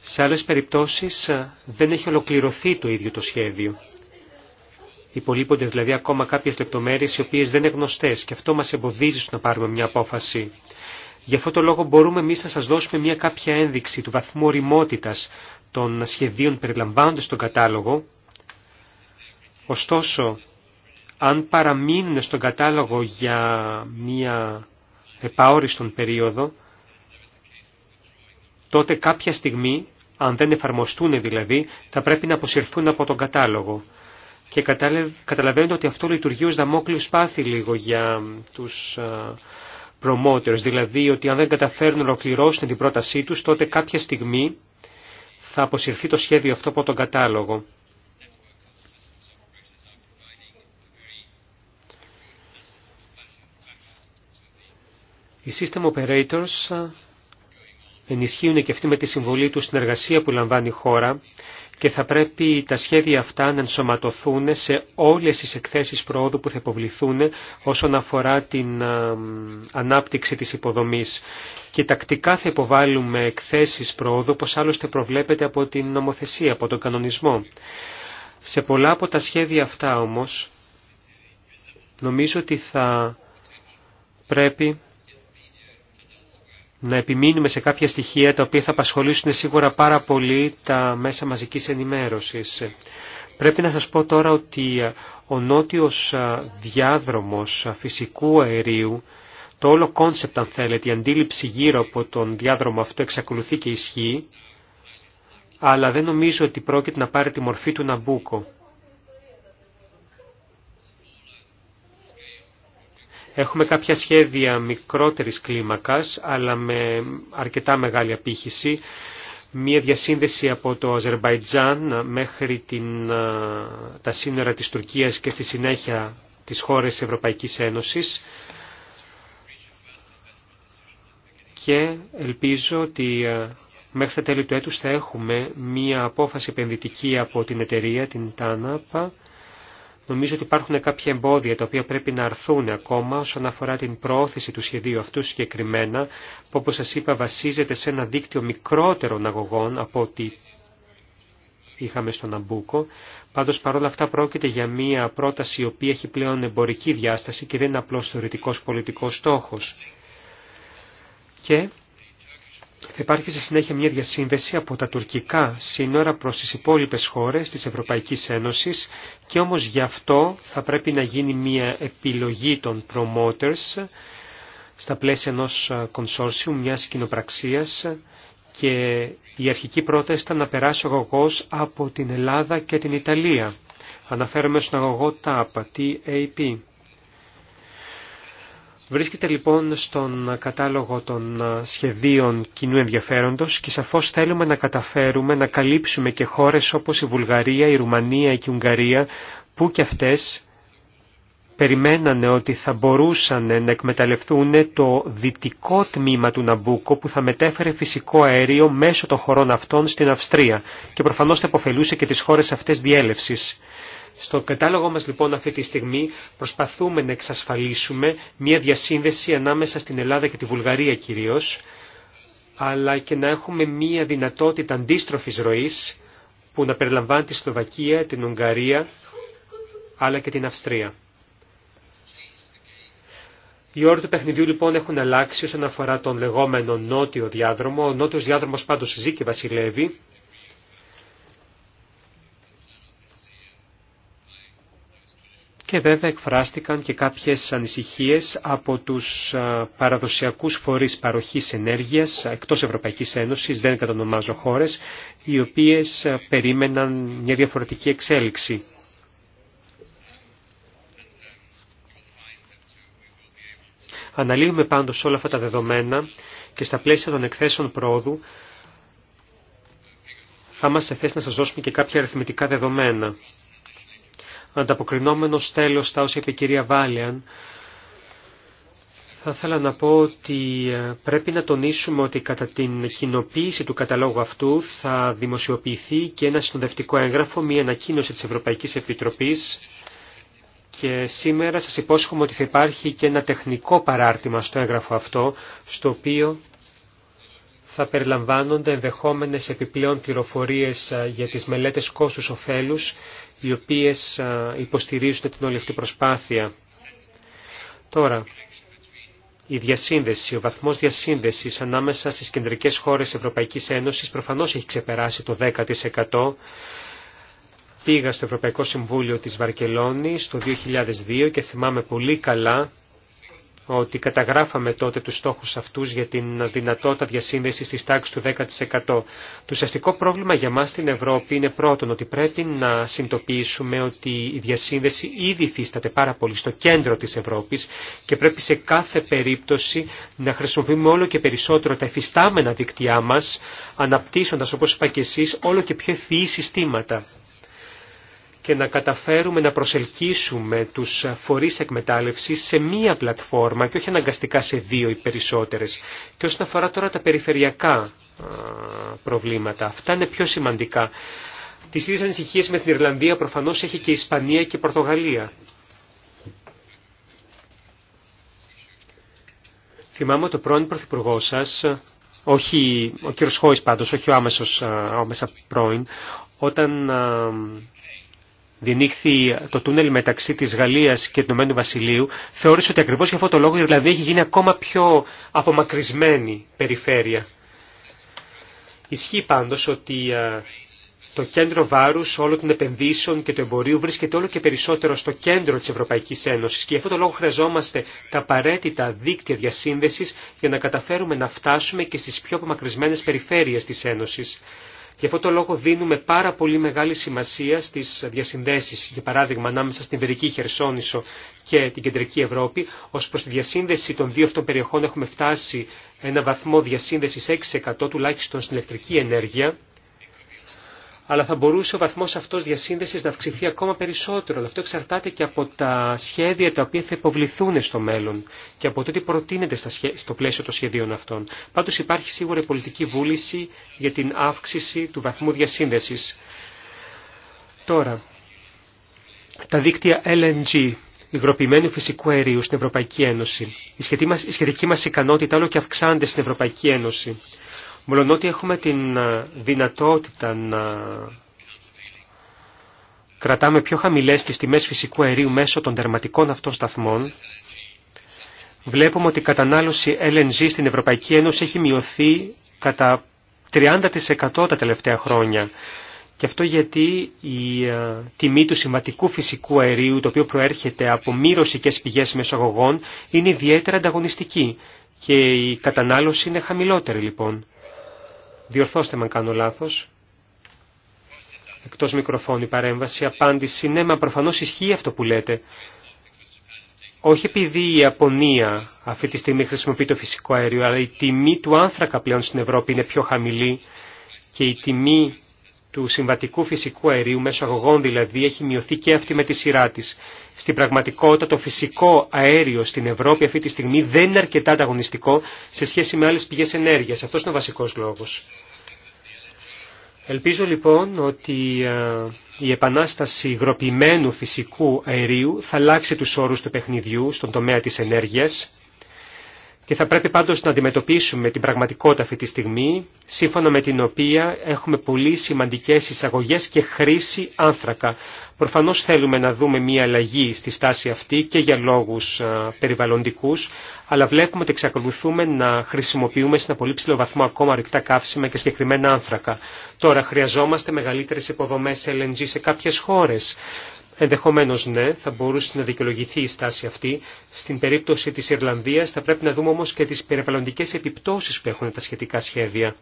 Σε άλλες περιπτώσεις ε, δεν έχει ολοκληρωθεί το ίδιο το σχέδιο. Υπολείπονται δηλαδή ακόμα κάποιες λεπτομέρειες οι οποίες δεν είναι γνωστές και αυτό μας εμποδίζει στο να πάρουμε μια απόφαση. Γι' αυτό το λόγο μπορούμε εμείς να σας δώσουμε μια κάποια ένδειξη του βαθμού οριμότητας των σχεδίων περιλαμβάνοντας στον κατάλογο. Ωστόσο, αν παραμείνουν στον κατάλογο για μια επαόριστον περίοδο, τότε κάποια στιγμή, αν δεν εφαρμοστούν δηλαδή, θα πρέπει να αποσυρθούν από τον κατάλογο. Και καταλαβαίνετε ότι αυτό λειτουργεί ως δαμόκλειο σπάθη λίγο για τους promoters, δηλαδή ότι αν δεν καταφέρουν να ολοκληρώσουν την πρότασή τους, τότε κάποια στιγμή θα αποσυρθεί το σχέδιο αυτό από τον κατάλογο. Οι system operators ενισχύουν και αυτοί με τη συμβολή του στην εργασία που λαμβάνει η χώρα και θα πρέπει τα σχέδια αυτά να ενσωματωθούν σε όλες τις εκθέσεις προόδου που θα υποβληθούν όσον αφορά την ανάπτυξη της υποδομής. Και τακτικά θα υποβάλουμε εκθέσεις προόδου, όπως άλλωστε προβλέπεται από την νομοθεσία, από τον κανονισμό. Σε πολλά από τα σχέδια αυτά όμως, νομίζω ότι θα πρέπει να επιμείνουμε σε κάποια στοιχεία τα οποία θα απασχολήσουν σίγουρα πάρα πολύ τα μέσα μαζικής ενημέρωσης. Πρέπει να σας πω τώρα ότι ε, ο νότιος ε, διάδρομος ε, φυσικού αερίου, το όλο κόνσεπτ αν θέλετε, η αντίληψη γύρω από τον διάδρομο αυτό εξακολουθεί και ισχύει, αλλά δεν νομίζω ότι πρόκειται να πάρει τη μορφή του Ναμπούκο. Έχουμε κάποια σχέδια μικρότερης κλίμακας, αλλά με αρκετά μεγάλη απήχηση. Μία διασύνδεση από το Αζερμπαϊτζάν μέχρι την, τα σύνορα της Τουρκίας και στη συνέχεια τις χώρες Ευρωπαϊκής Ένωσης. Και ελπίζω ότι μέχρι τα τέλη του έτους θα έχουμε μία απόφαση επενδυτική από την εταιρεία, την ΤΑΝΑΠΑ, Νομίζω ότι υπάρχουν κάποια εμπόδια τα οποία πρέπει να αρθούν ακόμα όσον αφορά την πρόθεση του σχεδίου αυτού συγκεκριμένα, που όπως σας είπα βασίζεται σε ένα δίκτυο μικρότερων αγωγών από ό,τι είχαμε στον Αμπούκο. Πάντως παρόλα αυτά πρόκειται για μια πρόταση η οποία έχει πλέον εμπορική διάσταση και δεν είναι απλώς θεωρητικός πολιτικός στόχος. Και θα υπάρχει στη συνέχεια μια διασύνδεση από τα τουρκικά σύνορα προς τις υπόλοιπες χώρες της Ευρωπαϊκής Ένωσης και όμως γι' αυτό θα πρέπει να γίνει μια επιλογή των promoters στα πλαίσια ενός κονσόρσιου μιας κοινοπραξίας και η αρχική πρόταση ήταν να περάσει ο αγωγός από την Ελλάδα και την Ιταλία. Αναφέρομαι στον αγωγό TAP, TAP. Βρίσκεται λοιπόν στον κατάλογο των ε, σχεδίων κοινού ενδιαφέροντος και σαφώς θέλουμε να καταφέρουμε να καλύψουμε και χώρες όπως η Βουλγαρία, η Ρουμανία και η Ουγγαρία που και αυτές περιμένανε ότι θα μπορούσαν να εκμεταλλευτούν το δυτικό τμήμα του Ναμπούκο που θα μετέφερε φυσικό αέριο μέσω των χωρών αυτών στην Αυστρία και προφανώς θα αποφελούσε και τις χώρες αυτές διέλευσης. Στο κατάλογο μας λοιπόν αυτή τη στιγμή προσπαθούμε να εξασφαλίσουμε μια διασύνδεση ανάμεσα στην Ελλάδα και τη Βουλγαρία κυρίως, αλλά και να έχουμε μια δυνατότητα αντίστροφης ροής που να περιλαμβάνει τη Σλοβακία, την Ουγγαρία, αλλά και την Αυστρία. Οι όροι του παιχνιδιού λοιπόν έχουν αλλάξει όσον αφορά τον λεγόμενο νότιο διάδρομο. Ο νότιος διάδρομος πάντως ζει και βασιλεύει και βέβαια εκφράστηκαν και κάποιες ανησυχίες από τους ε, παραδοσιακούς φορείς παροχής ενέργειας εκτός Ευρωπαϊκής Ένωσης, δεν κατανομάζω χώρες, οι οποίες ε, περίμεναν μια διαφορετική εξέλιξη. Αναλύουμε πάντως όλα αυτά τα δεδομένα και στα πλαίσια των εκθέσεων πρόοδου θα είμαστε θέση να σας δώσουμε και κάποια αριθμητικά δεδομένα ανταποκρινόμενος τέλος στα όσα είπε η κυρία Βάλιαν, θα ήθελα να πω ότι ε, πρέπει να τονίσουμε ότι κατά την κοινοποίηση του καταλόγου αυτού θα δημοσιοποιηθεί και ένα συνοδευτικό έγγραφο, μια ανακοίνωση της Ευρωπαϊκής Επιτροπής και σήμερα σας υπόσχομαι ότι θα υπάρχει και ένα τεχνικό παράρτημα στο έγγραφο αυτό, στο οποίο θα περιλαμβάνονται ενδεχόμενες επιπλέον πληροφορίες ε, για τις μελέτες κόστους οφέλους, οι οποίες ε, υποστηρίζουν την όλη αυτή προσπάθεια. Τώρα, η διασύνδεση, ο βαθμός διασύνδεσης ανάμεσα στις κεντρικές χώρες Ευρωπαϊκής Ένωσης προφανώς έχει ξεπεράσει το 10%. Πήγα στο Ευρωπαϊκό Συμβούλιο της Βαρκελόνης το 2002 και θυμάμαι πολύ καλά ότι καταγράφαμε τότε τους στόχους αυτούς για την δυνατότητα διασύνδεσης της τάξης του 10%. Το ουσιαστικό πρόβλημα για μας στην Ευρώπη είναι πρώτον ότι πρέπει να συντοπίσουμε ότι η διασύνδεση ήδη υφίσταται πάρα πολύ στο κέντρο της Ευρώπης και πρέπει σε κάθε περίπτωση να χρησιμοποιούμε όλο και περισσότερο τα εφιστάμενα δίκτυά μας, αναπτύσσοντας όπως είπα και εσείς όλο και πιο συστήματα και να καταφέρουμε να προσελκύσουμε τους φορείς εκμετάλλευσης σε μία πλατφόρμα και όχι αναγκαστικά σε δύο ή περισσότερες. Και όσον αφορά τώρα τα περιφερειακά προβλήματα, αυτά είναι πιο σημαντικά. Τις ίδιες ανησυχίες με την Ιρλανδία προφανώς έχει και η Ισπανία και η Πορτογαλία. Θυμάμαι το πρώην πρωθυπουργό σα, όχι ο κύριο Χόης πάντως, όχι ο άμεσος, πρώην, όταν διενύχθη το τούνελ μεταξύ της Γαλλίας και του Ηνωμένου Βασιλείου, θεώρησε ότι ακριβώς για αυτό το λόγο η Ιρλανδία έχει γίνει ακόμα πιο απομακρυσμένη περιφέρεια. Ισχύει πάντως ότι το κέντρο βάρους όλων των επενδύσεων και του εμπορίου βρίσκεται όλο και περισσότερο στο κέντρο της Ευρωπαϊκής Ένωσης και γι' αυτό το λόγο χρειαζόμαστε τα απαραίτητα δίκτυα διασύνδεσης για να καταφέρουμε να φτάσουμε και στις πιο απομακρυσμένες περιφέρειες της Ένωσης. Γι' αυτό το λόγο δίνουμε πάρα πολύ μεγάλη σημασία στις διασυνδέσεις, για παράδειγμα ανάμεσα στην Βερική Χερσόνησο και την Κεντρική Ευρώπη. Ως προς τη διασύνδεση των δύο αυτών περιοχών έχουμε φτάσει ένα βαθμό διασύνδεσης 6% τουλάχιστον στην ηλεκτρική ενέργεια αλλά θα μπορούσε ο βαθμός αυτός διασύνδεσης να αυξηθεί ακόμα περισσότερο. Αυτό εξαρτάται και από τα σχέδια τα οποία θα υποβληθούν στο μέλλον και από το τι προτείνεται στο πλαίσιο των σχεδίων αυτών. Πάντως υπάρχει σίγουρα η πολιτική βούληση για την αύξηση του βαθμού διασύνδεσης. Τώρα, τα δίκτυα LNG, υγροποιημένου φυσικού αερίου στην Ευρωπαϊκή Ένωση. Η σχετική μας ικανότητα όλο και αυξάνεται στην Ευρωπαϊκή Ένωση ότι έχουμε την ε, δυνατότητα να κρατάμε πιο χαμηλές τις τιμές φυσικού αερίου μέσω των τερματικών αυτών σταθμών, βλέπουμε ότι η κατανάλωση LNG στην Ευρωπαϊκή Ένωση έχει μειωθεί κατά 30% τα τελευταία χρόνια. Και αυτό γιατί η ε, τιμή του σημαντικού φυσικού αερίου, το οποίο προέρχεται από μη ρωσικές πηγές μεσογωγών, είναι ιδιαίτερα ανταγωνιστική και η κατανάλωση είναι χαμηλότερη λοιπόν διορθώστε με αν κάνω λάθος, εκτός μικροφώνη παρέμβαση, απάντηση, ναι, μα προφανώς ισχύει αυτό που λέτε. Όχι επειδή η Ιαπωνία αυτή τη στιγμή χρησιμοποιεί το φυσικό αέριο, αλλά η τιμή του άνθρακα πλέον στην Ευρώπη είναι πιο χαμηλή και η τιμή του συμβατικού φυσικού αερίου μέσω αγωγών δηλαδή έχει μειωθεί και αυτή με τη σειρά τη. Στην πραγματικότητα το φυσικό αέριο στην Ευρώπη αυτή τη στιγμή δεν είναι αρκετά ανταγωνιστικό σε σχέση με άλλες πηγές ενέργειας. Αυτός είναι ο βασικός λόγος. Ελπίζω λοιπόν ότι ε, η επανάσταση υγροποιημένου φυσικού αερίου θα αλλάξει τους όρους του παιχνιδιού στον τομέα της ενέργειας και θα πρέπει πάντως να αντιμετωπίσουμε την πραγματικότητα αυτή τη στιγμή, σύμφωνα με την οποία έχουμε πολύ σημαντικές εισαγωγές και χρήση άνθρακα. Προφανώς θέλουμε να δούμε μια αλλαγή στη στάση αυτή και για λόγους περιβαλλοντικούς, αλλά βλέπουμε ότι εξακολουθούμε να χρησιμοποιούμε σε ένα πολύ ψηλό βαθμό ακόμα ρηκτά καύσιμα και συγκεκριμένα άνθρακα. Τώρα χρειαζόμαστε μεγαλύτερες υποδομές LNG σε κάποιες χώρες. Ενδεχομένως ναι, θα μπορούσε να δικαιολογηθεί η στάση αυτή. Στην περίπτωση της Ιρλανδίας θα πρέπει να δούμε όμως και τις περιβαλλοντικές επιπτώσεις που έχουν τα σχετικά σχέδια.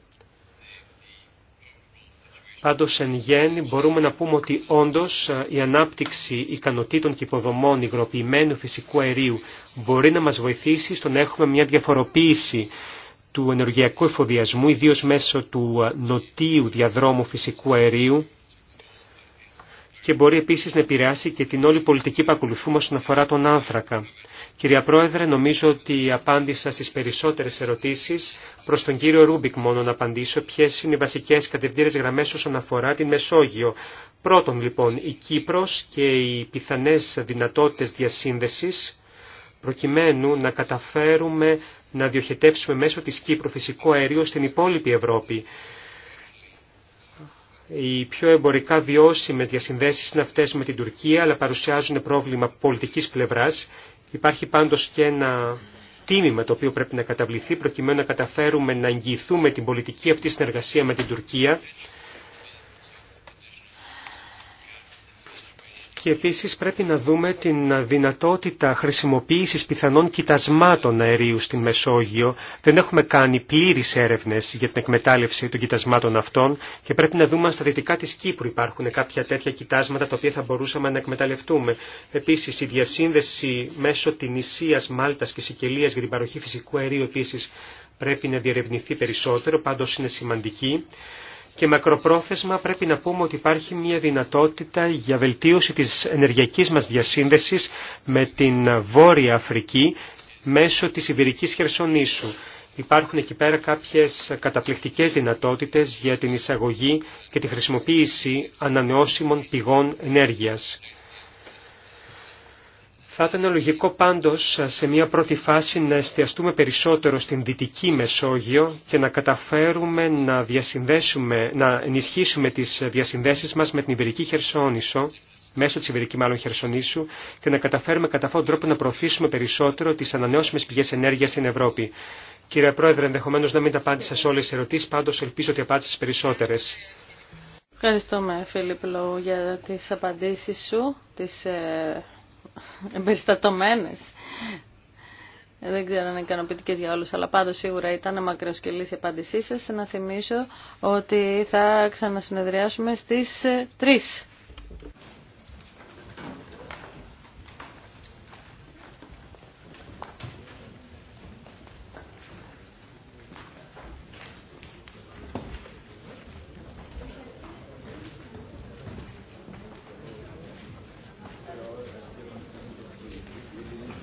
Πάντως εν γέννη μπορούμε να πούμε ότι όντως η ανάπτυξη ικανοτήτων και υποδομών υγροποιημένου φυσικού αερίου μπορεί να μας βοηθήσει στο να έχουμε μια διαφοροποίηση του ενεργειακού εφοδιασμού, ιδίως μέσω του νοτίου διαδρόμου φυσικού αερίου, και μπορεί επίσης να επηρεάσει και την όλη πολιτική που ακολουθούμε όσον αφορά τον άνθρακα. Κυρία Πρόεδρε, νομίζω ότι απάντησα στις περισσότερες ερωτήσεις. Προς τον κύριο Ρούμπικ μόνο να απαντήσω ποιες είναι οι βασικές κατευθύνες γραμμές όσον αφορά την Μεσόγειο. Πρώτον λοιπόν, η Κύπρος και οι πιθανές δυνατότητες διασύνδεσης προκειμένου να καταφέρουμε να διοχετεύσουμε μέσω της Κύπρου φυσικό αερίο στην υπόλοιπη Ευρώπη. Οι πιο εμπορικά βιώσιμες διασυνδέσεις είναι αυτές με την Τουρκία, αλλά παρουσιάζουν πρόβλημα πολιτικής πλευράς. Υπάρχει πάντως και ένα τίμημα το οποίο πρέπει να καταβληθεί, προκειμένου να καταφέρουμε να εγγυηθούμε την πολιτική αυτή συνεργασία με την Τουρκία, και επίσης πρέπει να δούμε την δυνατότητα χρησιμοποίησης πιθανών κοιτασμάτων αερίου στην Μεσόγειο. Δεν έχουμε κάνει πλήρεις έρευνες για την εκμετάλλευση των κοιτασμάτων αυτών και πρέπει να δούμε αν στα δυτικά της Κύπρου υπάρχουν κάποια τέτοια κοιτάσματα τα οποία θα μπορούσαμε να εκμεταλλευτούμε. Επίσης η διασύνδεση μέσω την Ισίας, Μάλτας και Σικελίας για την παροχή φυσικού αερίου επίσης πρέπει να διερευνηθεί περισσότερο, πάντως είναι σημαντική και μακροπρόθεσμα πρέπει να πούμε ότι υπάρχει μια δυνατότητα για βελτίωση της ενεργειακής μας διασύνδεσης με την Βόρεια Αφρική μέσω της Ιβηρικής Χερσονήσου. Υπάρχουν εκεί πέρα κάποιες καταπληκτικές δυνατότητες για την εισαγωγή και τη χρησιμοποίηση ανανεώσιμων πηγών ενέργειας. Θα ήταν λογικό πάντως ε, σε μια πρώτη φάση να εστιαστούμε περισσότερο στην Δυτική Μεσόγειο και να καταφέρουμε να, διασυνδέσουμε, να ενισχύσουμε τις διασυνδέσεις μας με την Ιβερική Χερσόνησο, μέσω της Ιβερική μάλλον Χερσονήσου, και να καταφέρουμε κατά αυτόν τον τρόπο να προωθήσουμε περισσότερο τις ανανεώσιμες πηγές ενέργειας στην Ευρώπη. Κύριε Πρόεδρε, ενδεχομένως να μην απάντησα σε όλες τις ερωτήσεις, πάντως ελπίζω ότι απάντησα στις περισσότερες. Ευχαριστούμε Φίλιππλο, για τις απαντήσεις σου, τις ε, Εμπεριστατωμένε, Δεν ξέρω αν είναι ικανοποιητικέ για όλου, αλλά πάντω σίγουρα ήταν μακροσκελή η απάντησή σα. Να θυμίσω ότι θα ξανασυνεδριάσουμε στι 3.